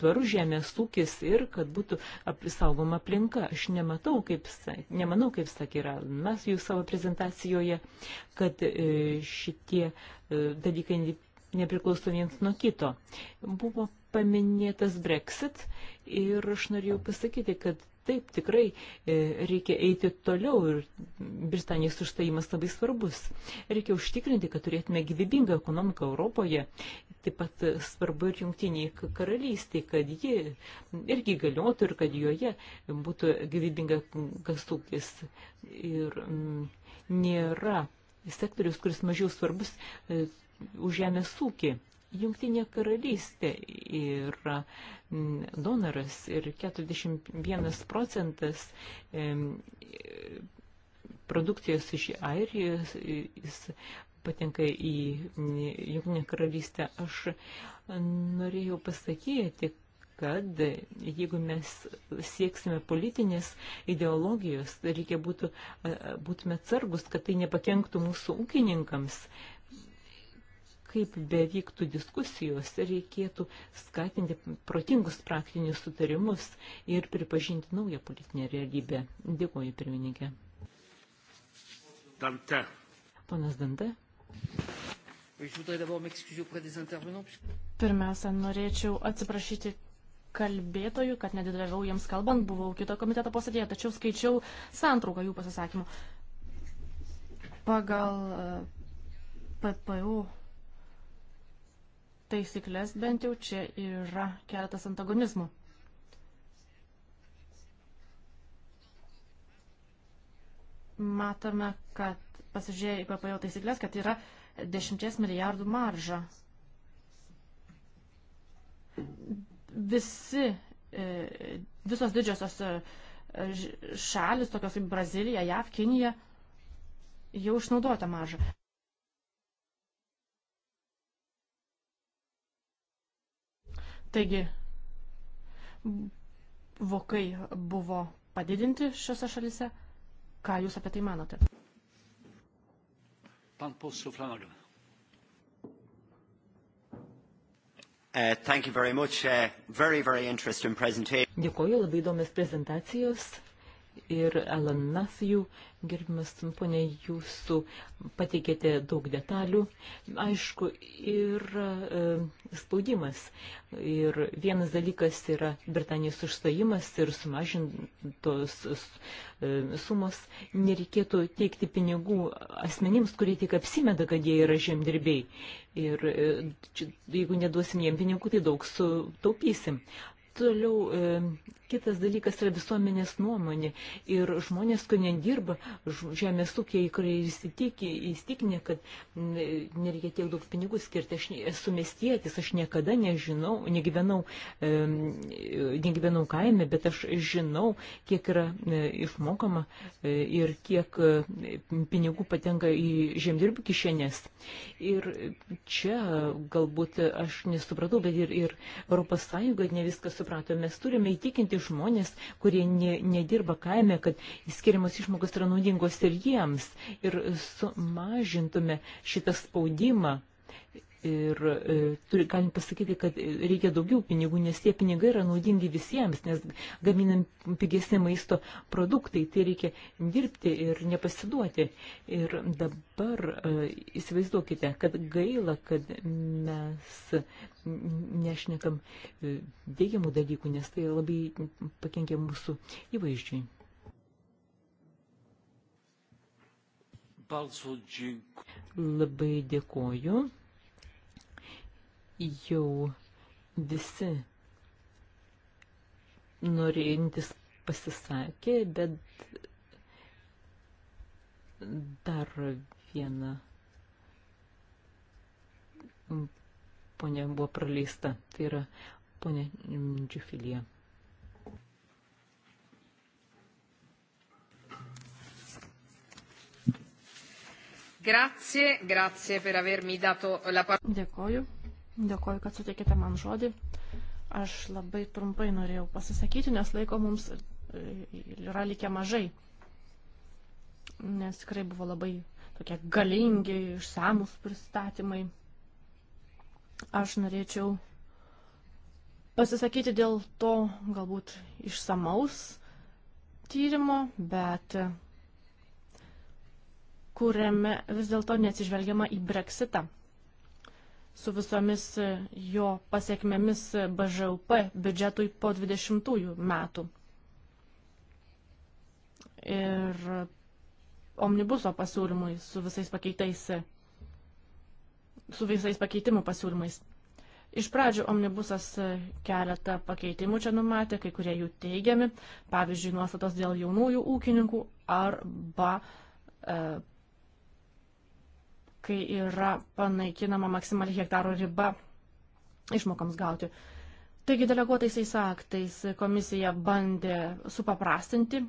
tvarų žemės ūkis ir kad būtų apsaugoma aplinka. Aš nematau, kaip, nemanau, kaip sakė Ralmas jų savo prezentacijoje, kad e, šitie e, dalykai nepriklauso vienas nuo kito. Buvo paminėtas Brexit ir aš norėjau pasakyti, kad taip tikrai e, reikia eiti toliau ir Britanijos užstojimas labai svarbus. Reikia užtikrinti, kad turėtume gyvybingą ekonomiką Europoje. Taip pat svarbu ir jungtiniai karalystiai, kad ji irgi galiotų ir kad joje būtų gyvybinga kasūkis. Ir mm, nėra sektorius, kuris mažiau svarbus e, už žemės ūkį. Jungtinė karalystė yra donoras ir 41 procentas produkcijos iš Airijos jis patenka į Jungtinę karalystę. Aš norėjau pasakyti, kad jeigu mes sieksime politinės ideologijos, reikia būtų, būtume atsargus, kad tai nepakenktų mūsų ūkininkams, kaip bevyktų diskusijos, reikėtų skatinti protingus praktinius sutarimus ir pripažinti naują politinę realybę. Dėkuoju, pirmininkė. Dante. Ponas Dante. Pirmiausia, norėčiau atsiprašyti kalbėtojų, kad nedidaviau jiems kalbant, buvau kito komiteto posėdėje, tačiau skaičiau santrauką jų pasisakymų. Pagal e, PPU taisyklės, bent jau čia yra keletas antagonizmų. Matome, kad pasižiūrėję į PPO taisyklės, kad yra 10 milijardų marža. Visi, e, visos didžiosios e, šalis, tokios kaip Brazilija, JAV, Kinija, jau išnaudoja tą maržą. Taigi, vokai buvo padidinti šiuose šalise. Ką Jūs apie tai manote? Pan poseł Flanagan. Uh, thank you very much. Uh, very, very interesting presentation. Dėkoju, labai įdomios prezentacijos ir Alan Matthew. Gerbimas ponė, jūsų pateikėte daug detalių. Aišku, ir e, spaudimas. Ir vienas dalykas yra Britanijos užstojimas ir sumažintos e, sumos. Nereikėtų teikti pinigų asmenims, kurie tik apsimeda, kad jie yra žemdirbiai. Ir e, čia, jeigu neduosim jiem pinigų, tai daug sutaupysim. Toliau e, kitas dalykas yra visuomenės nuomonė ir žmonės, kurie nedirba žemės ūkiai, kurie įstikinė, kad nereikia tiek daug pinigų skirti. Aš esu miestietis, aš niekada nežinau, negyvenau, e, negyvenau kaime, bet aš žinau, kiek yra e, išmokama e, ir kiek e, pinigų patenka į žemdirbių kišenės. Ir čia galbūt aš nesupratau, bet ir, ir Europos Sąjunga ne viskas supratome, mes turime įtikinti žmonės, kurie ne, nedirba kaime, kad skiriamas išmokos yra naudingos ir jiems. Ir sumažintume šitą spaudimą Ir e, turi, galim pasakyti, kad reikia daugiau pinigų, nes tie pinigai yra naudingi visiems, nes gaminam pigesnį maisto produktai, tai reikia dirbti ir nepasiduoti. Ir dabar e, įsivaizduokite, kad gaila, kad mes nešnekam e, dėgiamų dalykų, nes tai labai pakenkia mūsų įvaizdžiui. Labai dėkoju jau visi norėjantis pasisakė, bet dar viena ponia buvo praleista, tai yra ponia Džiufilija. Grazie, grazie per avermi dato la parola. Dėkoju. Dėkoju, kad sutikėte man žodį. Aš labai trumpai norėjau pasisakyti, nes laiko mums e, yra likę mažai. Nes tikrai buvo labai tokie galingi, išsamus pristatymai. Aš norėčiau pasisakyti dėl to galbūt išsamaus tyrimo, bet kuriame vis dėlto neatsižvelgiama į breksitą su visomis jo pasiekmėmis BŽUP biudžetui po 20 metų. Ir omnibuso pasiūlymui su visais pakeitais, su visais pakeitimų pasiūlymais. Iš pradžių omnibusas keletą pakeitimų čia numatė, kai kurie jų teigiami, pavyzdžiui, nuostatos dėl jaunųjų ūkininkų arba e, kai yra panaikinama maksimali hektarų riba išmokoms gauti. Taigi deleguotaisiais aktais komisija bandė supaprastinti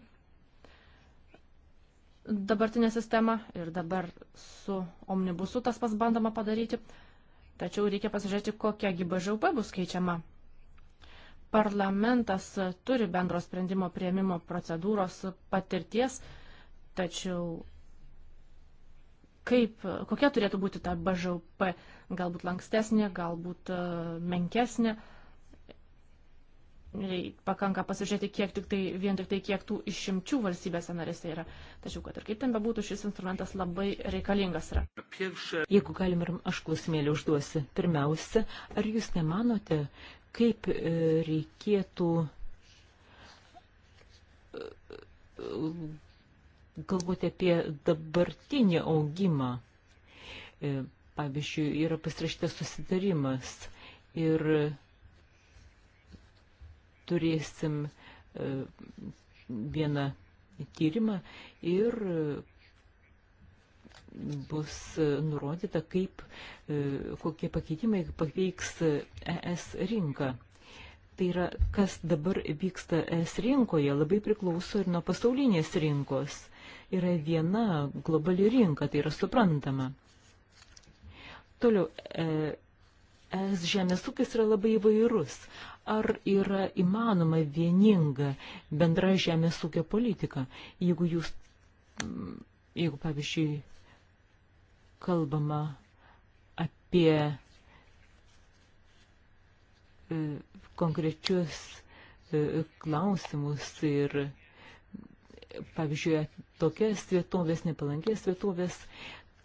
dabartinę sistemą ir dabar su omnibusu tas pas bandoma padaryti. Tačiau reikia pasižiūrėti, kokia GBŽUP bus keičiama. Parlamentas turi bendro sprendimo prieimimo procedūros patirties, tačiau kaip, kokia turėtų būti ta BŽP, galbūt lankstesnė, galbūt e, menkesnė. Pakanka pasižiūrėti, kiek tik tai, vien tik tai kiek tų išimčių valstybėse narėse yra. Tačiau, kad ir kaip ten bebūtų, šis instrumentas labai reikalingas yra. Jeigu galim ir aš klausimėlį užduosiu. Pirmiausia, ar jūs nemanote, kaip e, reikėtų e, galvoti apie dabartinį augimą. E, pavyzdžiui, yra pasirašytas susitarimas ir turėsim e, vieną tyrimą ir e, bus nurodyta, kaip, kokie pakeitimai paveiks ES rinką. Tai yra, kas dabar vyksta ES rinkoje, labai priklauso ir nuo pasaulinės rinkos yra viena globali rinka, tai yra suprantama. Toliau, e, es žemės ūkis yra labai įvairus. Ar yra įmanoma vieninga bendra žemės ūkio politika, jeigu jūs, jeigu pavyzdžiui, kalbama apie e, konkrečius e, klausimus ir pavyzdžiui, tokias vietovės, nepalankės vietovės,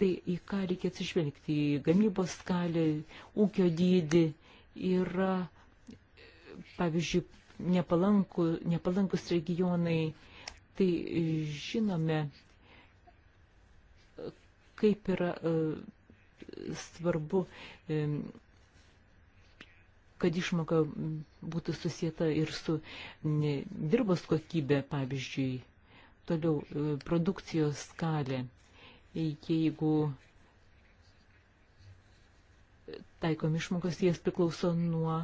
tai į ką reikia atsižvelgti, į gamybos skalę, ūkio dydį ir, pavyzdžiui, nepalanku, nepalankus regionai, tai e, žinome, kaip yra e, svarbu, e, kad išmoka būtų susieta ir su dirbos kokybė, pavyzdžiui, Toliau e, produkcijos skalė. Jeigu taikom išmokos, jas priklauso nuo,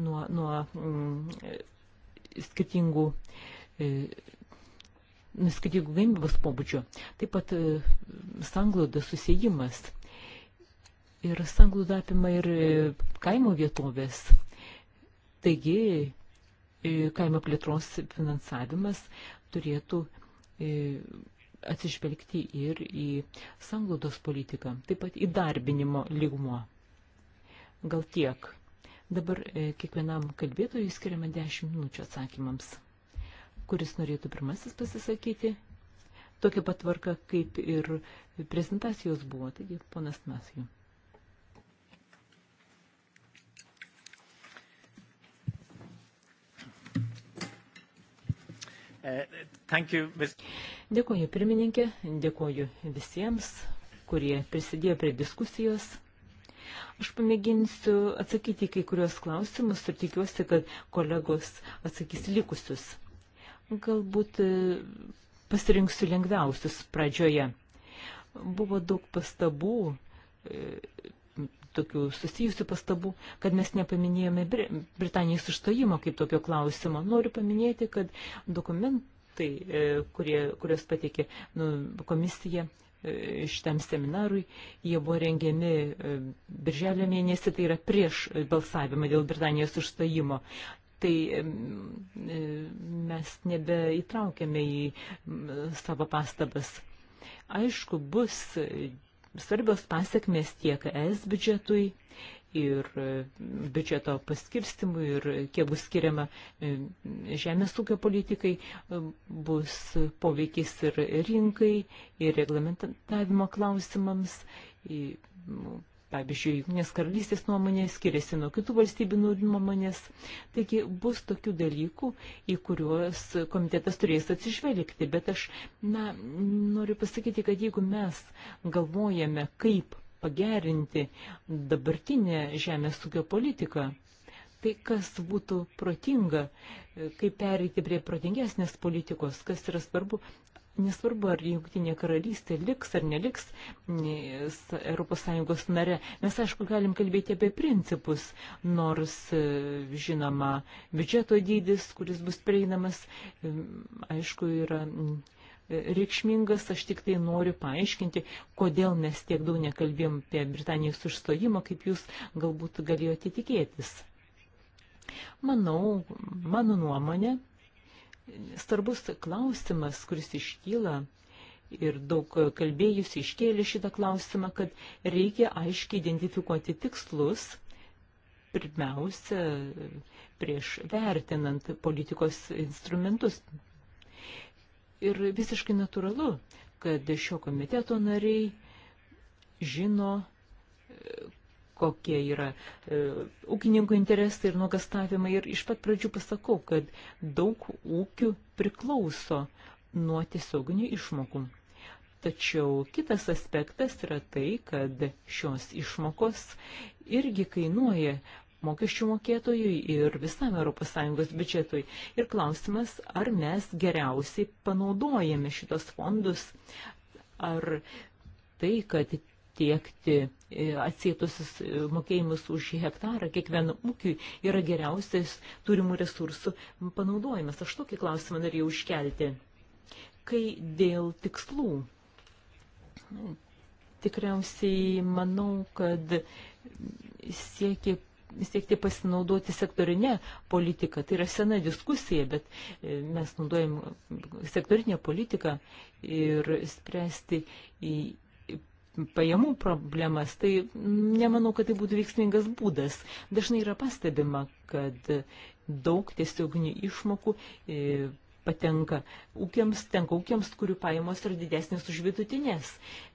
nuo, nuo mm, skirtingų, e, skirtingų gamybos pobūdžio. Taip pat e, sanglauda susijimas. Ir sanglauda apima ir e, kaimo vietovės. Taigi, e, kaimo plėtros finansavimas turėtų e, atsižvelgti ir į sanglaudos politiką, taip pat įdarbinimo lygmuo. Gal tiek. Dabar e, kiekvienam kalbėtojui skiriama 10 minučių atsakymams. Kuris norėtų pirmasis pasisakyti? Tokia pat tvarka, kaip ir prezentacijos buvo, taigi ponas Masijų. Uh, e, Dėkuoju pirmininkė, dėkuoju visiems, kurie prisidėjo prie diskusijos. Aš pamėginsiu atsakyti kai kurios klausimus ir tikiuosi, kad kolegos atsakys likusius. Galbūt e, pasirinksiu lengviausius pradžioje. Buvo daug pastabų, e, tokių susijusių pastabų, kad mes nepaminėjome Britanijos išstojimo kaip tokio klausimo. Noriu paminėti, kad dokument tai, e, kurie, kurios pateikė nu, komisija e, šitam seminarui, jie buvo rengiami e, birželio mėnesį, tai yra prieš balsavimą dėl Britanijos užstojimo tai mes nebeįtraukiame į savo pastabas. Aišku, bus svarbios pasiekmes tiek ES biudžetui ir e, biudžeto paskirstimui, ir kiek bus skiriama e, žemės ūkio politikai, e, bus poveikis ir rinkai, ir reglamentavimo klausimams. Pavyzdžiui, Junktinės karalystės nuomonė skiriasi nuo kitų valstybių nuomonės. Taigi bus tokių dalykų, į kuriuos komitetas turės atsižvelgti. Bet aš na, noriu pasakyti, kad jeigu mes galvojame, kaip pagerinti dabartinę žemės ūkio politiką, tai kas būtų protinga, kaip pereiti prie protingesnės politikos, kas yra svarbu, nesvarbu, ar jungtinė karalystė liks ar neliks ES nare. Mes, aišku, galim kalbėti apie principus, nors, žinoma, biudžeto dydis, kuris bus prieinamas, aišku, yra reikšmingas, aš tik tai noriu paaiškinti, kodėl mes tiek daug nekalbėjom apie Britanijos užstojimą, kaip jūs galbūt galėjote tikėtis. Manau, mano nuomonė, svarbus klausimas, kuris iškyla ir daug kalbėjusi iškėlė šitą klausimą, kad reikia aiškiai identifikuoti tikslus, pirmiausia, prieš vertinant politikos instrumentus, Ir visiškai natūralu, kad šio komiteto nariai žino, kokie yra e, ūkininkų interesai ir nuogastavimai. Ir iš pat pradžių pasakau, kad daug ūkių priklauso nuo tiesioginių išmokų. Tačiau kitas aspektas yra tai, kad šios išmokos irgi kainuoja mokesčių mokėtojui ir visam ES biudžetui. Ir klausimas, ar mes geriausiai panaudojame šitos fondus, ar tai, kad tiekti e, atsietusius e, mokėjimus už hektarą kiekvienam ūkiui yra geriausias turimų resursų panaudojimas. Aš tokį klausimą norėjau iškelti. Kai dėl tikslų, tikriausiai manau, kad siekia siekti pasinaudoti sektorinę politiką. Tai yra sena diskusija, bet e, mes naudojam sektorinę politiką ir spręsti į pajamų problemas, tai nemanau, kad tai būtų veiksmingas būdas. Dažnai yra pastebima, kad daug tiesioginių išmokų e, patenka ūkiams, tenka ūkiams, kurių pajamos yra didesnės už vidutinės.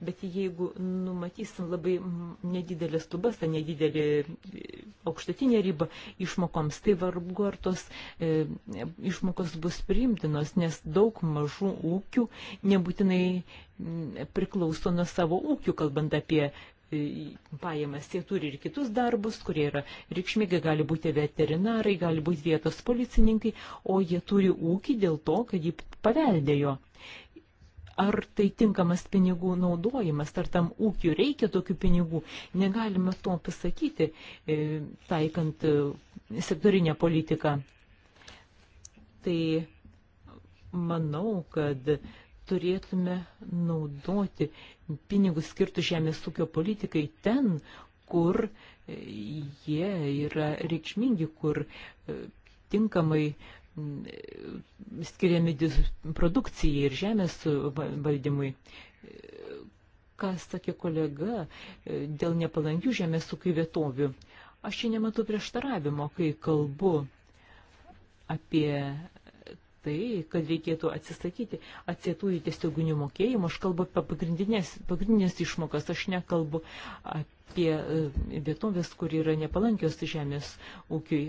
Bet jeigu numatysim labai nedidelės lubas, tą nedidelį e, aukštutinę ribą išmokoms, tai vargu ar tos e, išmokos bus priimtinos, nes daug mažų ūkių nebūtinai priklauso nuo savo ūkių, kalbant apie pajamas, jie turi ir kitus darbus, kurie yra reikšmingi, gali būti veterinarai, gali būti vietos policininkai, o jie turi ūkį dėl to, kad jį paveldėjo. Ar tai tinkamas pinigų naudojimas, ar tam ūkiu reikia tokių pinigų, negalime to pasakyti, e, taikant e, sektorinę politiką. Tai manau, kad turėtume naudoti pinigus skirtus žemės ūkio politikai ten, kur jie yra reikšmingi, kur e, tinkamai mm, skiriami produkcijai ir žemės valdymui. E, ką sakė kolega e, dėl nepalankių žemės ūkio vietovių? Aš čia nematau prieštaravimo, kai kalbu apie tai, kad reikėtų atsisakyti atsietųjų tiesioginių mokėjimų. Aš kalbu apie pagrindinės, pagrindinės išmokas, aš nekalbu apie e, vietovės, kur yra nepalankios žemės ūkiui.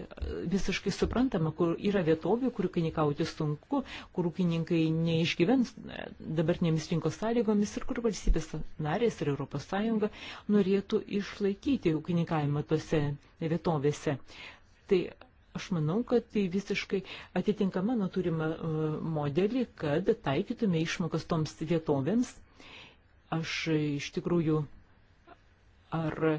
Visiškai suprantama, kur yra vietovių, kur ūkininkauti sunku, kur ūkininkai neišgyvens e, dabartinėmis rinkos sąlygomis ir kur valstybės narės ir ES norėtų išlaikyti ūkininkavimą tose vietovėse. Tai Aš manau, kad tai visiškai atitinka mano turimą e, modelį, kad taikytume išmokas toms vietovėms. Aš e, iš tikrųjų, ar e,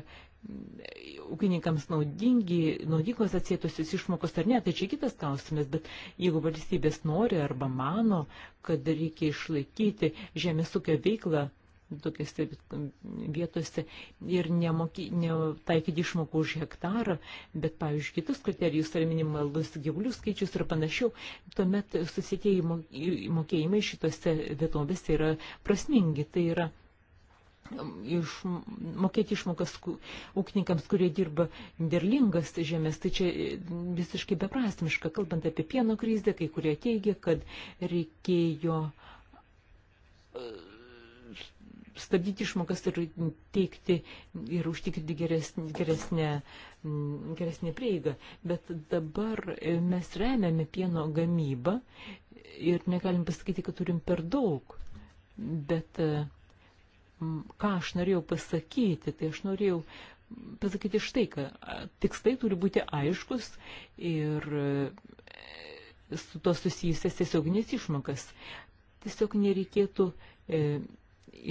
ūkininkams naudingi, naudingos atsėtusios išmokos ar ne, tai čia kitas klausimas, bet jeigu valstybės nori arba mano, kad reikia išlaikyti žemės ūkio veiklą, tokiose vietose ir nemoky, netaikyti išmokų už hektarą, bet, pavyzdžiui, kitus kriterijus ar minimalus gyvulių skaičius ir panašiau, tuomet susitėjimo mokėjimai šitose vietovėse yra prasmingi. Tai yra um, iš, mokėti išmokas ūkininkams, kurie dirba derlingas žemės, tai čia e, visiškai beprasmiška. Kalbant apie pieno krizę, kai kurie teigia, kad reikėjo e, stabdyti išmokas ir teikti ir užtikrinti geresnį, geresnę, geresnę prieigą. Bet dabar mes remiame pieno gamybą ir negalim pasakyti, kad turim per daug. Bet ką aš norėjau pasakyti, tai aš norėjau pasakyti štai, kad tikslai turi būti aiškus ir e, su to susijusias tiesioginės išmokas. Tiesiog nereikėtų e,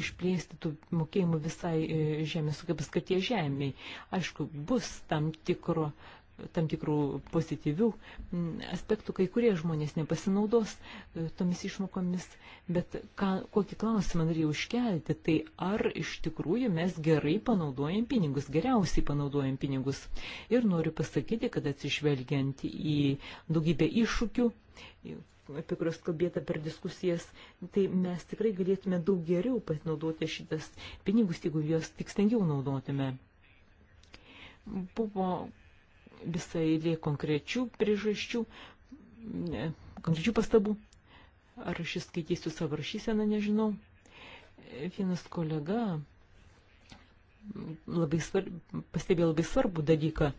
išplėsti tų mokėjimų visai e, žemės ūkio paskatie žemiai. Aišku, bus tam tikro tam tikrų pozityvių aspektų, kai kurie žmonės nepasinaudos e, tomis išmokomis, bet ką, kokį klausimą norėjau iškelti, tai ar iš tikrųjų mes gerai panaudojam pinigus, geriausiai panaudojam pinigus. Ir noriu pasakyti, kad atsižvelgiant į daugybę iššūkių, apie kurios kalbėta per diskusijas, tai mes tikrai galėtume daug geriau pasinaudoti šitas pinigus, jeigu juos tikslingiau naudotume. Buvo visą eilį konkrečių priežasčių, konkrečių pastabų. Ar aš įskaitysiu savo rašyseną, nežinau. Vienas kolega labai svarb, pastebėjo labai svarbų dalyką,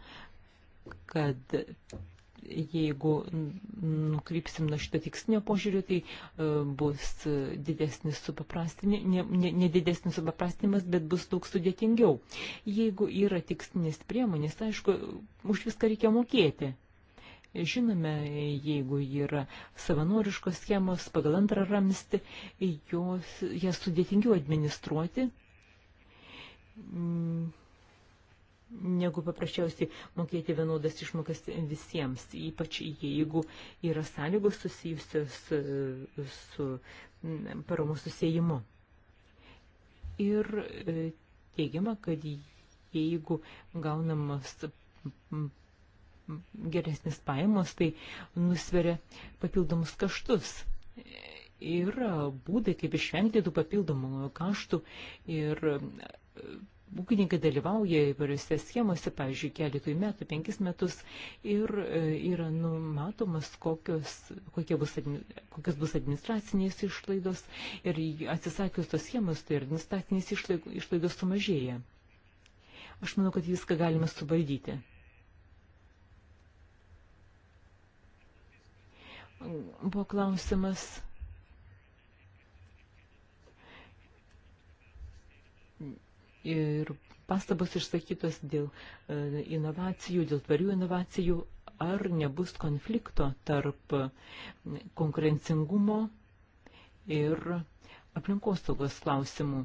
kad jeigu nukrypsim nuo šito tikslinio požiūrio, tai e, bus didesnis supaprastinimas, nedidesnis ne, ne supaprastinimas, bet bus daug sudėtingiau. Jeigu yra tikslinės priemonės, tai aišku, už viską reikia mokėti. Žinome, jeigu yra savanoriškos schemos pagal antrą ramstį, jos, jas sudėtingiau administruoti. Mm negu paprasčiausiai mokėti vienodas išmokas visiems, ypač jeigu yra sąlygos susijusios e, su paramų susijimu. Ir e, teigiama, kad jeigu gaunamas geresnis pajamos, tai nusveria papildomus kaštus yra būdai, kaip išvengti tų papildomų kaštų ir ūkininkai dalyvauja įvairiose schemose, pavyzdžiui, keletui metų, penkis metus ir e, yra numatomas, kokios, kokie bus, kokios bus administracinės išlaidos ir atsisakius tos schemos, tai ir administracinės išlaidos sumažėja. Aš manau, kad viską galime suvaldyti. Buvo klausimas ir pastabos išsakytos dėl e, inovacijų, dėl tvarių inovacijų, ar nebus konflikto tarp konkurencingumo ir aplinkosaugos klausimų.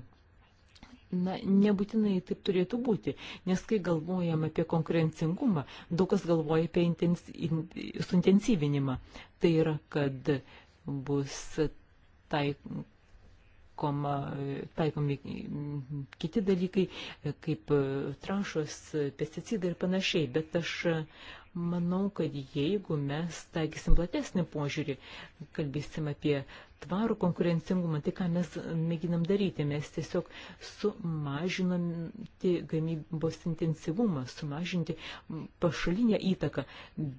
Na, nebūtinai taip turėtų būti, nes kai galvojam apie konkurencingumą, daug kas galvoja apie intens, in, suintensyvinimą. Tai yra, kad bus tai taikoma, taikomi kiti dalykai, kaip e, trašos, pesticidai ir panašiai, bet aš e, manau, kad jeigu mes taikysim platesnį požiūrį, kalbėsim apie tvarų konkurencingumą, tai ką mes mėginam daryti, mes tiesiog sumažinam gamybos intensyvumą, sumažinti pašalinę įtaką,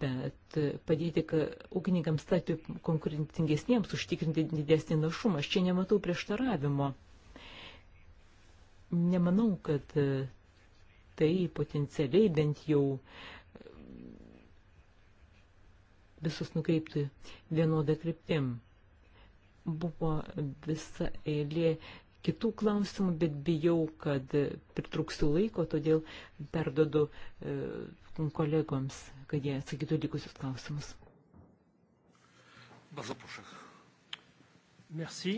bet padėti ūkininkams tapti konkurencingesniems, užtikrinti didesnį našumą. Aš čia nematau prieštaravimo. Nemanau, kad tai potencialiai bent jau visus nukreipti vienodą kryptim. Buvo visa eilė kitų klausimų, bet bijau, kad pritruksiu laiko, todėl perdodu e, kolegoms, kad jie atsakytų likusius klausimus. Merci.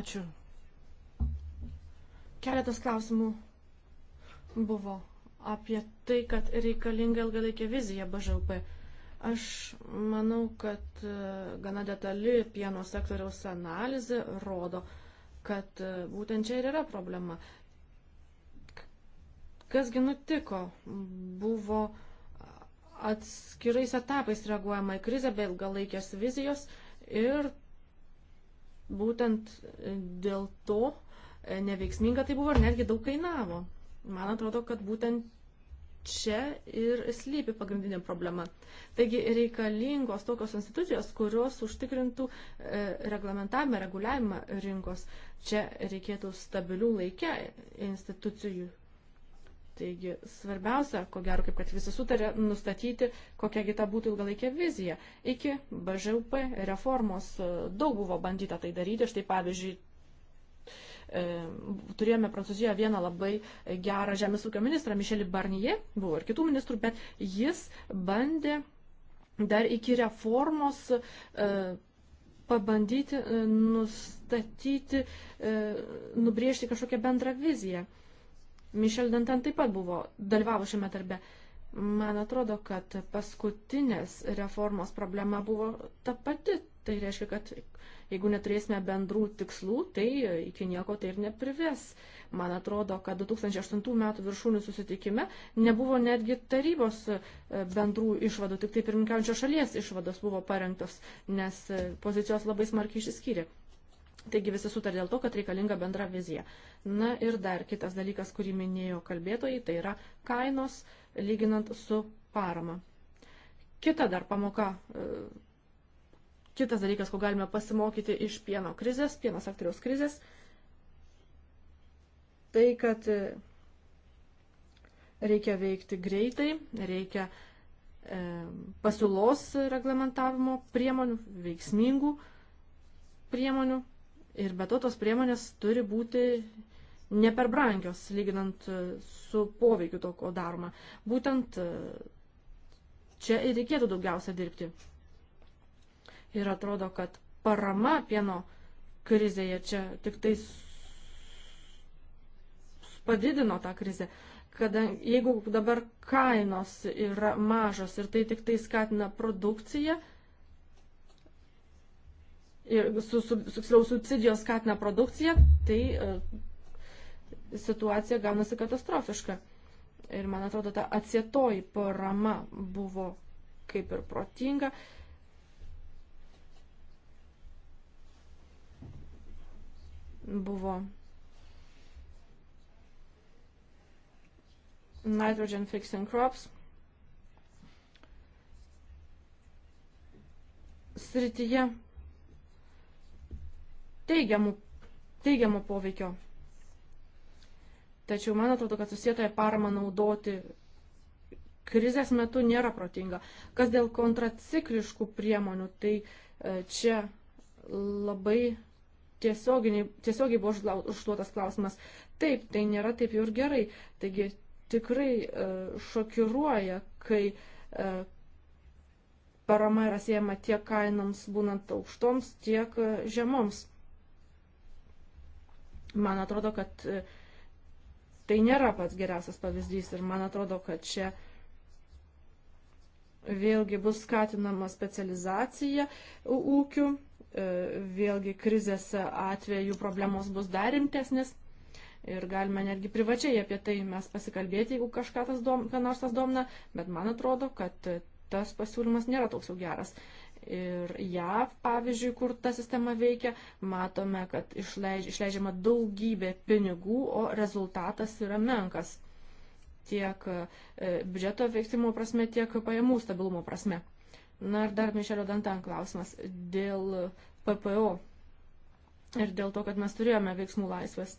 Ačiū. Keletas klausimų buvo apie tai, kad reikalinga ilgalaikė vizija BŽP. Aš manau, kad e, gana detali pieno sektoriaus analizė rodo, kad e, būtent čia ir yra problema. Kasgi nutiko? Buvo atskirais etapais reaguojama į krizę be ilgalaikės vizijos ir būtent dėl to e, neveiksminga tai buvo ir netgi daug kainavo. Man atrodo, kad būtent čia ir slypi pagrindinė problema. Taigi reikalingos tokios institucijos, kurios užtikrintų e, reglamentavimą, reguliavimą rinkos. Čia reikėtų stabilių laikę institucijų. Taigi svarbiausia, ko gero, kaip kad visi sutarė, nustatyti, kokia kita būtų ilgalaikė vizija. Iki BŽUP reformos e, daug buvo bandyta tai daryti. Štai pavyzdžiui, E, turėjome Prancūzijoje vieną labai gerą žemės ūkio ministrą, Mišelį Barnie, buvo ir kitų ministrų, bet jis bandė dar iki reformos e, pabandyti e, nustatyti, nubriežti kažkokią bendrą viziją. Mišel Dantan taip pat buvo, dalyvavo šiame darbe. Man atrodo, kad paskutinės reformos problema buvo ta pati. Tai reiškia, kad Jeigu neturėsime bendrų tikslų, tai iki nieko tai ir neprives. Man atrodo, kad 2008 metų viršūnių susitikime nebuvo netgi tarybos e, bendrų išvadų, tik tai pirmininkiaujančios šalies išvados buvo parengtos, nes e, pozicijos labai smarkiai išsiskyrė. Taigi visi sutarė dėl to, kad reikalinga bendra vizija. Na ir dar kitas dalykas, kurį minėjo kalbėtojai, tai yra kainos lyginant su parama. Kita dar pamoka e, Kitas dalykas, ko galime pasimokyti iš pieno krizės, pieno sektoriaus krizės, tai kad e, reikia veikti greitai, reikia e, pasiūlos reglamentavimo priemonių, veiksmingų priemonių ir be to tos priemonės turi būti ne per brangios, lyginant e, su poveikiu to, ko daroma. Būtent e, čia ir reikėtų daugiausia dirbti ir atrodo, kad parama pieno krizėje čia tik tai padidino tą krizę, kadangi jeigu dabar kainos yra mažos ir tai tik tai skatina produkciją, ir su, su, su, subsidijos skatina produkciją, tai e, situacija gaunasi katastrofiška. Ir man atrodo, ta atsietoji parama buvo kaip ir protinga. E, buvo nitrogen fixing crops srityje teigiamų, teigiamų poveikio. Tačiau man atrodo, kad susietoje paramą naudoti krizės metu nėra protinga. Kas dėl kontracikliškų priemonių, tai e, čia labai tiesiogiai buvo užduotas klausimas. Taip, tai nėra taip jau ir gerai. Taigi tikrai e, šokiruoja, kai e, parama yra siejama tiek kainoms būnant aukštoms, tiek e, žemoms. Man atrodo, kad tai nėra pats geriausias pavyzdys ir man atrodo, kad čia vėlgi bus skatinama specializacija ūkių E, vėlgi krizės atveju problemos bus dar rimtesnis. Ir galime netgi privačiai apie tai mes pasikalbėti, jeigu kažką tas dom, ką nors tas domina, bet man atrodo, kad tas pasiūlymas nėra toks jau geras. Ir JAV, pavyzdžiui, kur ta sistema veikia, matome, kad išleidž, išleidžiama daugybė pinigų, o rezultatas yra menkas tiek e, biudžeto veikimo prasme, tiek pajamų stabilumo prasme. Na ir dar Mišelio Dantan klausimas dėl PPO ir dėl to, kad mes turėjome veiksmų laisvės.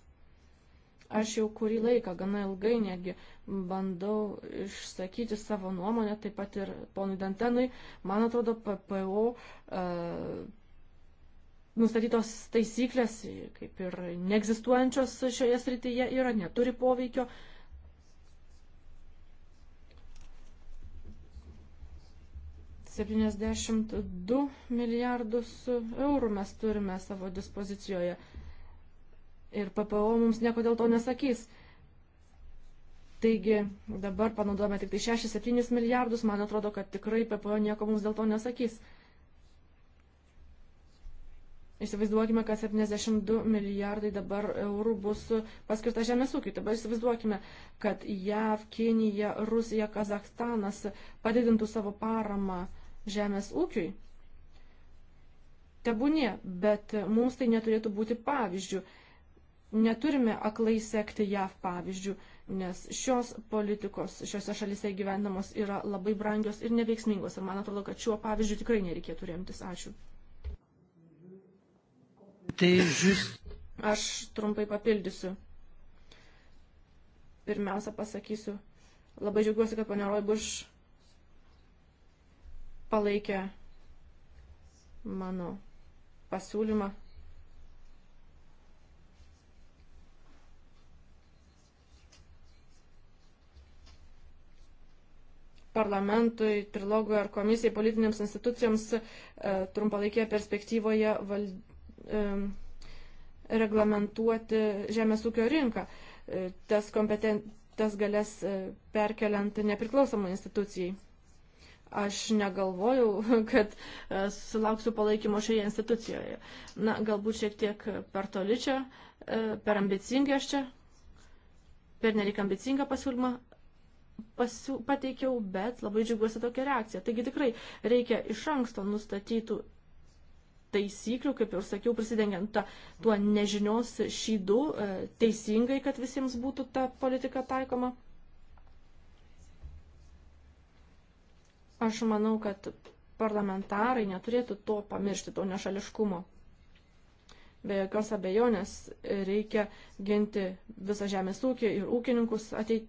Aš jau kurį laiką, gana ilgai netgi, bandau išsakyti savo nuomonę, taip pat ir ponui Dantenui. Man atrodo, PPO e, nustatytos taisyklės, kaip ir neegzistuojančios šioje srityje, yra, neturi poveikio. E, 72 milijardus eurų mes turime savo dispozicijoje. Ir PPO mums nieko dėl to nesakys. Taigi dabar panaudojame tik tai 6-7 milijardus, man atrodo, kad tikrai PPO nieko mums dėl to nesakys. Įsivaizduokime, kad 72 milijardai dabar eurų bus paskirta žemės ūkiai. Dabar įsivaizduokime, kad JAV, Kinija, Rusija, Kazakstanas padidintų savo paramą uh, žemės ūkiui. Tebūnie, bet mums tai neturėtų būti pavyzdžių. Neturime aklai sekti JAV pavyzdžių, nes šios politikos šiuose šalise gyvenamos yra labai brangios ir neveiksmingos. Ir man atrodo, kad šiuo pavyzdžiu tikrai nereikėtų remtis. Ačiū. Tai just... Aš trumpai papildysiu. Pirmiausia pasakysiu. Labai džiaugiuosi, kad ponia Roibuš palaikė mano pasiūlymą. parlamentui, trilogui ar komisijai, politinėms institucijoms e, trumpalaikėje perspektyvoje val, e, reglamentuoti žemės ūkio rinką. E, tas, kompeten, tas galės e, perkeliant nepriklausomą institucijai aš negalvojau, kad e, sulauksiu palaikymo šioje institucijoje. Na, galbūt šiek tiek per toli čia, e, per ambicingi aš čia, per nelik ambicingą pasiūlymą pasiū, pateikiau, bet labai džiugiuosi tokia reakcija. Taigi tikrai reikia iš anksto nustatytų taisyklių, kaip ir sakiau, prisidengiant ta, tuo nežinios šydų, e, teisingai, kad visiems būtų ta politika taikoma. Aš manau, kad parlamentarai neturėtų to pamiršti, to nešališkumo. Be jokios abejonės reikia ginti visą žemės ūkį ir ūkininkus ateit,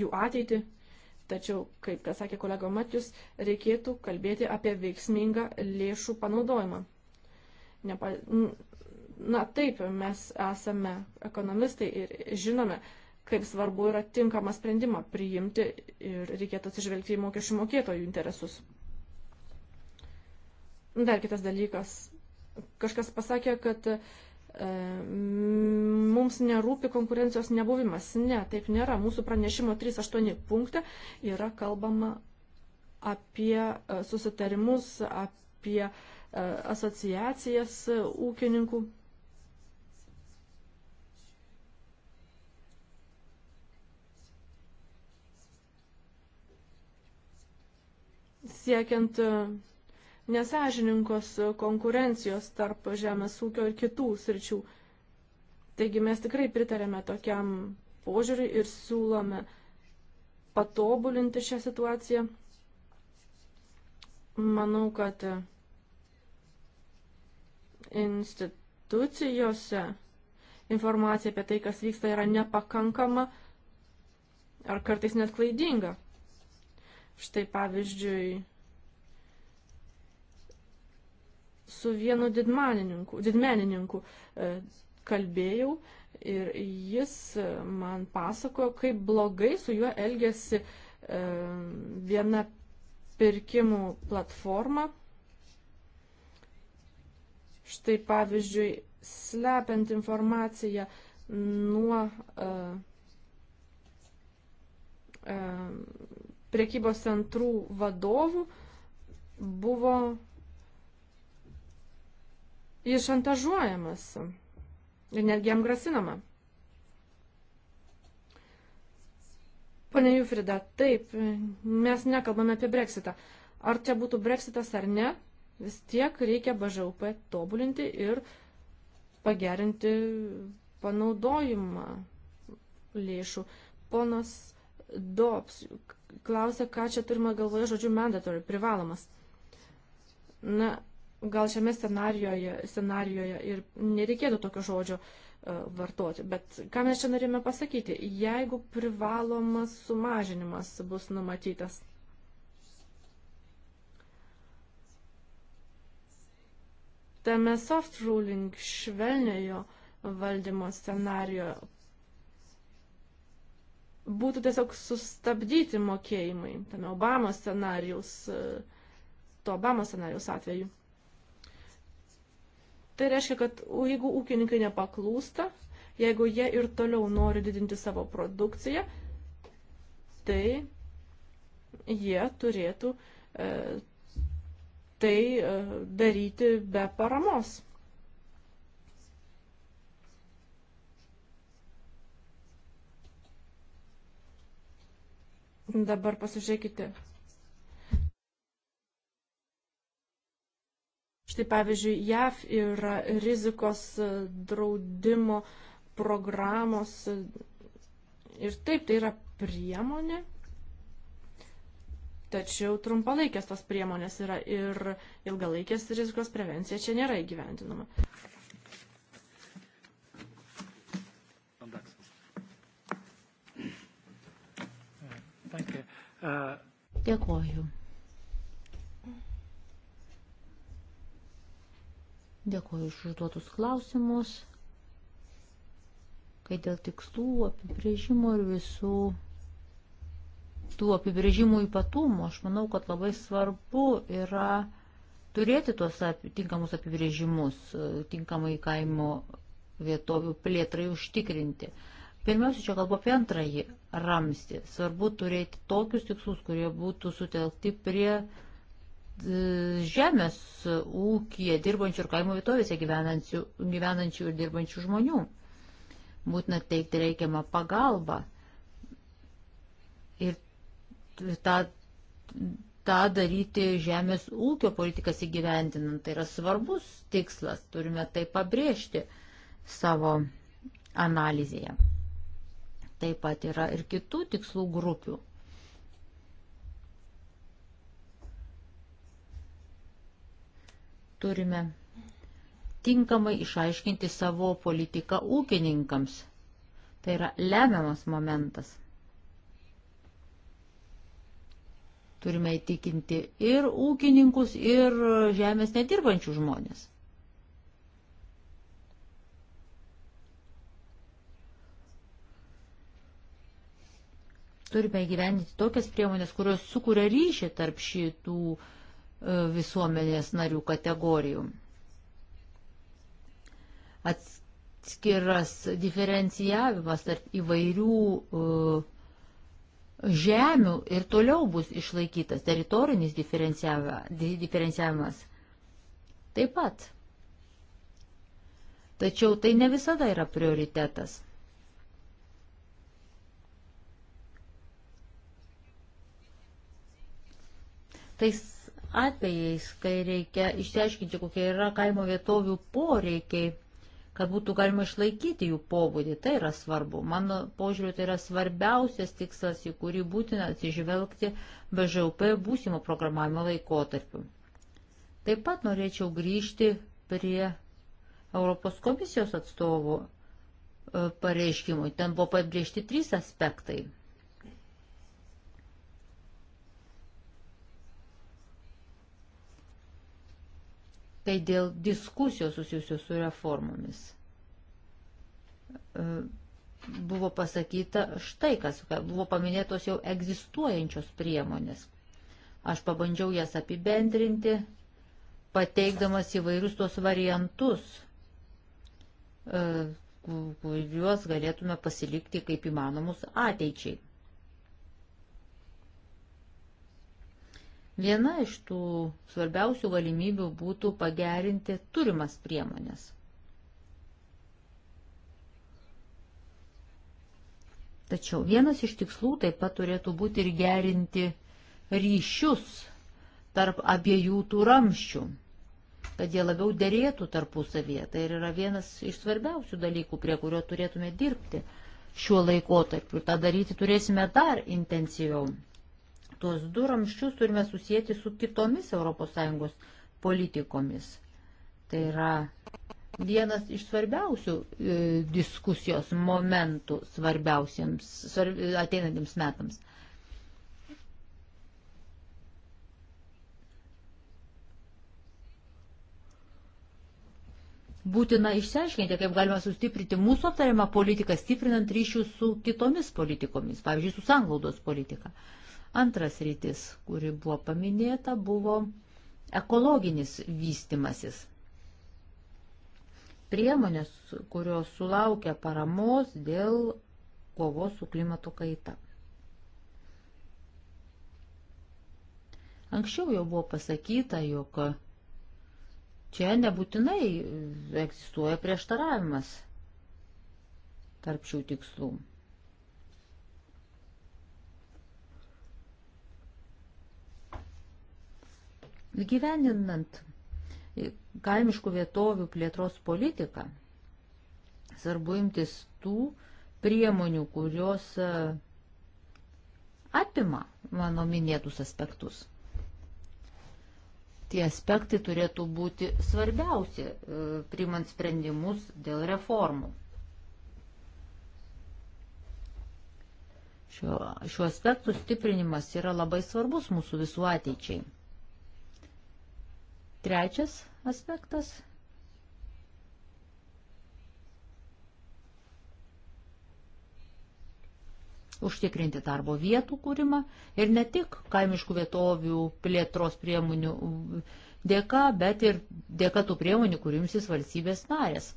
jų ateitį. Tačiau, kaip kas sakė kolega Matijus, reikėtų kalbėti apie veiksmingą lėšų panaudojimą. Nepa... Na taip, mes esame ekonomistai ir žinome, kaip svarbu yra tinkamą sprendimą priimti ir reikėtų atsižvelgti į mokesčių mokėtojų interesus. Dar kitas dalykas. Kažkas pasakė, kad e, mums nerūpi konkurencijos nebuvimas. Ne, taip nėra. Mūsų pranešimo 3.8 punkte yra kalbama apie e, susitarimus, apie e, asociacijas e, ūkininkų siekiant e, nesažininkos konkurencijos tarp žemės ūkio ir kitų sričių. Taigi mes tikrai pritarėme tokiam požiūriui ir siūlome patobulinti šią situaciją. Manau, kad institucijose informacija apie tai, kas vyksta, yra nepakankama ar kartais net klaidinga. Štai pavyzdžiui, su vienu didmenininku, didmenininku kalbėjau ir jis e, man pasakojo, kaip blogai su juo elgėsi e, viena pirkimų platforma. Štai pavyzdžiui, slepiant informaciją nuo uh, uh, priekybos centrų vadovų buvo jis šantažuojamas ir netgi jam grasinama. Pane Jufrida, taip, mes nekalbame apie breksitą. Ar čia būtų breksitas ar ne, vis tiek reikia BŽUP tobulinti ir pagerinti panaudojimą lėšų. Ponas Dops, juk klausia, ką čia turime galvoje žodžiu mandatory, privalomas. Na, gal šiame scenarijoje, scenarijoje ir nereikėtų tokio žodžio uh, vartoti, bet ką mes čia norime pasakyti, jeigu privalomas sumažinimas bus numatytas. Tame soft ruling švelniojo valdymo scenarijoje būtų tiesiog sustabdyti mokėjimai tame Obamos scenarijaus, e, to Obamos scenarijaus atveju. Tai reiškia, kad jeigu ūkininkai nepaklūsta, jeigu jie ir toliau nori didinti savo produkciją, tai jie turėtų e, tai e, daryti be paramos. Dabar pasižiūrėkite. Štai pavyzdžiui, JAV yra rizikos draudimo programos ir taip tai yra priemonė, tačiau trumpalaikės tos priemonės yra ir ilgalaikės rizikos prevencija čia nėra įgyvendinama. Dėkoju. Dėkoju už užduotus klausimus, kai dėl tikslų, apibrėžimo ir visų tų apibrėžimų ypatumų, aš manau, kad labai svarbu yra turėti tuos tinkamus apibrėžimus, tinkamai kaimo vietovių plėtrai užtikrinti. Pirmiausia, čia kalbu apie antrąjį ramsti. Svarbu turėti tokius tikslus, kurie būtų sutelkti prie e, žemės ūkija dirbančių ir kaimo vietovėse gyvenančių, gyvenančių ir dirbančių žmonių. Būtina teikti reikiamą pagalbą. Ir tą, tą daryti žemės ūkio politikas įgyvendinant. Tai yra svarbus tikslas, turime tai pabrėžti savo analizėje. Taip pat yra ir kitų tikslų grupių. Turime tinkamai išaiškinti savo politiką ūkininkams. Tai yra lemiamas momentas. Turime įtikinti ir ūkininkus, ir žemės nedirbančių žmonės. Turime įgyvendinti tokias priemonės, kurios sukuria ryšį tarp šitų e, visuomenės narių kategorijų. Atskiras diferencijavimas tarp įvairių uh, žemių ir toliau bus išlaikytas teritorinis diferencijavimas. Taip pat. Tačiau tai ne visada yra prioritetas. Tais atvejais, kai reikia išsiaiškinti, kokie yra kaimo vietovių poreikiai, kad būtų galima išlaikyti jų pobūdį, tai yra svarbu. Mano požiūriu, tai yra svarbiausias tikslas, į kurį būtina atsižvelgti BŽUP būsimo programavimo laikotarpiu. Taip pat norėčiau grįžti prie Europos komisijos atstovų e, pareiškimų. Ten buvo pabrėžti trys aspektai. kai dėl diskusijos susijusios su reformomis e, buvo pasakyta štai kas, buvo paminėtos jau egzistuojančios priemonės. Aš pabandžiau jas apibendrinti, pateikdamas įvairius tos variantus, e, kuriuos galėtume pasilikti kaip įmanomus ateičiai. Viena iš tų svarbiausių galimybių būtų pagerinti turimas priemonės. Tačiau vienas iš tikslų taip pat turėtų būti ir gerinti ryšius tarp abiejų tų ramščių, kad jie labiau dėrėtų tarpusavėje. Tai yra vienas iš svarbiausių dalykų, prie kurio turėtume dirbti šiuo laikotarpiu. Ta daryti turėsime dar intensyviau. Tuos du ramščius turime susijęti su kitomis ES politikomis. Tai yra vienas iš svarbiausių e, diskusijos momentų svarbiausiems svarb, ateinantiems metams. būtina išsiaiškinti, kaip galima sustiprinti mūsų aptariamą politiką, stiprinant ryšius su kitomis politikomis, pavyzdžiui, su sanglaudos politika. Uh, Antras rytis, kuri buvo paminėta, buvo ekologinis vystimasis. Priemonės, kurios sulaukia paramos dėl kovos su klimato kaita. Anksčiau jau buvo pasakyta, jog čia nebūtinai egzistuoja prieštaravimas tarp šių tikslų. Gyveninant kaimiškų vietovių plėtros politiką, svarbu imtis tų priemonių, kurios e, apima mano minėtus aspektus. Tie aspektai turėtų būti svarbiausi, e, primant sprendimus dėl reformų. Šiuo, šiuo aspektu stiprinimas yra labai svarbus mūsų visų ateičiai. Trečias aspektas. Užtikrinti darbo vietų kūrimą ir ne tik kaimiškų vietovių plėtros priemonių dėka, bet ir dėka tų priemonių, kurimsis valstybės narės.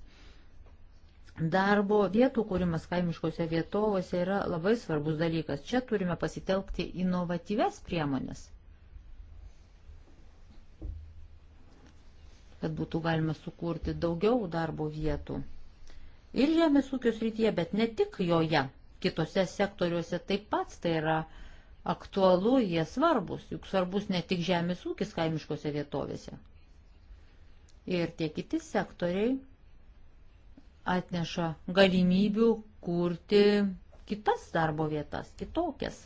Darbo vietų kūrimas kaimiškose vietovose yra labai svarbus dalykas. Čia turime pasitelkti inovatyves priemonės – kad būtų galima sukurti daugiau darbo vietų. Ir žemės ūkio srityje, bet ne tik joje, kitose sektoriuose taip pat tai yra aktualu, jie svarbus, juk svarbus ne tik žemės ūkis kaimiškose vietovėse. Ir tie kiti sektoriai atneša galimybių kurti kitas darbo vietas, kitokias.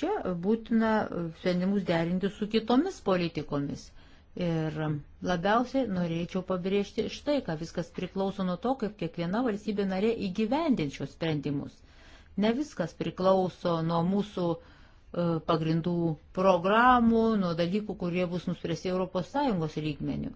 Čia būtina e, sprendimus derinti su kitomis politikomis. Ir labiausiai norėčiau pabrėžti štai, ką viskas priklauso nuo to, kaip kiekviena valstybė narė įgyvendinčios sprendimus. Ne viskas priklauso nuo mūsų e, pagrindų programų, nuo dalykų, kurie bus nuspręsti ES lygmenių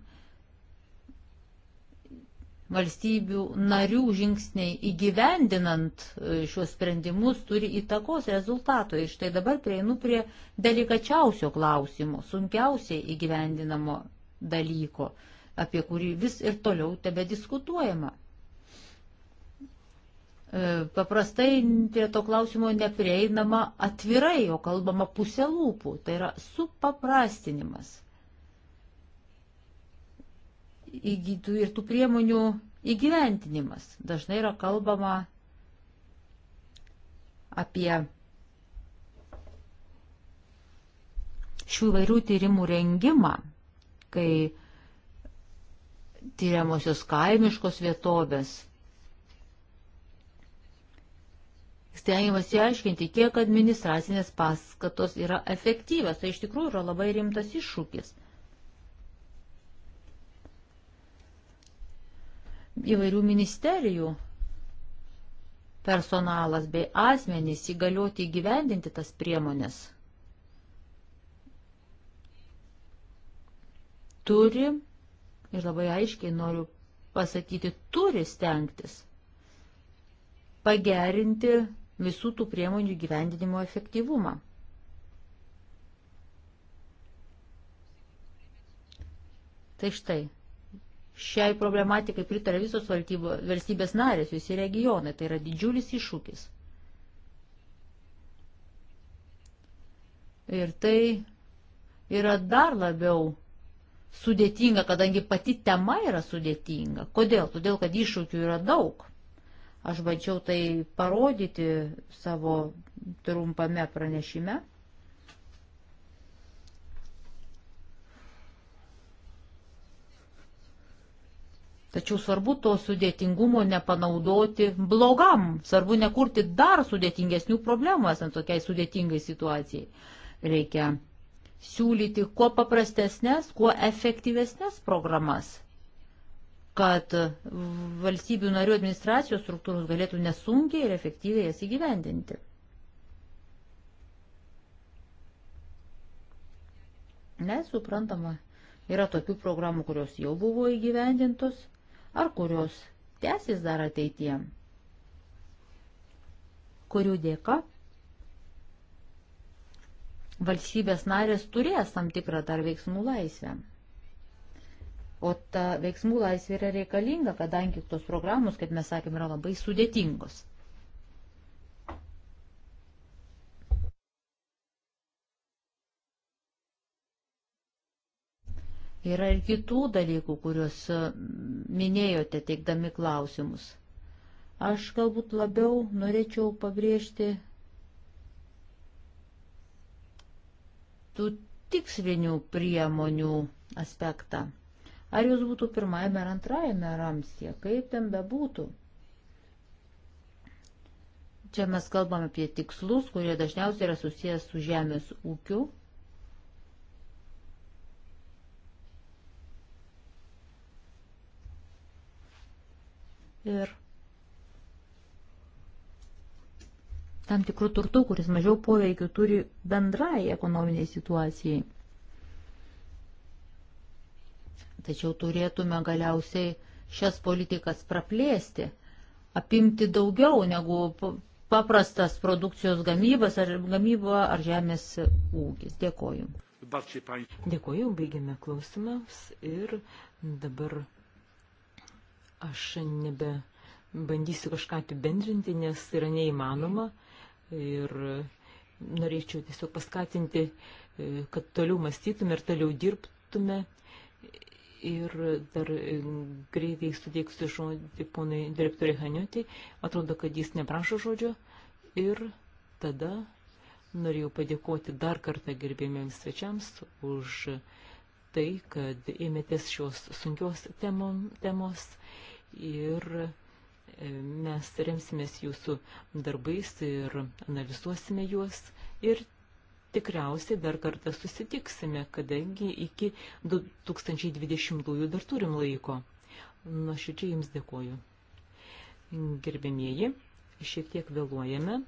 valstybių narių žingsniai įgyvendinant e, šios sprendimus turi įtakos rezultato. Ir štai dabar prieinu prie delikačiausio klausimo, sunkiausiai įgyvendinamo dalyko, apie kurį vis ir toliau tebe diskutuojama. E, paprastai prie to klausimo neprieinama atvirai, o kalbama pusė lūpų, tai yra supaprastinimas įgytų ir tų priemonių įgyventinimas. Dažnai yra kalbama apie šių vairių tyrimų rengimą, kai tyriamosios kaimiškos vietovės. Stengiamas įaiškinti, kiek administracinės paskatos yra efektyvas. Tai iš tikrųjų yra labai rimtas iššūkis. įvairių ministerijų personalas bei asmenys įgalioti įgyvendinti tas priemonės turi, ir labai aiškiai noriu pasakyti, turi stengtis pagerinti visų tų priemonių gyvendinimo efektyvumą. Tai štai, Šiai problematikai pritarė visos valdybo, valstybės narės, visi regionai. Tai yra didžiulis iššūkis. Ir tai yra dar labiau sudėtinga, kadangi pati tema yra sudėtinga. Kodėl? Todėl, kad iššūkių yra daug. Aš bandžiau tai parodyti savo trumpame pranešime. Tačiau svarbu to sudėtingumo nepanaudoti blogam, svarbu nekurti dar sudėtingesnių problemų esant tokiai sudėtingai situacijai. Reikia siūlyti kuo paprastesnės, kuo efektyvesnės programas, kad valstybių narių administracijos struktūros galėtų nesunkiai ir efektyviai jas įgyvendinti. Nesuprantama, yra tokių programų, kurios jau buvo įgyvendintos ar kurios tęsis dar ateitie, kurių dėka valstybės narės turės tam tikrą dar veiksmų laisvę. O ta veiksmų laisvė yra reikalinga, kadangi tos programos, kaip mes sakėme, yra labai sudėtingos. Yra ir kitų dalykų, kuriuos e, minėjote teikdami klausimus. Aš galbūt labiau norėčiau pabrėžti tų tikslinių priemonių aspektą. Ar jūs būtų pirmajame ar antrajame ramstie, kaip ten bebūtų. Čia mes kalbame apie tikslus, kurie dažniausiai yra susijęs su žemės ūkiu ir tam tikrų turtų, kuris mažiau poveikių turi bendrai ekonominiai situacijai. Tačiau turėtume galiausiai šias politikas praplėsti, apimti daugiau negu paprastas produkcijos gamybas ar gamyba ar žemės ūkis. Dėkoju. Dėkoju, baigiame klausimams ir dabar Aš nebe bandysiu kažką apibendrinti, nes yra neįmanoma ir norėčiau tiesiog paskatinti, kad toliau mąstytume ir toliau dirbtume. Ir dar greitai suteiksiu žodį ponui direktoriai Haniotį. Atrodo, kad jis neprašo žodžio. Ir tada norėjau padėkoti dar kartą gerbėmiems svečiams už uh, tai, kad ėmėtės šios sunkios temom, temos ir e, mes remsimės jūsų darbais ir analizuosime juos ir tikriausiai dar kartą susitiksime, kadangi iki 2020-ųjų dar turim laiko. Nuoširdžiai Jums dėkoju. Gerbėmieji, šiek tiek vėluojame,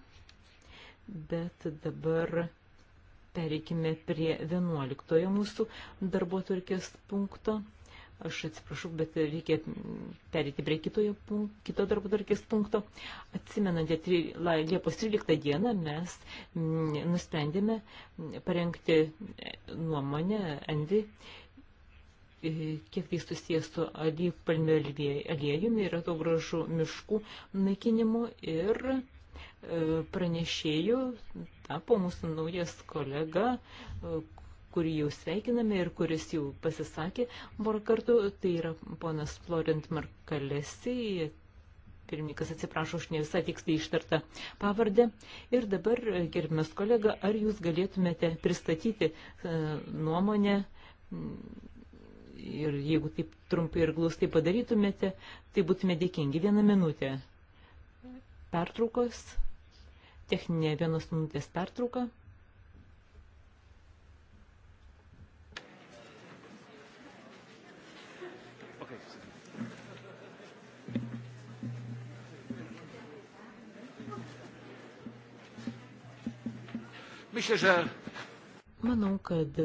bet dabar Pereikime prie 11 mūsų darbo turkės punkto. Aš atsiprašau, bet reikia perėti prie kitojo, kito darbo turkės punkto. Atsimenant, Liepos 13 dieną mes nusprendėme parengti nuomonę Envi kiek tai susijęs su alyvpalmių aliejumi ir atogražų miškų naikinimu ir e, pranešėjų tapo mūsų naujas kolega, e, kurį jau sveikiname ir kuris jau pasisakė porą kartų, tai yra ponas Florent Markalesi, pirmininkas atsiprašo už ne visą tiksliai ištartą pavardę. Ir dabar, gerbimas kolega, ar jūs galėtumėte pristatyti e, nuomonę ir jeigu taip trumpai ir glaustai padarytumėte, tai būtume dėkingi. Vieną minutę pertraukos techninė vienos minutės pertrauka. Myślę, że... Manau, kad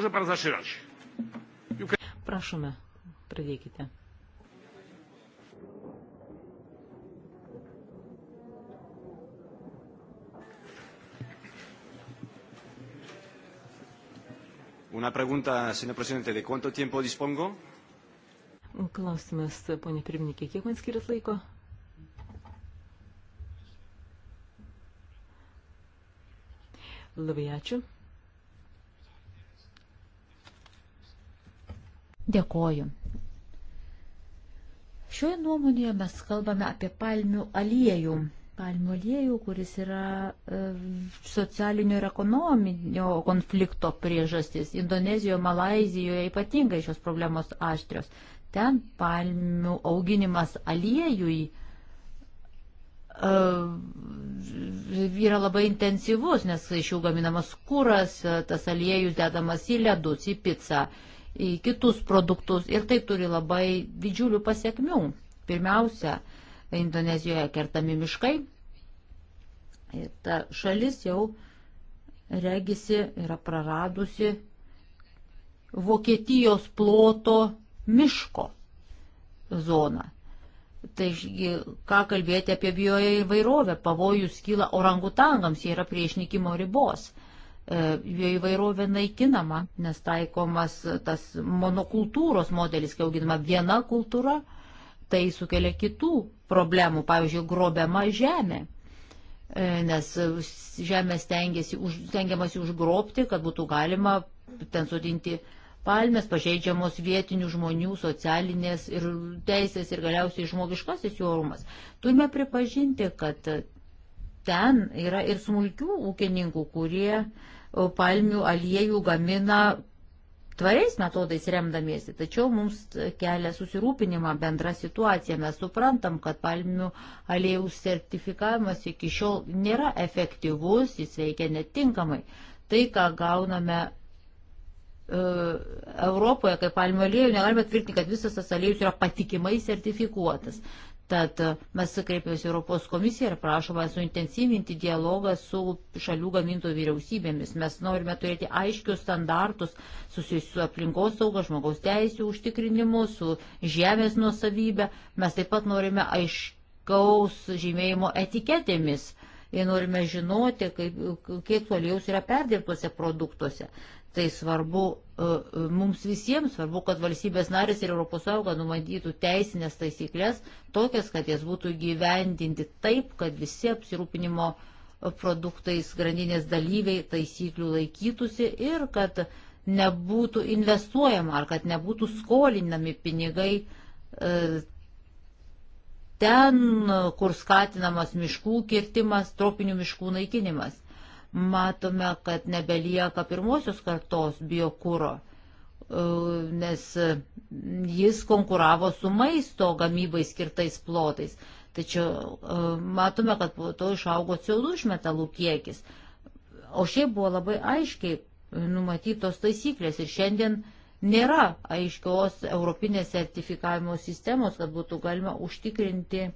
Może pan zaczynać. Prašome, pradėkite. Una pregunta, señor presidente, ¿de cuánto tiempo dispongo? Klausimas, ponė pirmininkė, kiek man skiriat laiko? Labai ačiū. Dėkoju. Šioje nuomonėje mes kalbame apie palmių aliejų. Palmių aliejų, kuris yra e, socialinio ir ekonominio konflikto priežastis. Indonezijoje, Malazijoje ypatingai šios problemos aštrios. Ten palmių auginimas aliejui e, yra labai intensyvus, nes iš jų gaminamas kuras, e, tas aliejus dedamas į ledus, į pizzą į kitus produktus ir tai turi labai didžiulių pasiekmių. Pirmiausia, Indonezijoje kertami miškai. Ir ta šalis jau regisi yra praradusi Vokietijos ploto miško zoną. Tai ką kalbėti apie bioje įvairovę, pavojus kyla orangutangams, jie yra prie išnykimo ribos jo e, įvairovė naikinama, nes taikomas tas monokultūros modelis, kai auginama viena kultūra, tai sukelia kitų problemų, pavyzdžiui, grobiama žemė, e, nes žemė stengiamasi užgrobti, kad būtų galima ten sudinti palmės, pažeidžiamos vietinių žmonių socialinės ir teisės ir galiausiai žmogiškasis jų orumas. Turime pripažinti, kad ten yra ir smulkių ūkininkų, kurie e, palmių aliejų gamina tvariais metodais remdamiesi. Tačiau mums kelia susirūpinimą bendra situacija. Mes suprantam, kad palmių aliejų sertifikavimas iki šiol nėra efektyvus, jis veikia netinkamai. Tai, ką gauname e, Europoje, kaip palmių aliejų, negalime tvirtinti, kad visas tas aliejus yra patikimai sertifikuotas. Tad e, mes kreipiamės Europos komisiją ir prašome suintensyvinti dialogą su šalių gamintojų vyriausybėmis. Mes norime turėti aiškius standartus susijusius su aplinkos sauga, žmogaus teisų užtikrinimu, su žemės nuosavybė. Mes taip pat norime aiškiaus žymėjimo etiketėmis jei norime žinoti, kaip, kiek toliaus yra perdirbtuose produktuose. Tai svarbu e, e, mums visiems, svarbu, kad valstybės narės ir ES numatytų teisinės taisyklės, tokias, kad jas būtų gyvendinti taip, kad visi apsirūpinimo produktais grandinės dalyviai taisyklių laikytųsi ir kad nebūtų investuojama ar kad nebūtų skolinami pinigai e, ten, kur skatinamas miškų kirtimas, tropinių miškų naikinimas. Matome, kad nebelieka pirmosios kartos biokūro, e, nes jis konkuravo su maisto gamybai skirtais plotais. Tačiau e, matome, kad po to išaugo CO2 išmetalų kiekis. O šiaip buvo labai aiškiai numatytos taisyklės ir šiandien uh, Nėra aiškios europinės sertifikavimo sistemos, kad būtų galima užtikrinti e,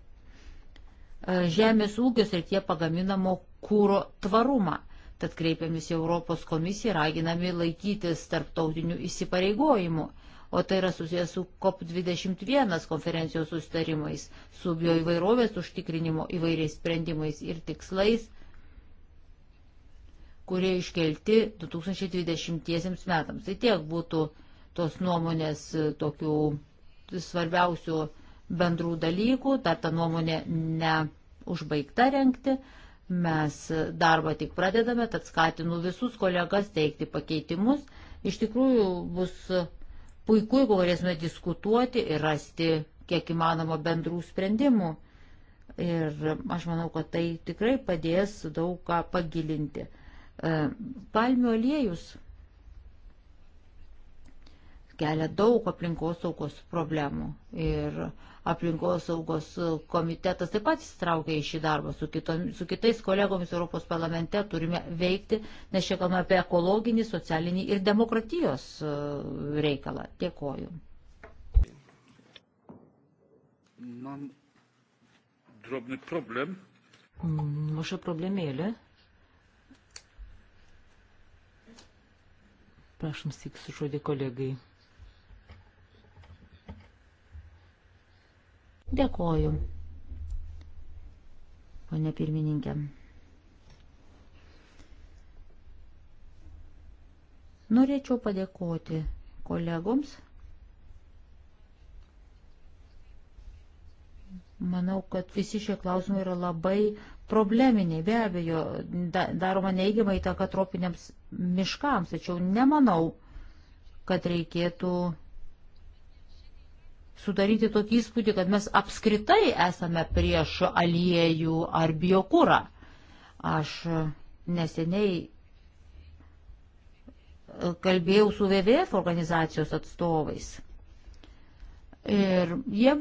žemės ūkio srityje pagaminamo kūro tvarumą. Tad kreipiamis į Europos komisiją raginami laikytis tarptautinių įsipareigojimų, o tai yra susijęs su COP21 konferencijos sustarimais, su bioįvairovės užtikrinimo įvairiais sprendimais ir tikslais, kurie iškelti 2020 metams. Tai tiek būtų tos nuomonės e, tokių svarbiausių bendrų dalykų, dar ta nuomonė neužbaigta renkti. Mes darbą tik pradedame, tad skatinu visus kolegas teikti pakeitimus. Iš tikrųjų bus puiku, jeigu galėsime diskutuoti ir rasti kiek įmanoma bendrų sprendimų. Ir aš manau, kad tai tikrai padės daug ką pagilinti. E, palmių aliejus kelia daug aplinkosaugos problemų. Ir aplinkosaugos komitetas taip pat įsitraukia į šį darbą. Su, kitom, su kitais kolegomis Europos parlamente turime veikti, nes čia kalbame apie ekologinį, socialinį ir demokratijos e, reikalą. Dėkoju. Mam drobny problem. Muszę mm, problemėlę. Prašom, siksiu žodį kolegai. Dėkoju, ponė pirmininkė. Norėčiau padėkoti kolegoms. Manau, kad visi šie klausimai yra labai probleminiai. Be abejo, daroma neįgimai įtaka tropiniams miškams, tačiau nemanau, kad reikėtų sudaryti tokį įspūdį, kad mes apskritai esame prieš aliejų ar biokūrą. Aš neseniai kalbėjau su VVF organizacijos atstovais. Ir jie,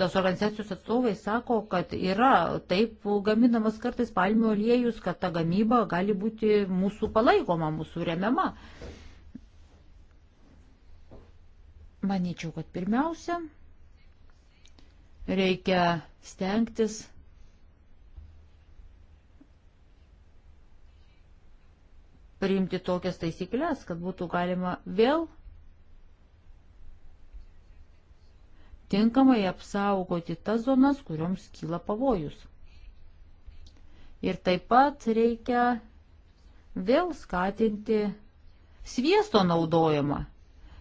tos organizacijos atstovai sako, kad yra taip gaminamas kartais palmių aliejus, kad ta gamyba gali būti mūsų palaikoma, mūsų remiama. Manyčiau, kad pirmiausia, reikia stengtis priimti tokias taisyklės, kad būtų galima vėl tinkamai apsaugoti tas zonas, kurioms kyla pavojus. Ir taip pat reikia vėl skatinti sviesto naudojimą,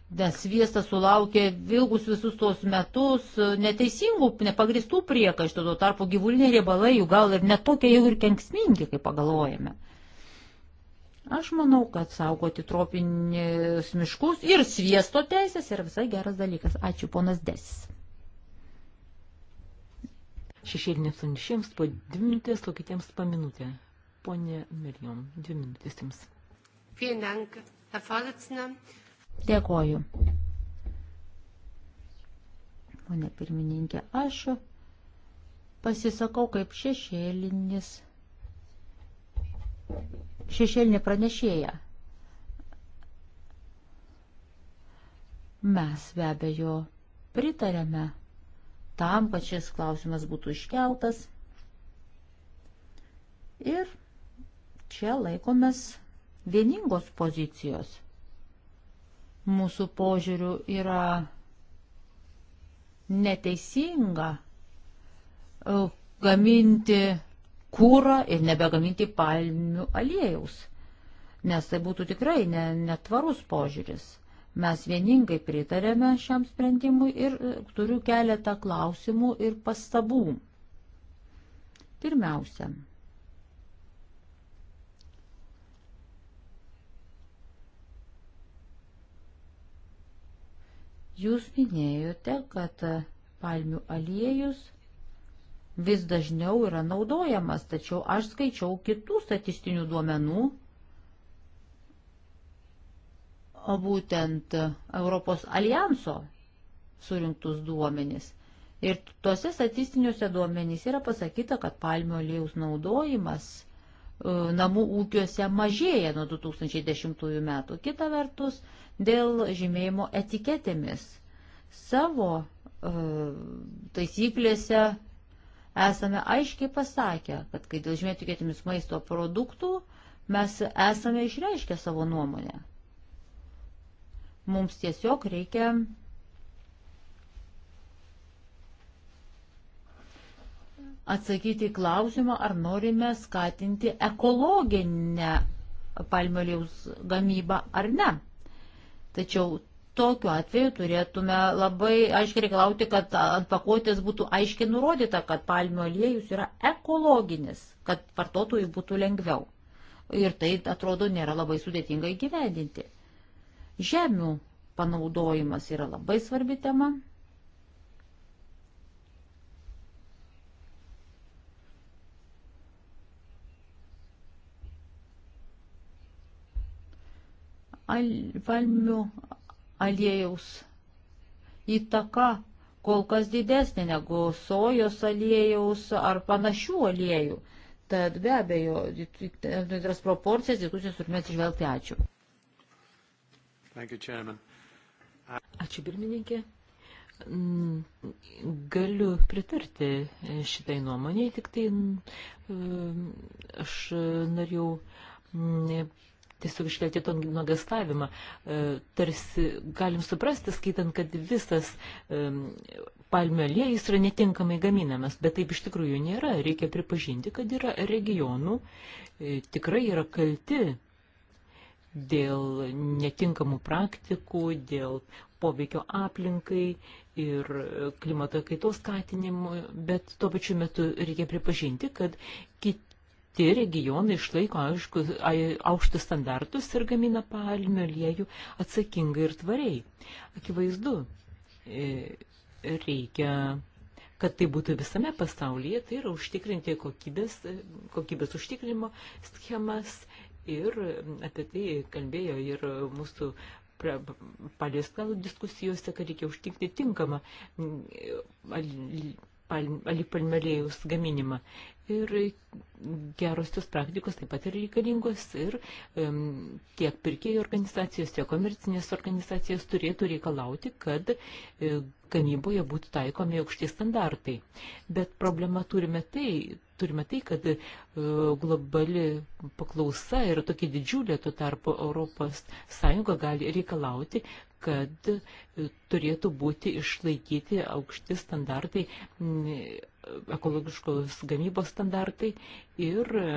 nes sviestas sulaukė ilgus visus tos metus e, neteisingų, nepagristų priekaištų, tuo tarpu gyvuliniai riebalai jų gal ir netokie jau ir kenksmingi, kaip pagalvojame. Aš manau, kad saugoti tropinius miškus ir sviesto teisės yra visai geras dalykas. Ačiū, ponas Desis. Šešėlinės sunšiems po dvi minutės, o kitiems po minutę. Pone Mirjom, dvi minutės jums. Vielen Dank, Herr Vorsitzender. Dėkoju. Mane pirmininkė, aš pasisakau kaip šešėlinis. Šešėlinė pranešėja. Mes be abejo pritarėme tam, kad šis klausimas būtų iškeltas. Ir čia laikomės vieningos pozicijos mūsų požiūrių yra neteisinga e, gaminti kūrą ir nebegaminti palmių aliejaus, nes tai būtų tikrai netvarus požiūris. Mes vieningai pritarėme šiam sprendimui ir e, turiu keletą klausimų ir pastabų. Pirmiausia, Jūs minėjote, kad e, palmių aliejus vis dažniau yra naudojamas, tačiau aš skaičiau kitų statistinių duomenų, o būtent e, Europos alijanso surinktus duomenis. Ir tuose statistiniuose duomenys yra pasakyta, kad palmių aliejus naudojimas E, namų ūkiuose mažėja nuo 2010 metų. Kita vertus, dėl žymėjimo etiketėmis savo e, taisyklėse esame aiškiai pasakę, kad kai dėl žymėjimo etiketėmis maisto produktų mes esame išreiškę savo nuomonę. Mums tiesiog reikia atsakyti į klausimą, ar norime skatinti ekologinę palmių aliejaus gamybą ar ne. Tačiau tokiu atveju turėtume labai aiškiai reikalauti, kad ant pakuotės būtų aiškiai nurodyta, kad palmių aliejus yra ekologinis, kad vartotojui būtų lengviau. Ir tai, atrodo, nėra labai sudėtinga įgyvendinti. Žemių panaudojimas yra labai svarbi tema. al, palmių aliejaus įtaka kol kas didesnė negu sojos aliejaus ar panašių aliejų. Tad be abejo, tas proporcijas diskusijos turime atsižvelgti. Ačiū. You, Ačiū, pirmininkė. Mm, galiu pritarti šitai nuomonėje, tik tai mm, aš norėjau mm, tiesiog iškelti to nuogastavimą. E, tarsi galim suprasti, skaitant, kad visas e, palmių aliejus yra netinkamai gaminamas, bet taip iš tikrųjų nėra. Reikia pripažinti, kad yra regionų, e, tikrai yra kalti dėl netinkamų praktikų, dėl poveikio aplinkai ir klimato kaitos skatinimo, bet tuo pačiu metu reikia pripažinti, kad kiti tie regionai išlaiko aišku, aukštus standartus ir gamina palmių aliejų atsakingai ir tvariai. Akivaizdu, e, reikia, kad tai būtų visame pasaulyje, tai yra užtikrinti kokybės, e, kokybės užtikrinimo schemas ir apie tai kalbėjo ir mūsų palieskalo diskusijose, kad reikia užtikti tinkamą alipalmelėjus gaminimą ir gerosios praktikos taip pat ir reikalingos ir um, tiek pirkėjų organizacijos, tiek komercinės organizacijos turėtų reikalauti, kad um, gamyboje būtų taikomi aukšti standartai. Bet problema turime tai, turime tai kad e, globali paklausa yra tokia didžiulė, tuo tarpu Europos Sąjunga gali reikalauti, kad e, turėtų būti išlaikyti aukšti standartai, ekologiškos gamybos standartai ir e,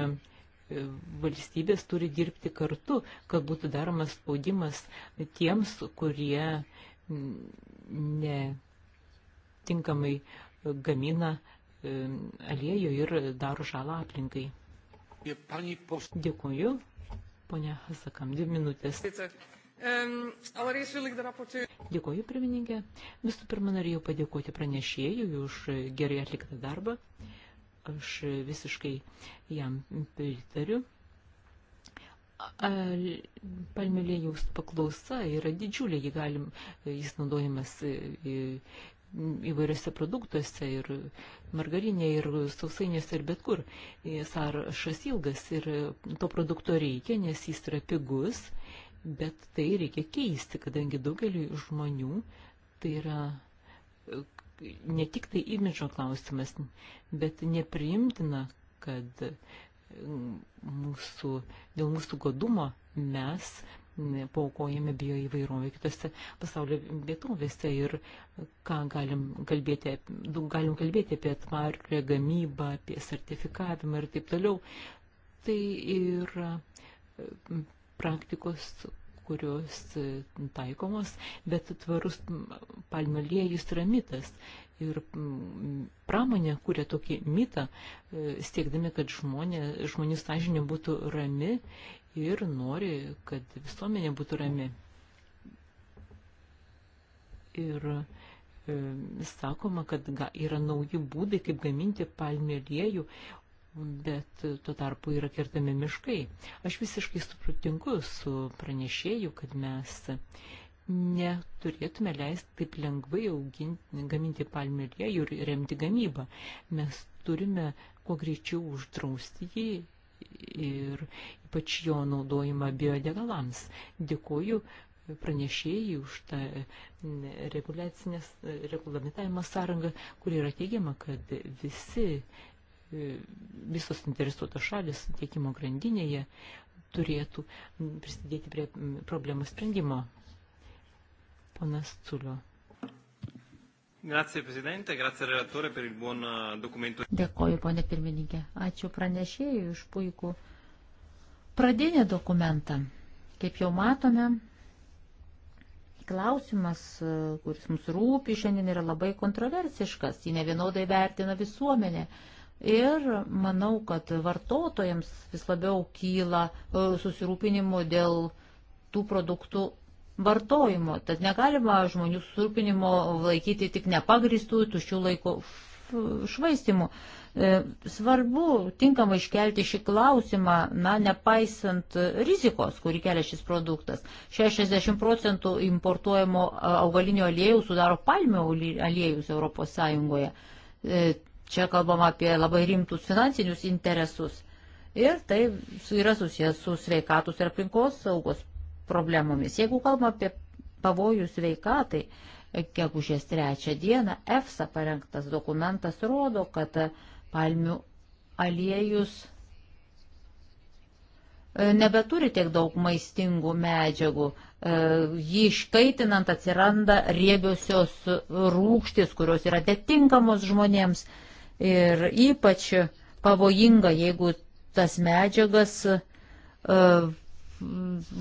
valstybės turi dirbti kartu, kad būtų daromas spaudimas tiems, kurie netinkamai gamina aliejų ir daro žalą aplinkai. Dėkuoju, ponia Hasakam, dvi minutės. Allereerst wil ik de rapporteur. Dėkoju, pirmininkė. Visų pirma, norėjau padėkoti pranešėjui už gerai atliktą darbą. Aš visiškai jam pritariu palmių aliejaus paklausa yra didžiulė, jį galim, jis naudojamas e, e, įvairiose produktuose ir margarinė ir sausainėse ir bet kur. E, sąrašas ilgas ir to produkto reikia, nes jis yra pigus, bet tai reikia keisti, kadangi daugeliu žmonių tai yra ne tik tai imidžo klausimas, bet nepriimtina, kad mūsų, dėl mūsų godumo mes paukojame bio įvairovę kitose pasaulio vietovėse ir ką galim kalbėti, daug galim kalbėti apie tvarkę gamybą, apie sertifikavimą ir taip toliau. Tai yra praktikos, kurios taikomos, bet tvarus palmių aliejus yra mitas ir mm, pramonė kūrė tokį mitą, e, siekdami, kad žmonė, žmonių sąžinė būtų rami ir nori, kad visuomenė būtų rami. Ir e, sakoma, kad yra nauji būdai, kaip gaminti palmių aliejų, bet tuo tarpu yra kertami miškai. Aš visiškai supratinku su pranešėju, kad mes neturėtume leisti taip lengvai auginti, gaminti palmių aliejų ir remti gamybą. Mes turime kuo greičiau uždrausti jį ir ypač jo naudojimą biodegalams. Dėkuoju pranešėjai už tą reglamentavimo sąrangą, kur yra teigiama, kad visi, e, visos interesuotos šalis tiekimo grandinėje turėtų prisidėti prie problemų sprendimo. Ponas Culio. Grazie Presidente, grazie Relatore per il buon eh, dokumento. Dėkoju, ponė pirmininkė. Ačiū pranešėjui už puikų pradinį dokumentą. Kaip jau matome, klausimas, e, kuris mums rūpi šiandien, yra labai kontroversiškas. Jį nevienodai vertina visuomenė. Ir manau, kad vartotojams vis labiau kyla e, susirūpinimo dėl tų produktų vartojimo. Tad negalima žmonių surūpinimo laikyti tik nepagristų tuščių laiko švaistimų. E, svarbu tinkamai iškelti šį klausimą, na, nepaisant rizikos, kurį kelia šis produktas. 60 procentų importuojamo augalinio aliejų sudaro palmių aliejus Europos Sąjungoje. E, čia kalbam apie labai rimtus finansinius interesus. Ir tai yra susijęs su sveikatos ir aplinkos saugos problemomis. Jeigu kalbame apie pavojų sveikatai, gegužės trečią dieną EFSA parengtas dokumentas rodo, kad palmių aliejus e, nebeturi tiek daug maistingų medžiagų. E, jį iškaitinant atsiranda riebiosios rūkštis, kurios yra netinkamos žmonėms ir ypač pavojinga, jeigu tas medžiagas e,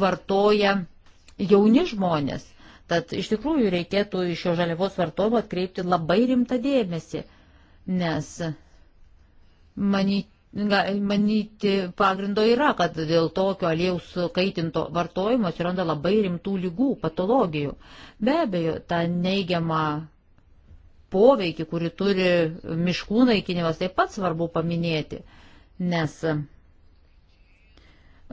vartoja jauni žmonės. Tad iš tikrųjų reikėtų iš šio žaliavos vartojimo atkreipti labai rimtą dėmesį, nes manyti, manyti pagrindo yra, kad dėl tokio aliejaus kaitinto vartojimo atsiranda labai rimtų lygų, patologijų. Be abejo, tą neigiamą poveikį, kurį turi miškų naikinimas, taip pat svarbu paminėti, nes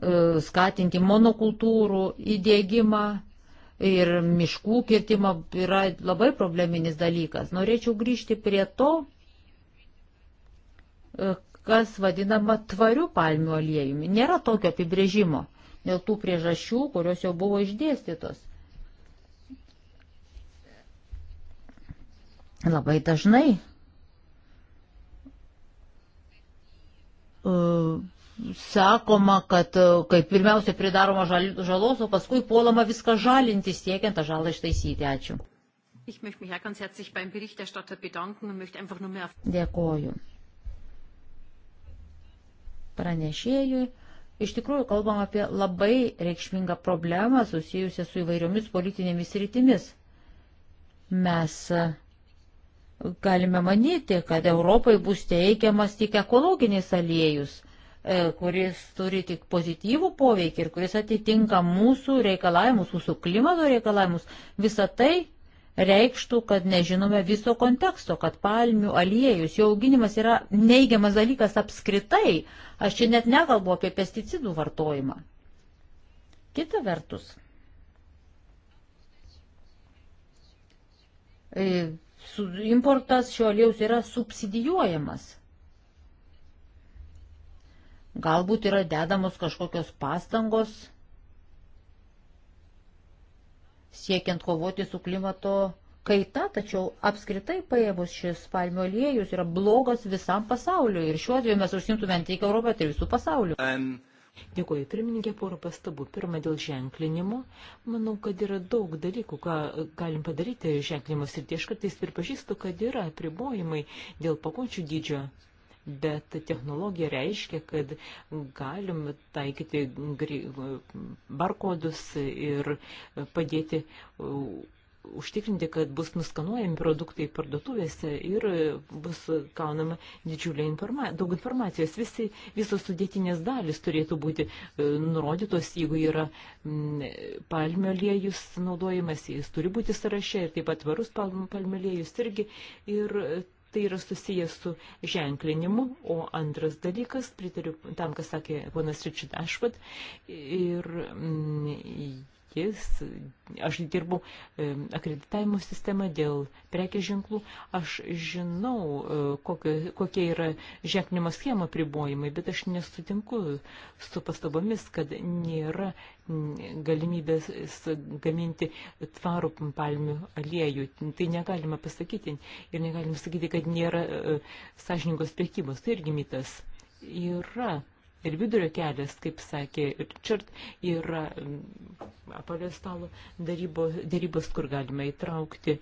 E, skatinti monokultūrų įdėgymą ir miškų kirtimą yra labai probleminis dalykas. Norėčiau grįžti prie to, e, kas vadinama tvariu palmių aliejumi. Nėra tokio apibrėžimo dėl tų priežasčių, kurios jau buvo išdėstytos. Labai dažnai uh, sakoma, kad e, kaip pirmiausia pridaroma žal, žalos, o paskui puolama viską žalinti, siekiant tą žalą ištaisyti. Ačiū. Dėkoju. Pranešėjui. Iš tikrųjų, kalbam apie labai reikšmingą problemą susijusią su įvairiomis politinėmis rytimis. Mes e, galime manyti, kad Europai bus teikiamas tik ekologinis aliejus E, kuris turi tik pozityvų poveikį ir kuris atitinka mūsų reikalavimus, mūsų klimato reikalavimus, visa tai reikštų, kad nežinome viso konteksto, kad palmių aliejus, jo auginimas yra neigiamas dalykas apskritai. Aš čia net nekalbu apie pesticidų vartojimą. Kita vertus. E, importas šio aliejus yra subsidijuojamas. Galbūt yra dedamos kažkokios pastangos siekiant kovoti su klimato kaita, tačiau apskritai paėmus šis palmių aliejus yra blogas visam pasauliu ir šiuo atveju mes užsimtume ne tik Europą, tai visų pasaulių. Um. Dėkuoju, pirmininkė, porą pastabų. Pirma, dėl ženklinimo. Manau, kad yra daug dalykų, ką galim padaryti ženklinimo srityje. Aš kartais pripažįstu, kad yra apribojimai dėl pakuočių dydžio bet technologija reiškia, kad galim taikyti barkodus ir padėti užtikrinti, kad bus nuskanuojami produktai parduotuvėse ir bus gaunama didžiulė informa daug informacijos. Visi, visos sudėtinės dalis turėtų būti e, nurodytos, jeigu yra palmių aliejus naudojimas, jis turi būti sąraše ir taip pat tvarus palmių aliejus irgi. Ir tai yra susijęs su ženklinimu, o antras dalykas, pritariu tam, kas sakė ponas Richard Ashford, ir mm, akis. Aš dirbu e, akreditavimo sistemą dėl prekės ženklų. Aš žinau, e, kokio, kokie yra ženklinimo schemo pribojimai, bet aš nesutinku su pastabomis, kad nėra galimybės gaminti tvarų palmių aliejų. Tai negalima pasakyti ir negalima sakyti, kad nėra e, sąžininkos priekybos. Tai irgi mitas. Yra ir vidurio kelias, kaip sakė Richard, yra apalio stalo darybos, kur galima įtraukti e,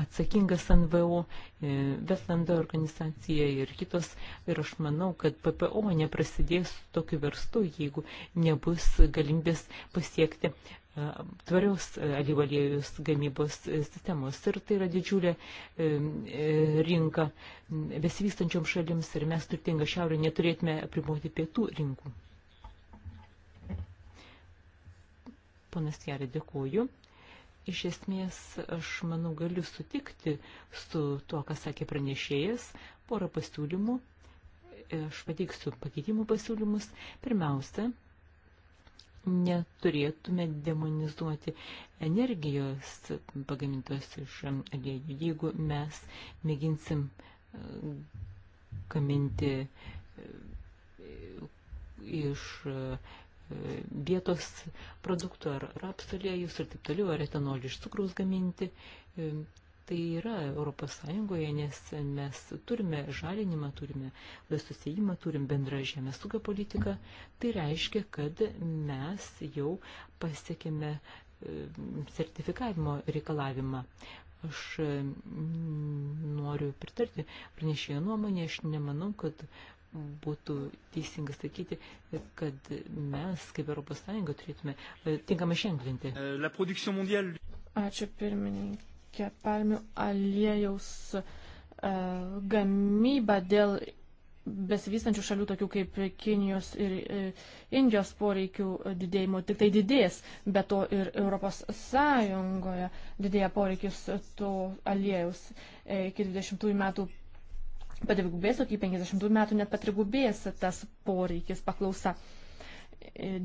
atsakingas NVO, e, Veslando organizacija ir kitos. Ir aš manau, kad PPO neprasidės tokiu verstu, jeigu nebus galimybės pasiekti E, tvarios e, alyvo aliejus gamybos sistemos. Ir tai yra didžiulė e, rinka besivystančiom šalims ir mes turtingą šiaurę neturėtume apriboti pietų rinkų. Ponas Jarė, dėkuoju. Iš esmės, aš manau, galiu sutikti su tuo, ką sakė pranešėjas, porą pasiūlymų. Aš pateiksiu pakeitimų pasiūlymus. Pirmiausia, neturėtume demonizuoti energijos pagamintos iš aliejų. Jeigu mes mėginsim e, gaminti e, iš e, vietos produktų ar rapsų aliejus ir taip toliau, ar etanolį iš cukraus gaminti, tai yra Europos Sąjungoje, nes mes turime žalinimą, turime susijimą, turim bendrą žemės ūkio politiką. Tai reiškia, kad mes jau pasiekėme e, sertifikavimo reikalavimą. Aš mm, noriu pritarti pranešėjo nuomonė, aš nemanau, kad būtų teisinga sakyti, kad mes kaip ES turėtume e, tinkamai ženklinti. Ačiū pirmininkai reiškia palmių aliejaus e, gamybą dėl besivystančių šalių, tokių kaip Kinijos ir e, Indijos poreikių didėjimo, tik tai didės, bet to ir Europos Sąjungoje didėja poreikis to aliejaus e, iki 20 metų padvigubės, o iki 50 metų net patrigubės tas poreikis paklausa. E,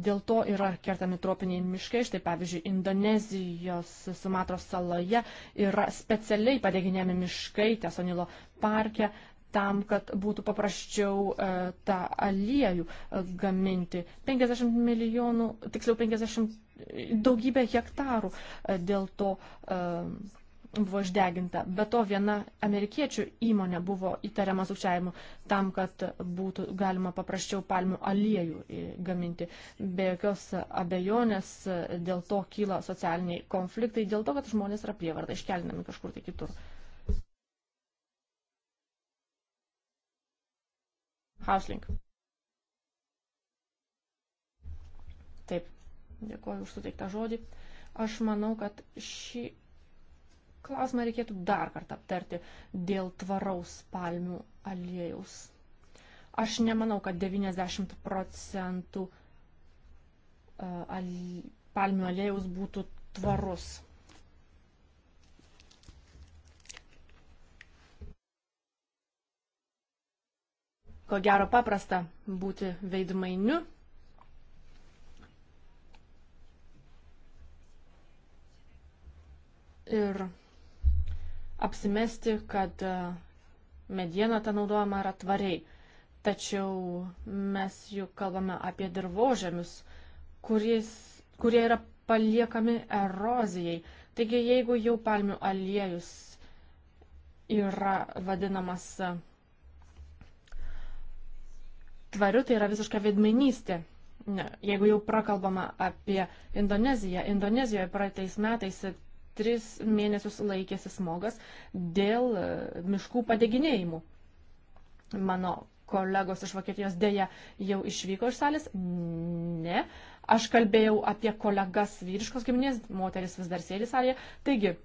Dėl to yra kertami tropiniai miškai. Štai pavyzdžiui, Indonezijos Sumatros saloje yra specialiai padeginėmi miškai Tesonilo parke tam, kad būtų paprasčiau e, tą aliejų e, gaminti. 50 milijonų, tiksliau 50, daugybė hektarų e, dėl to e, buvo išdeginta. Be to viena amerikiečių įmonė buvo įtariama sukčiavimu tam, kad būtų galima paprasčiau palmių aliejų gaminti. Be jokios abejonės dėl to kyla socialiniai konfliktai, dėl to, kad žmonės yra prievarta iškelinami kažkur tai kitur. Hauslink. Taip, dėkuoju už suteiktą žodį. Aš manau, kad šį klausimą reikėtų dar kartą aptarti dėl tvaraus palmių aliejaus. Aš nemanau, kad 90 procentų e, palmių aliejaus būtų tvarus. Ko gero paprasta būti veidmainiu, ir apsimesti, kad e, mediena ta naudojama yra tvariai. Tačiau mes juk kalbame apie dirbožėmius, kuris, kurie yra paliekami erozijai. Taigi jeigu jau palmių aliejus yra vadinamas e, tvariu, tai yra visiška vedmenystė. Ne, jeigu jau prakalbama apie Indoneziją, Indonezijoje praeitais metais tris mėnesius laikėsi smogas dėl e, miškų padeginėjimų. Mano kolegos iš Vokietijos dėja jau išvyko iš salės. Ne, aš kalbėjau apie kolegas vyriškos giminės, moteris vis dar sėdi salėje. Taigi,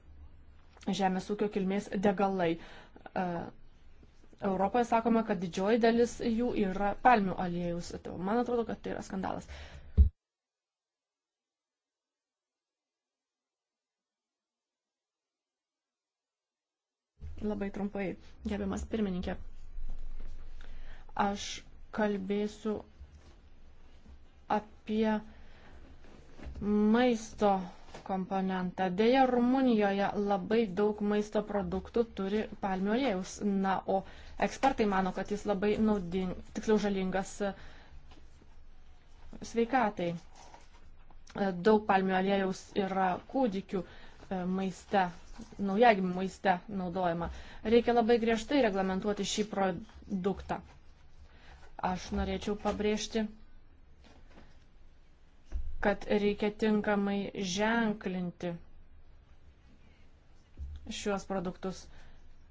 žemės ūkio kilmės degalai. E, Europoje sakoma, kad didžioji dalis jų yra palmių aliejus. Man atrodo, kad tai yra skandalas. Labai trumpai, gerbiamas pirmininkė. Aš kalbėsiu apie maisto komponentą. Deja, Rumunijoje labai daug maisto produktų turi palmių aliejus. Na, o ekspertai mano, kad jis labai naudingas, tiksliau žalingas sveikatai. Daug palmių aliejus yra kūdikių e, maiste naujagimių maiste naudojama. Reikia labai griežtai reglamentuoti šį produktą. Aš norėčiau pabrėžti, kad reikia tinkamai ženklinti šiuos produktus.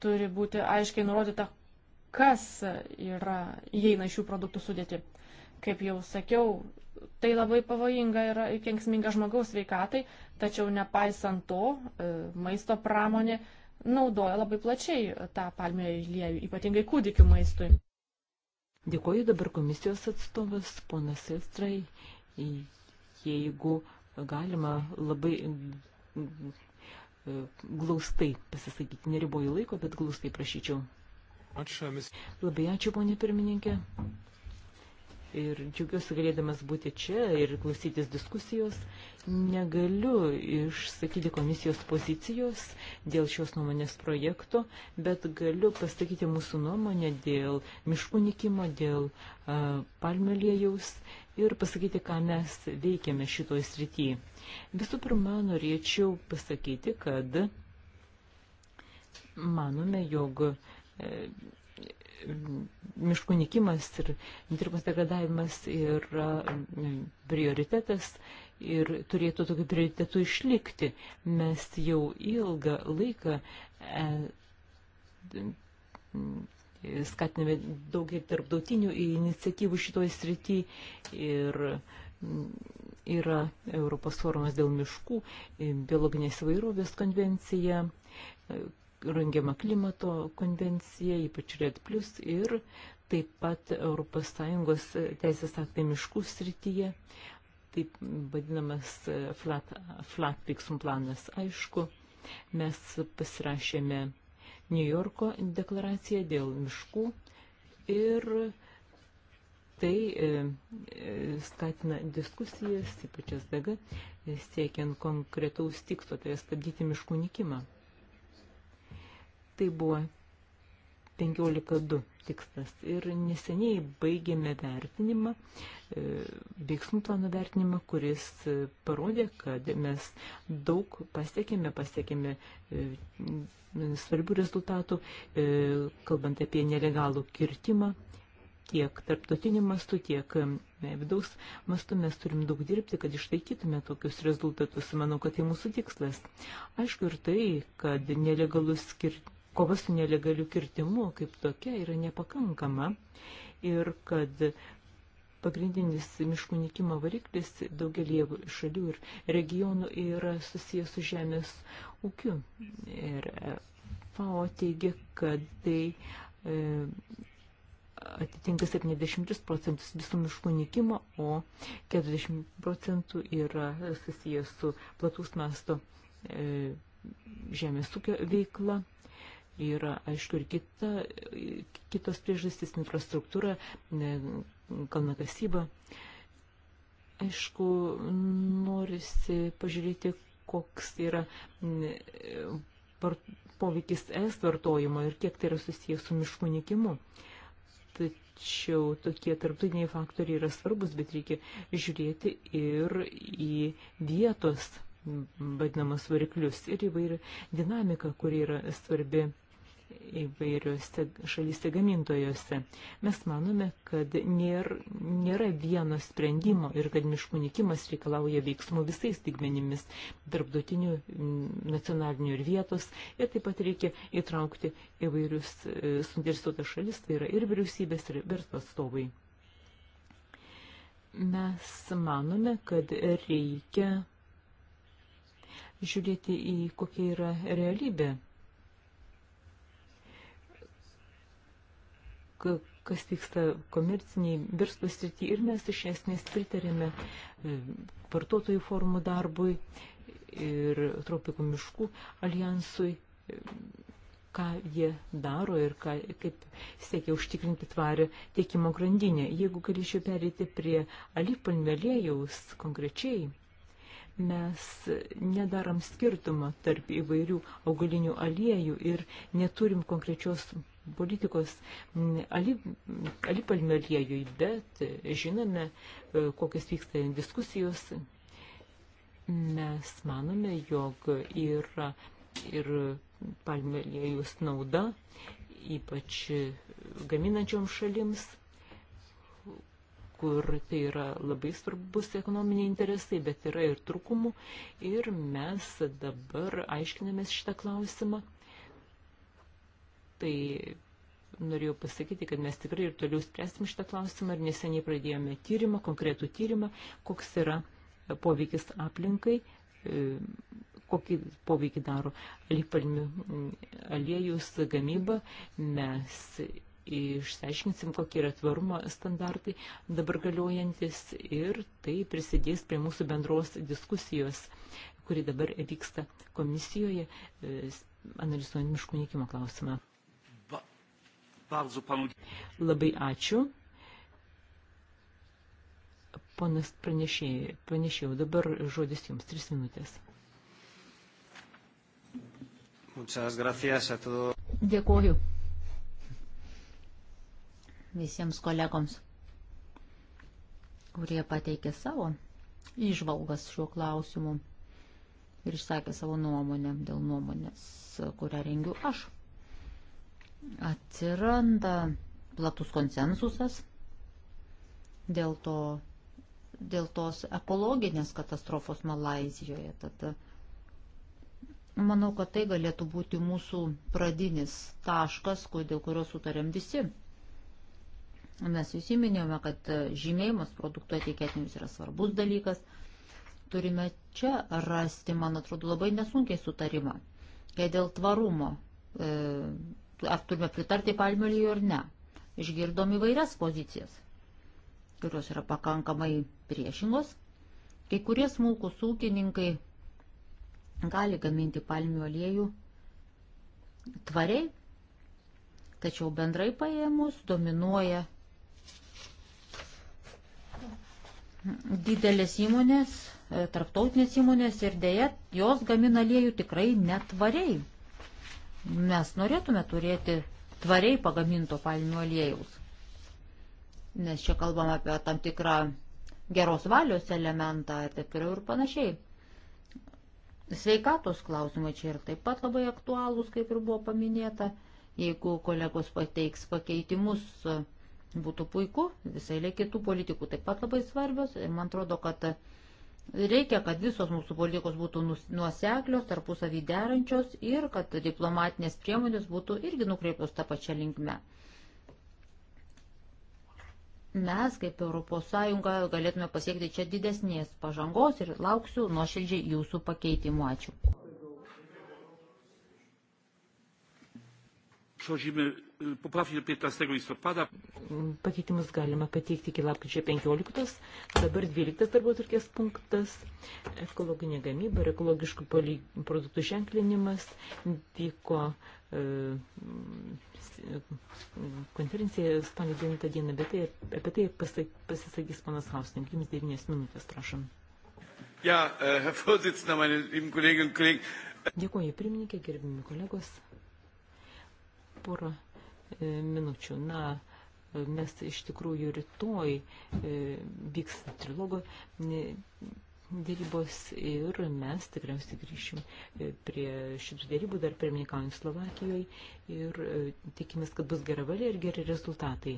Turi būti aiškiai nurodyta, kas yra įeina šių produktų sudėti. Kaip jau sakiau, tai labai pavojinga ir kenksminga žmogaus veikatai, tačiau nepaisant to, e, maisto pramonė naudoja labai plačiai tą palmių aliejų, ypatingai kūdikių maistui. Dėkuoju dabar komisijos atstovas, ponas Silstrai, jeigu galima labai e, glaustai pasisakyti, neriboju laiko, bet glaustai prašyčiau. Ačiū, Labai ačiū, ponė pirmininkė ir džiaugiuosi galėdamas būti čia ir klausytis diskusijos. Negaliu išsakyti komisijos pozicijos dėl šios nuomonės projekto, bet galiu pasakyti mūsų nuomonę dėl miškų nikimo, dėl uh, palmelėjaus ir pasakyti, ką mes veikiame šitoje srityje. Visų pirma, norėčiau pasakyti, kad manome, jog uh, miškų nikimas ir dirbos degradavimas yra e, prioritetas ir turėtų tokiu prioritetu išlikti. Mes jau ilgą laiką e, skatiname daug ir tarptautinių iniciatyvų šitoje srityje ir mm, yra Europos forumas dėl miškų, biologinės įvairovės konvencija, rengiama klimato konvencija, ypač Red Plus ir taip pat ES teisės aktai miškų srityje, taip vadinamas flat, flat fixum planas. Aišku, mes pasirašėme New Yorko deklaraciją dėl miškų ir tai e, e skatina diskusijas, ypač SDG, siekiant konkretaus tikslo, tai stabdyti miškų nikimą. Tai buvo 15.2 tikslas. Ir neseniai baigėme vertinimą, e, veiksmų plano vertinimą, kuris e, parodė, kad mes daug pasiekėme, pasiekėme e, svarbių rezultatų, kalbant apie nelegalų kirtimą, tiek tarptautiniu mastu, tiek vidaus mastu mes turim daug dirbti, kad išlaikytume tokius rezultatus. Manau, kad tai mūsų tikslas. Aišku ir tai, kad nelegalus kirtimas kova su nelegaliu kirtimu kaip tokia yra nepakankama ir kad pagrindinis miškų nikimo variklis daugelį šalių ir regionų yra susijęs su žemės ūkiu. Ir e, FAO teigia, kad tai e, atitinka 70 procentus visų miškų nikimo, o 40 procentų yra susijęs su platus masto e, žemės ūkio veikla. Yra, aišku, ir kita, kitos priežastys - infrastruktūra, kalnakasyba. Aišku, norisi pažiūrėti, koks yra poveikis es vartojimo ir kiek tai yra susijęs su miškų nikimu. Tačiau tokie tarptautiniai faktoriai yra svarbus, bet reikia žiūrėti ir į vietos vadinamas variklius ir įvairią dinamiką, kuri yra svarbi įvairiuose šalyse gamintojuose. Mes manome, kad nėra, nėra vieno sprendimo ir kad miškų nikimas reikalauja veiksmų visais lygmenimis - darbdotinių, nacionalinių ir vietos. Ir taip pat reikia įtraukti įvairius e, suinteresuotas šalis, tai yra ir vyriausybės, ir verslo atstovai. Mes manome, kad reikia žiūrėti į kokia yra realybė kas vyksta komerciniai verslo srity ir mes iš esmės pritarėme e, vartotojų formų darbui ir tropikų miškų alijansui, e, ką jie daro ir ką, kaip siekia užtikrinti tvarę tiekimo grandinę. Jeigu galėčiau perėti prie alipalmių aliejaus konkrečiai, mes nedaram skirtumą tarp įvairių augalinių aliejų ir neturim konkrečios politikos alipalmių aliejui, bet e, žinome, e, kokios vyksta diskusijos. Mes manome, jog yra ir palmių aliejus nauda, ypač e, gaminančioms šalims kur tai yra labai svarbus ekonominiai interesai, bet yra ir trūkumų. Ir mes dabar aiškinamės šitą klausimą. Tai norėjau pasakyti, kad mes tikrai ir toliau spręsim šitą klausimą ir neseniai pradėjome tyrimą, konkretų tyrimą, koks yra poveikis aplinkai, e, kokį poveikį daro alypalmių aliejus gamyba. Mes išsiaiškinsim, kokie yra tvarumo standartai dabar galiojantis ir tai prisidės prie mūsų bendros diskusijos, kuri dabar vyksta komisijoje, e, analizuojant miškų nykimo klausimą. Labai ačiū. Ponas pranešėjau, dabar žodis jums, tris minutės. Dėkuoju visiems kolegoms, kurie pateikė savo išvalgas šiuo klausimu ir išsakė savo nuomonę dėl nuomonės, kurią rengiu aš atsiranda platus konsensusas dėl, to, dėl tos ekologinės katastrofos Malazijoje. Tad manau, kad tai galėtų būti mūsų pradinis taškas, dėl kurio sutarėm visi. Mes visi minėjome, kad žymėjimas produktų etiketėmis yra svarbus dalykas. Turime čia rasti, man atrodo, labai nesunkiai sutarimą. Kai dėl tvarumo e, ar turime pritarti palmių aliejų ar ne. Išgirdom įvairias pozicijas, kurios yra pakankamai priešingos. Kai kurie smulkus ūkininkai gali gaminti palmių aliejų tvariai, tačiau bendrai paėmus dominuoja didelės įmonės, e, tarptautinės įmonės ir dėja jos gamina aliejų tikrai netvariai. Mes norėtume turėti tvariai pagaminto palmių aliejaus, nes čia kalbam apie tam tikrą geros valios elementą ir taip toliau ir panašiai. Sveikatos klausimai čia ir taip pat labai aktualūs, kaip ir buvo paminėta. Jeigu kolegos pateiks pakeitimus, būtų puiku, visai lė kitų politikų taip pat labai svarbios. Ir man atrodo, kad Reikia, kad visos mūsų politikos būtų nuoseklios, tarpusavį derančios ir kad diplomatinės priemonės būtų irgi nukreiptos tą pačią linkmę. Mes, kaip ES, galėtume pasiekti čia didesnės pažangos ir lauksiu nuoširdžiai jūsų pakeitimų. Ačiū. Przechodzimy poprawki 15 listopada. Pakeitimus galima pateikti iki lapkričio 15. Dabar 12 darbo turkės punktas. Ekologinė gamyba ir ekologiškų produktų ženklinimas vyko e, konferencija spalio 9 dieną, bet tai, apie tai pasisakys panas Hausnik. Jums 9 minutės, prašom. Ja, äh, Herr Vorsitzender, meine lieben Kolleginnen und Kollegen. Dėkuoju, pirmininkė, gerbimi kolegos. Porą E, minučių. Na, mes iš tikrųjų rytoj e, vyks trilogo dėrybos ir mes tikriausiai grįšim e, prie šitų dėrybų dar pirmininkaujant Slovakijoje ir tikimės, kad bus gera valia ir geri rezultatai.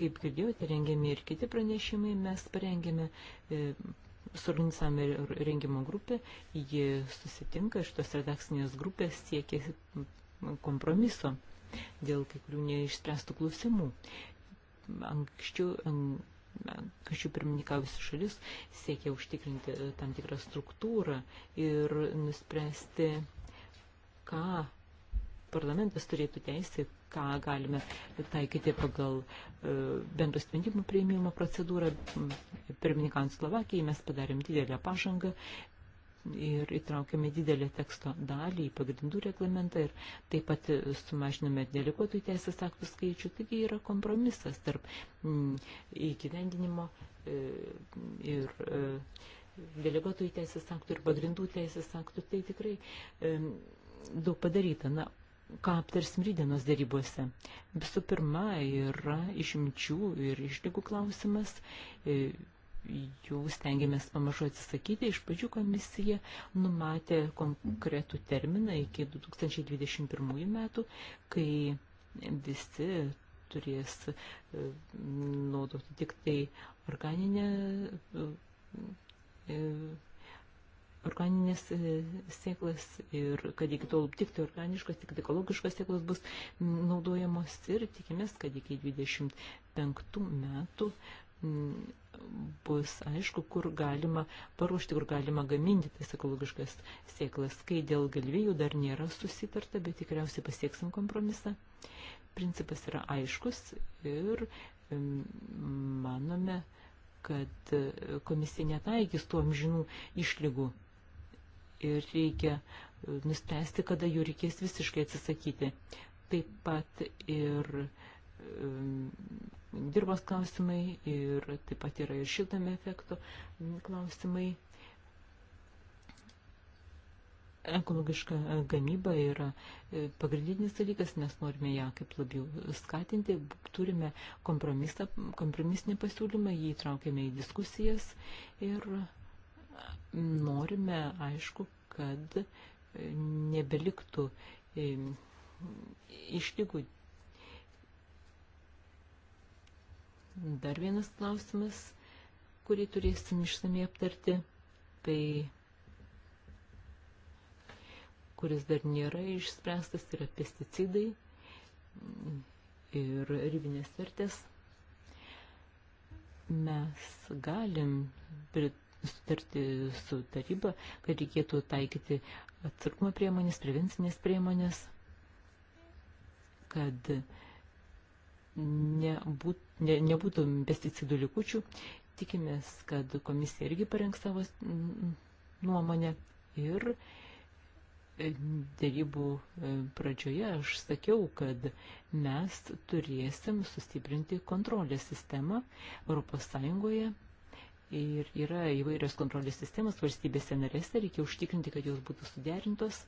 Kaip girdėjote, rengiami ir kiti pranešimai, mes parengėme, suorganizavome rengimo grupę, ji susitinka iš tos redakcinės grupės siekia kompromiso dėl kai kurių neišspręstų klausimų. Anksčiau, anksčiau pirmininkavusi šalis siekia užtikrinti e, tam tikrą struktūrą ir nuspręsti, ką parlamentas turėtų teisę, ką galime taikyti pagal e, bendro sprendimų prieimimo procedūrą. Pirmininkant Slovakijai mes padarėm didelę pažangą, ir įtraukėme didelę teksto dalį į pagrindų reglamentą ir taip pat sumažinome deleguotų teisės aktų skaičių. Taigi yra kompromisas tarp mm, įgyvendinimo e, ir e, deleguotų teisės aktų ir pagrindų teisės aktų. Tai tikrai e, daug padaryta. Na, ką aptarsim rydienos darybose. Visų pirma, yra išimčių ir išlygų klausimas jų stengiamės pamažu atsisakyti. Iš pradžių komisija numatė konkretų terminą iki 2021 metų, kai visi turės e, naudoti tik tai organinę e, organinės e, sėklas ir kad iki tol tik tai organiškas, tik tai ekologiškas sėklas bus naudojamos ir tikimės, kad iki 25 metų bus aišku, kur galima paruošti, kur galima gaminti tas ekologiškas sėklas, kai dėl galvėjų dar nėra susitarta, bet tikriausiai pasieksim kompromisą. Principas yra aiškus ir manome, kad komisija netaikys tuo amžinų išlygų ir reikia e, nuspręsti, kada jų reikės visiškai atsisakyti. Taip pat ir e, dirbos klausimai ir taip pat yra ir šiltame efekto klausimai. Ekologiška gamyba yra e, pagrindinis dalykas, nes norime ją kaip labiau skatinti. Turime kompromisinį pasiūlymą, jį įtraukėme į diskusijas ir norime, aišku, kad e, nebeliktų e, išlygų dar vienas klausimas, kurį turėsim išsamei aptarti, tai kuris dar nėra išspręstas, yra pesticidai ir ribinės vertės. Mes galim sutarti su taryba, kad reikėtų taikyti atsargumo priemonės, prevencinės priemonės, kad e, nebūt, ne, nebūtų pesticidų likučių. Tikimės, kad komisija irgi parengs savo mm, nuomonę ir e, dėrybų e, pradžioje aš sakiau, kad mes turėsim sustiprinti kontrolės sistemą Europos Sąjungoje ir yra įvairios kontrolės sistemas valstybėse narėse, reikia užtikrinti, kad jos būtų suderintos.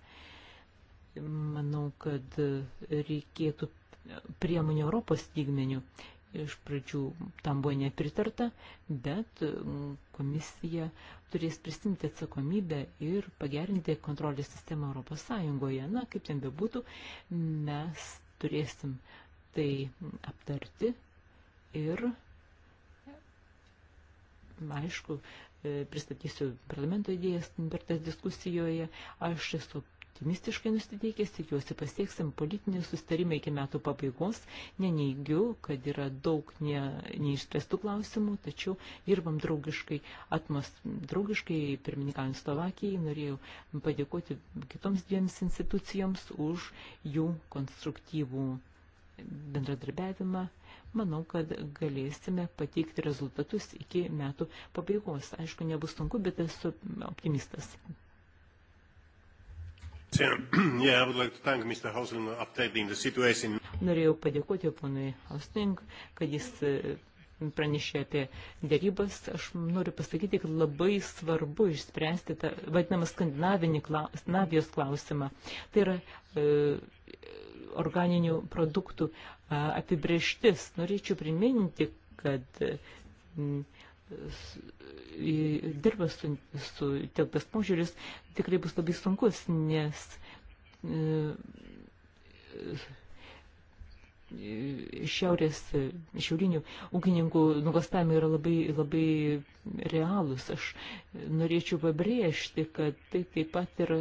Manau, kad reikėtų priemonių Europos lygmenių. Iš pradžių tam buvo nepritarta, bet komisija turės prisimti atsakomybę ir pagerinti kontrolės sistemą Europos Sąjungoje. Na, kaip ten bebūtų, mes turėsim tai aptarti ir, aišku, e, pristatysiu parlamento idėjas per tas diskusijoje. Aš esu optimistiškai nusiteikęs, tikiuosi pasieksim politinį sustarimą iki metų pabaigos. Neneigiu, kad yra daug ne, neišspręstų klausimų, tačiau dirbam draugiškai, atmos draugiškai, pirmininkavim Slovakijai, norėjau padėkoti kitoms dviems institucijoms už jų konstruktyvų bendradarbiavimą, manau, kad galėsime pateikti rezultatus iki metų pabaigos. Aišku, nebus sunku, bet esu optimistas. Yeah, like Hosling, Norėjau padėkoti ponui Hosling, kad jis e, pranešė apie dėrybas. Aš noriu pasakyti, kad labai svarbu išspręsti tą vadinamą Skandinavijos klausimą. Tai yra e, organinių produktų e, apibrieštis. Norėčiau priminti, kad e, m, dirba su, su telktas požiūris, tikrai bus labai sunkus, nes e, e, šiaurės, šiaurinių ūkininkų nugastavimai yra labai, labai realūs. Aš norėčiau pabrėžti, kad tai taip pat yra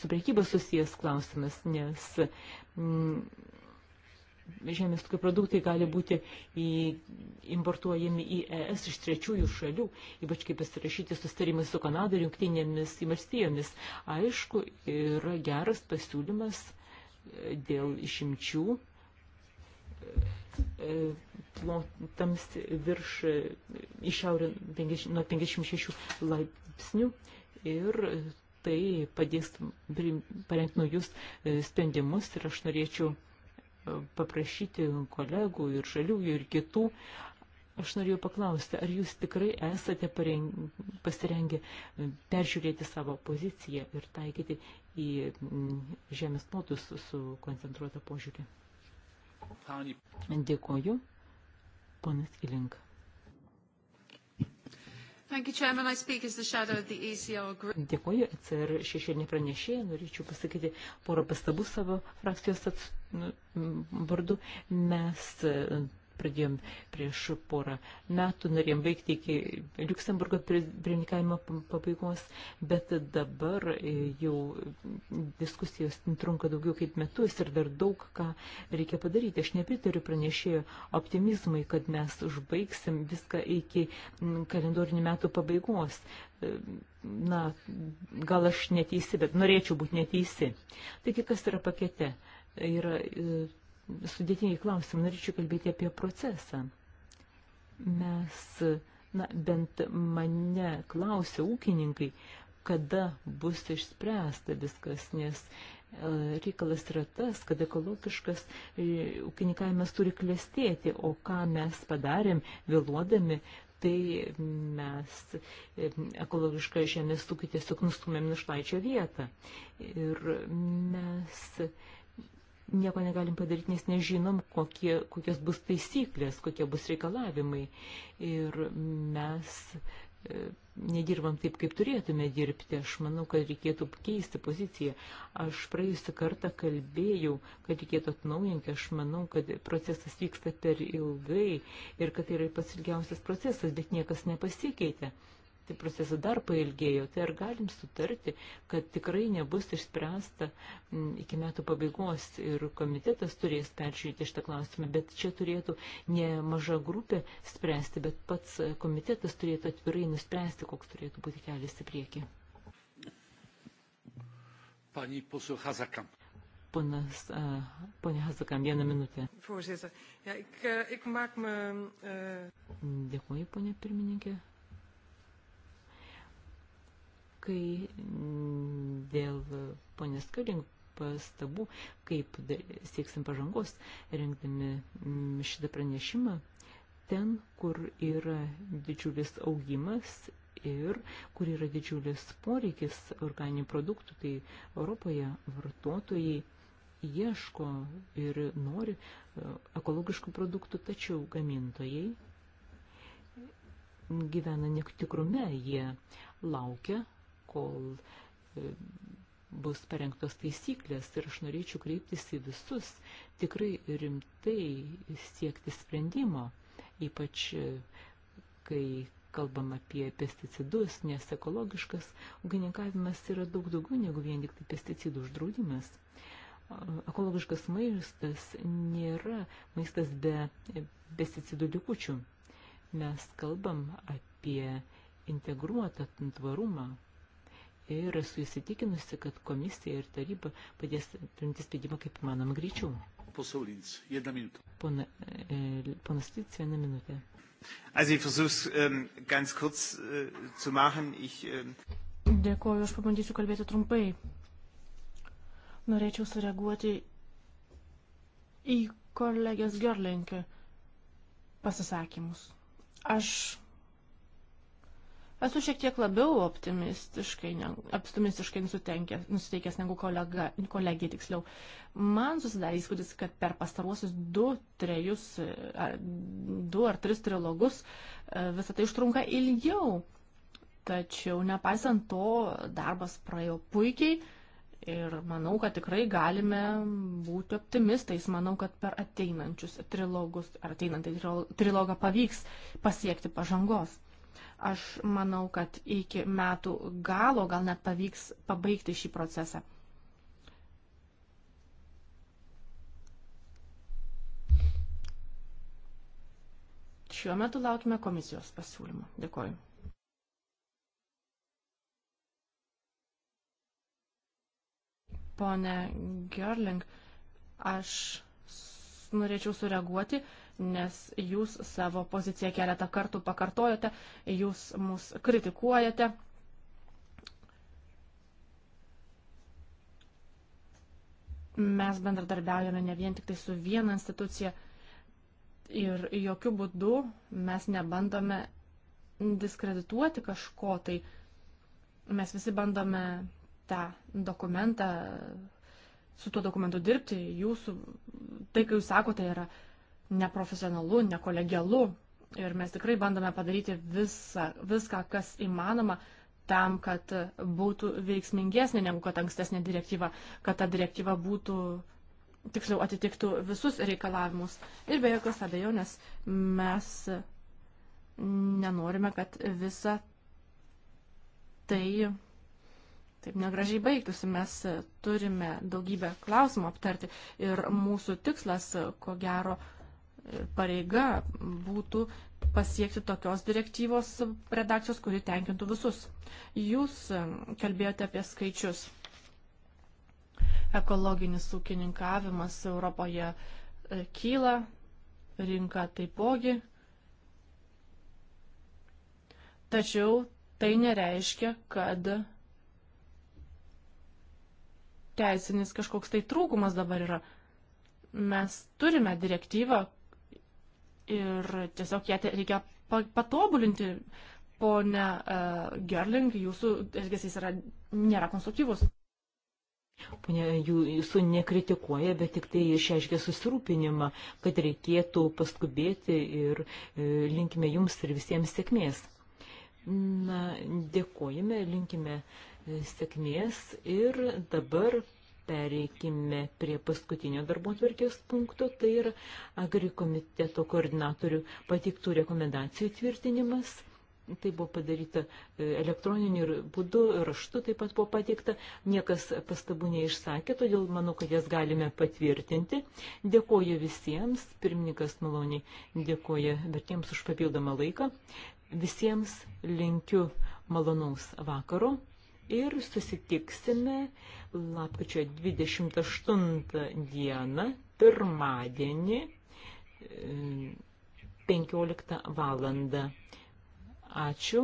su priekyba susijęs klausimas, nes mm, žemės ūkio produktai gali būti į, importuojami į ES iš trečiųjų šalių, ypač kaip pasirašyti sustarimai su Kanada ir jungtinėmis valstijomis. Aišku, yra geras pasiūlymas e, dėl išimčių e, e, plotams virš išaurė nuo 56 laipsnių ir tai padės parengti naujus sprendimus ir aš norėčiau paprašyti kolegų ir žaliųjų ir kitų. Aš norėjau paklausti, ar jūs tikrai esate pasirengę peržiūrėti savo poziciją ir taikyti į mm, žemės plotus su koncentruota požiūrė? Dėkoju. Ponas Ilink. E Dėkoju, ECR šešėlinė pranešėja, norėčiau pasakyti porą pastabų savo frakcijos atstovų vardu mes e, pradėjom prieš porą metų, norėjom baigti iki Luksemburgo pirmininkavimo pabaigos, bet dabar e, jau diskusijos trunka daugiau kaip metus ir dar daug ką reikia padaryti. Aš nepritariu pranešėjo optimizmui, kad mes užbaigsim viską iki kalendorinių metų pabaigos. E, na, gal aš neteisi, bet norėčiau būti neteisi. Taigi, kas yra pakete? yra e, sudėtiniai klausimai. Norėčiau kalbėti apie procesą. Mes, na, bent mane klausia ūkininkai, kada bus išspręsta viskas, nes e, reikalas yra tas, kad ekologiškas e, ūkininkavimas turi klestėti, o ką mes padarėm vėluodami, tai mes ekologišką žemės ūkį tiesiog nustumėm našlaičio vietą. Ir mes nieko negalim padaryti, nes nežinom, kokie, kokios bus taisyklės, kokie bus reikalavimai. Ir mes e, nedirbam taip, kaip turėtume dirbti. Aš manau, kad reikėtų keisti poziciją. Aš praėjusią kartą kalbėjau, kad reikėtų atnaujinti. Aš manau, kad procesas vyksta per ilgai ir kad tai yra pats ilgiausias procesas, bet niekas nepasikeitė tai procesą dar pailgėjo, tai ar galim sutarti, kad tikrai nebus išspręsta iki metų pabaigos ir komitetas turės peržiūrėti šitą klausimą, bet čia turėtų ne maža grupė spręsti, bet pats komitetas turėtų atvirai nuspręsti, koks turėtų būti kelias į priekį. Pani poseł Hazakam. Ponas, uh, ponia Hazakam, vieną minutę. Voorzitter, ja, ik, uh, ik maak me... Uh... Dėkuoju, ponia pirmininkė. Uh, Kai mm, dėl ponės Kalink pastabų, kaip sieksim pažangos, rengdami mm, šitą pranešimą, ten, kur yra didžiulis augimas ir kur yra didžiulis poreikis organinių produktų, tai Europoje vartotojai ieško ir nori e, ekologiškų produktų, tačiau gamintojai gyvena netikrume, jie laukia kol e, bus parengtos taisyklės ir aš norėčiau kreiptis į visus tikrai rimtai siekti sprendimo, ypač e, kai kalbam apie pesticidus, nes ekologiškas ūkininkavimas yra daug daugiau negu vien tik tai pesticidų uždraudimas. Ekologiškas maistas nėra maistas be e, pesticidų likučių. Mes kalbam apie integruotą tvarumą, ir esu įsitikinusi, kad komisija ir taryba padės priimti sprendimą kaip įmanoma greičiau. Pasaulins, vieną minutę. Pona, e, ponas Lyts, vieną minutę. Also ich versuch's ähm, ganz kurz äh, zu machen. Ich, ähm Dėkuoju, aš pabandysiu kalbėti trumpai. Norėčiau sureaguoti į kolegės Gerlenkę pasisakymus. Aš Esu šiek tiek labiau optimistiškai, ne, optimistiškai nusiteikęs negu kolega, kolegija tiksliau. Man susidarė įspūdis, kad per pastaruosius du, trejus, ar, du ar tris trilogus e, visą tai užtrunka ilgiau. Tačiau nepaisant to, darbas praėjo puikiai ir manau, kad tikrai galime būti optimistais. Manau, kad per ateinančius trilogus, ar ateinantį trilogą pavyks pasiekti pažangos. Aš manau, kad iki metų galo gal net pavyks pabaigti šį procesą. Šiuo metu laukime komisijos pasiūlymų. Dėkuoju. Pone Gerling, aš norėčiau sureaguoti nes jūs savo poziciją keletą kartų pakartojate, jūs mus kritikuojate. Mes bendradarbiaujame ne vien tik tai su viena institucija ir jokių būdų mes nebandome diskredituoti kažko, tai mes visi bandome tą dokumentą, su tuo dokumentu dirbti, jūsų, tai, kai jūs sakote, yra neprofesionalu, nekolegialu. Ir mes tikrai bandome padaryti visą, viską, kas įmanoma, tam, kad būtų veiksmingesnė negu kad ankstesnė direktyva, kad ta direktyva būtų, tiksliau, atitiktų visus reikalavimus. Ir be jokios abejonės mes nenorime, kad visa tai taip negražiai baigtųsi. Mes turime daugybę klausimų aptarti ir mūsų tikslas, ko gero, pareiga būtų pasiekti tokios direktyvos redakcijos, kuri tenkintų visus. Jūs kalbėjote apie skaičius. Ekologinis ūkininkavimas Europoje e, kyla, rinka taipogi. Tačiau tai nereiškia, kad teisinis kažkoks tai trūkumas dabar yra. Mes turime direktyvą, ir tiesiog ją reikia patobulinti. Pone uh, Gerling, jūsų elgesys yra, nėra konstruktyvus. Pone, jūsų nekritikuoja, bet tik tai išreiškia susirūpinimą, kad reikėtų paskubėti ir e, linkime jums ir visiems sėkmės. Na, dėkojame, linkime e, sėkmės ir dabar pereikime prie paskutinio darbo tvarkės punkto, tai yra agrikomiteto koordinatorių pateiktų rekomendacijų tvirtinimas. Tai buvo padaryta e, elektroniniu būdu, raštu taip pat buvo pateikta. Niekas pastabų neišsakė, todėl manau, kad jas galime patvirtinti. Dėkoju visiems, pirmininkas maloniai dėkoja vertiems už papildomą laiką. Visiems linkiu malonaus vakaro ir susitiksime lapkričio 28 dieną, pirmadienį, 15 e, valandą. Ačiū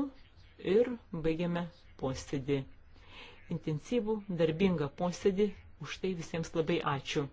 ir baigiame posėdį. Intensyvų, darbingą posėdį. Už tai visiems labai ačiū.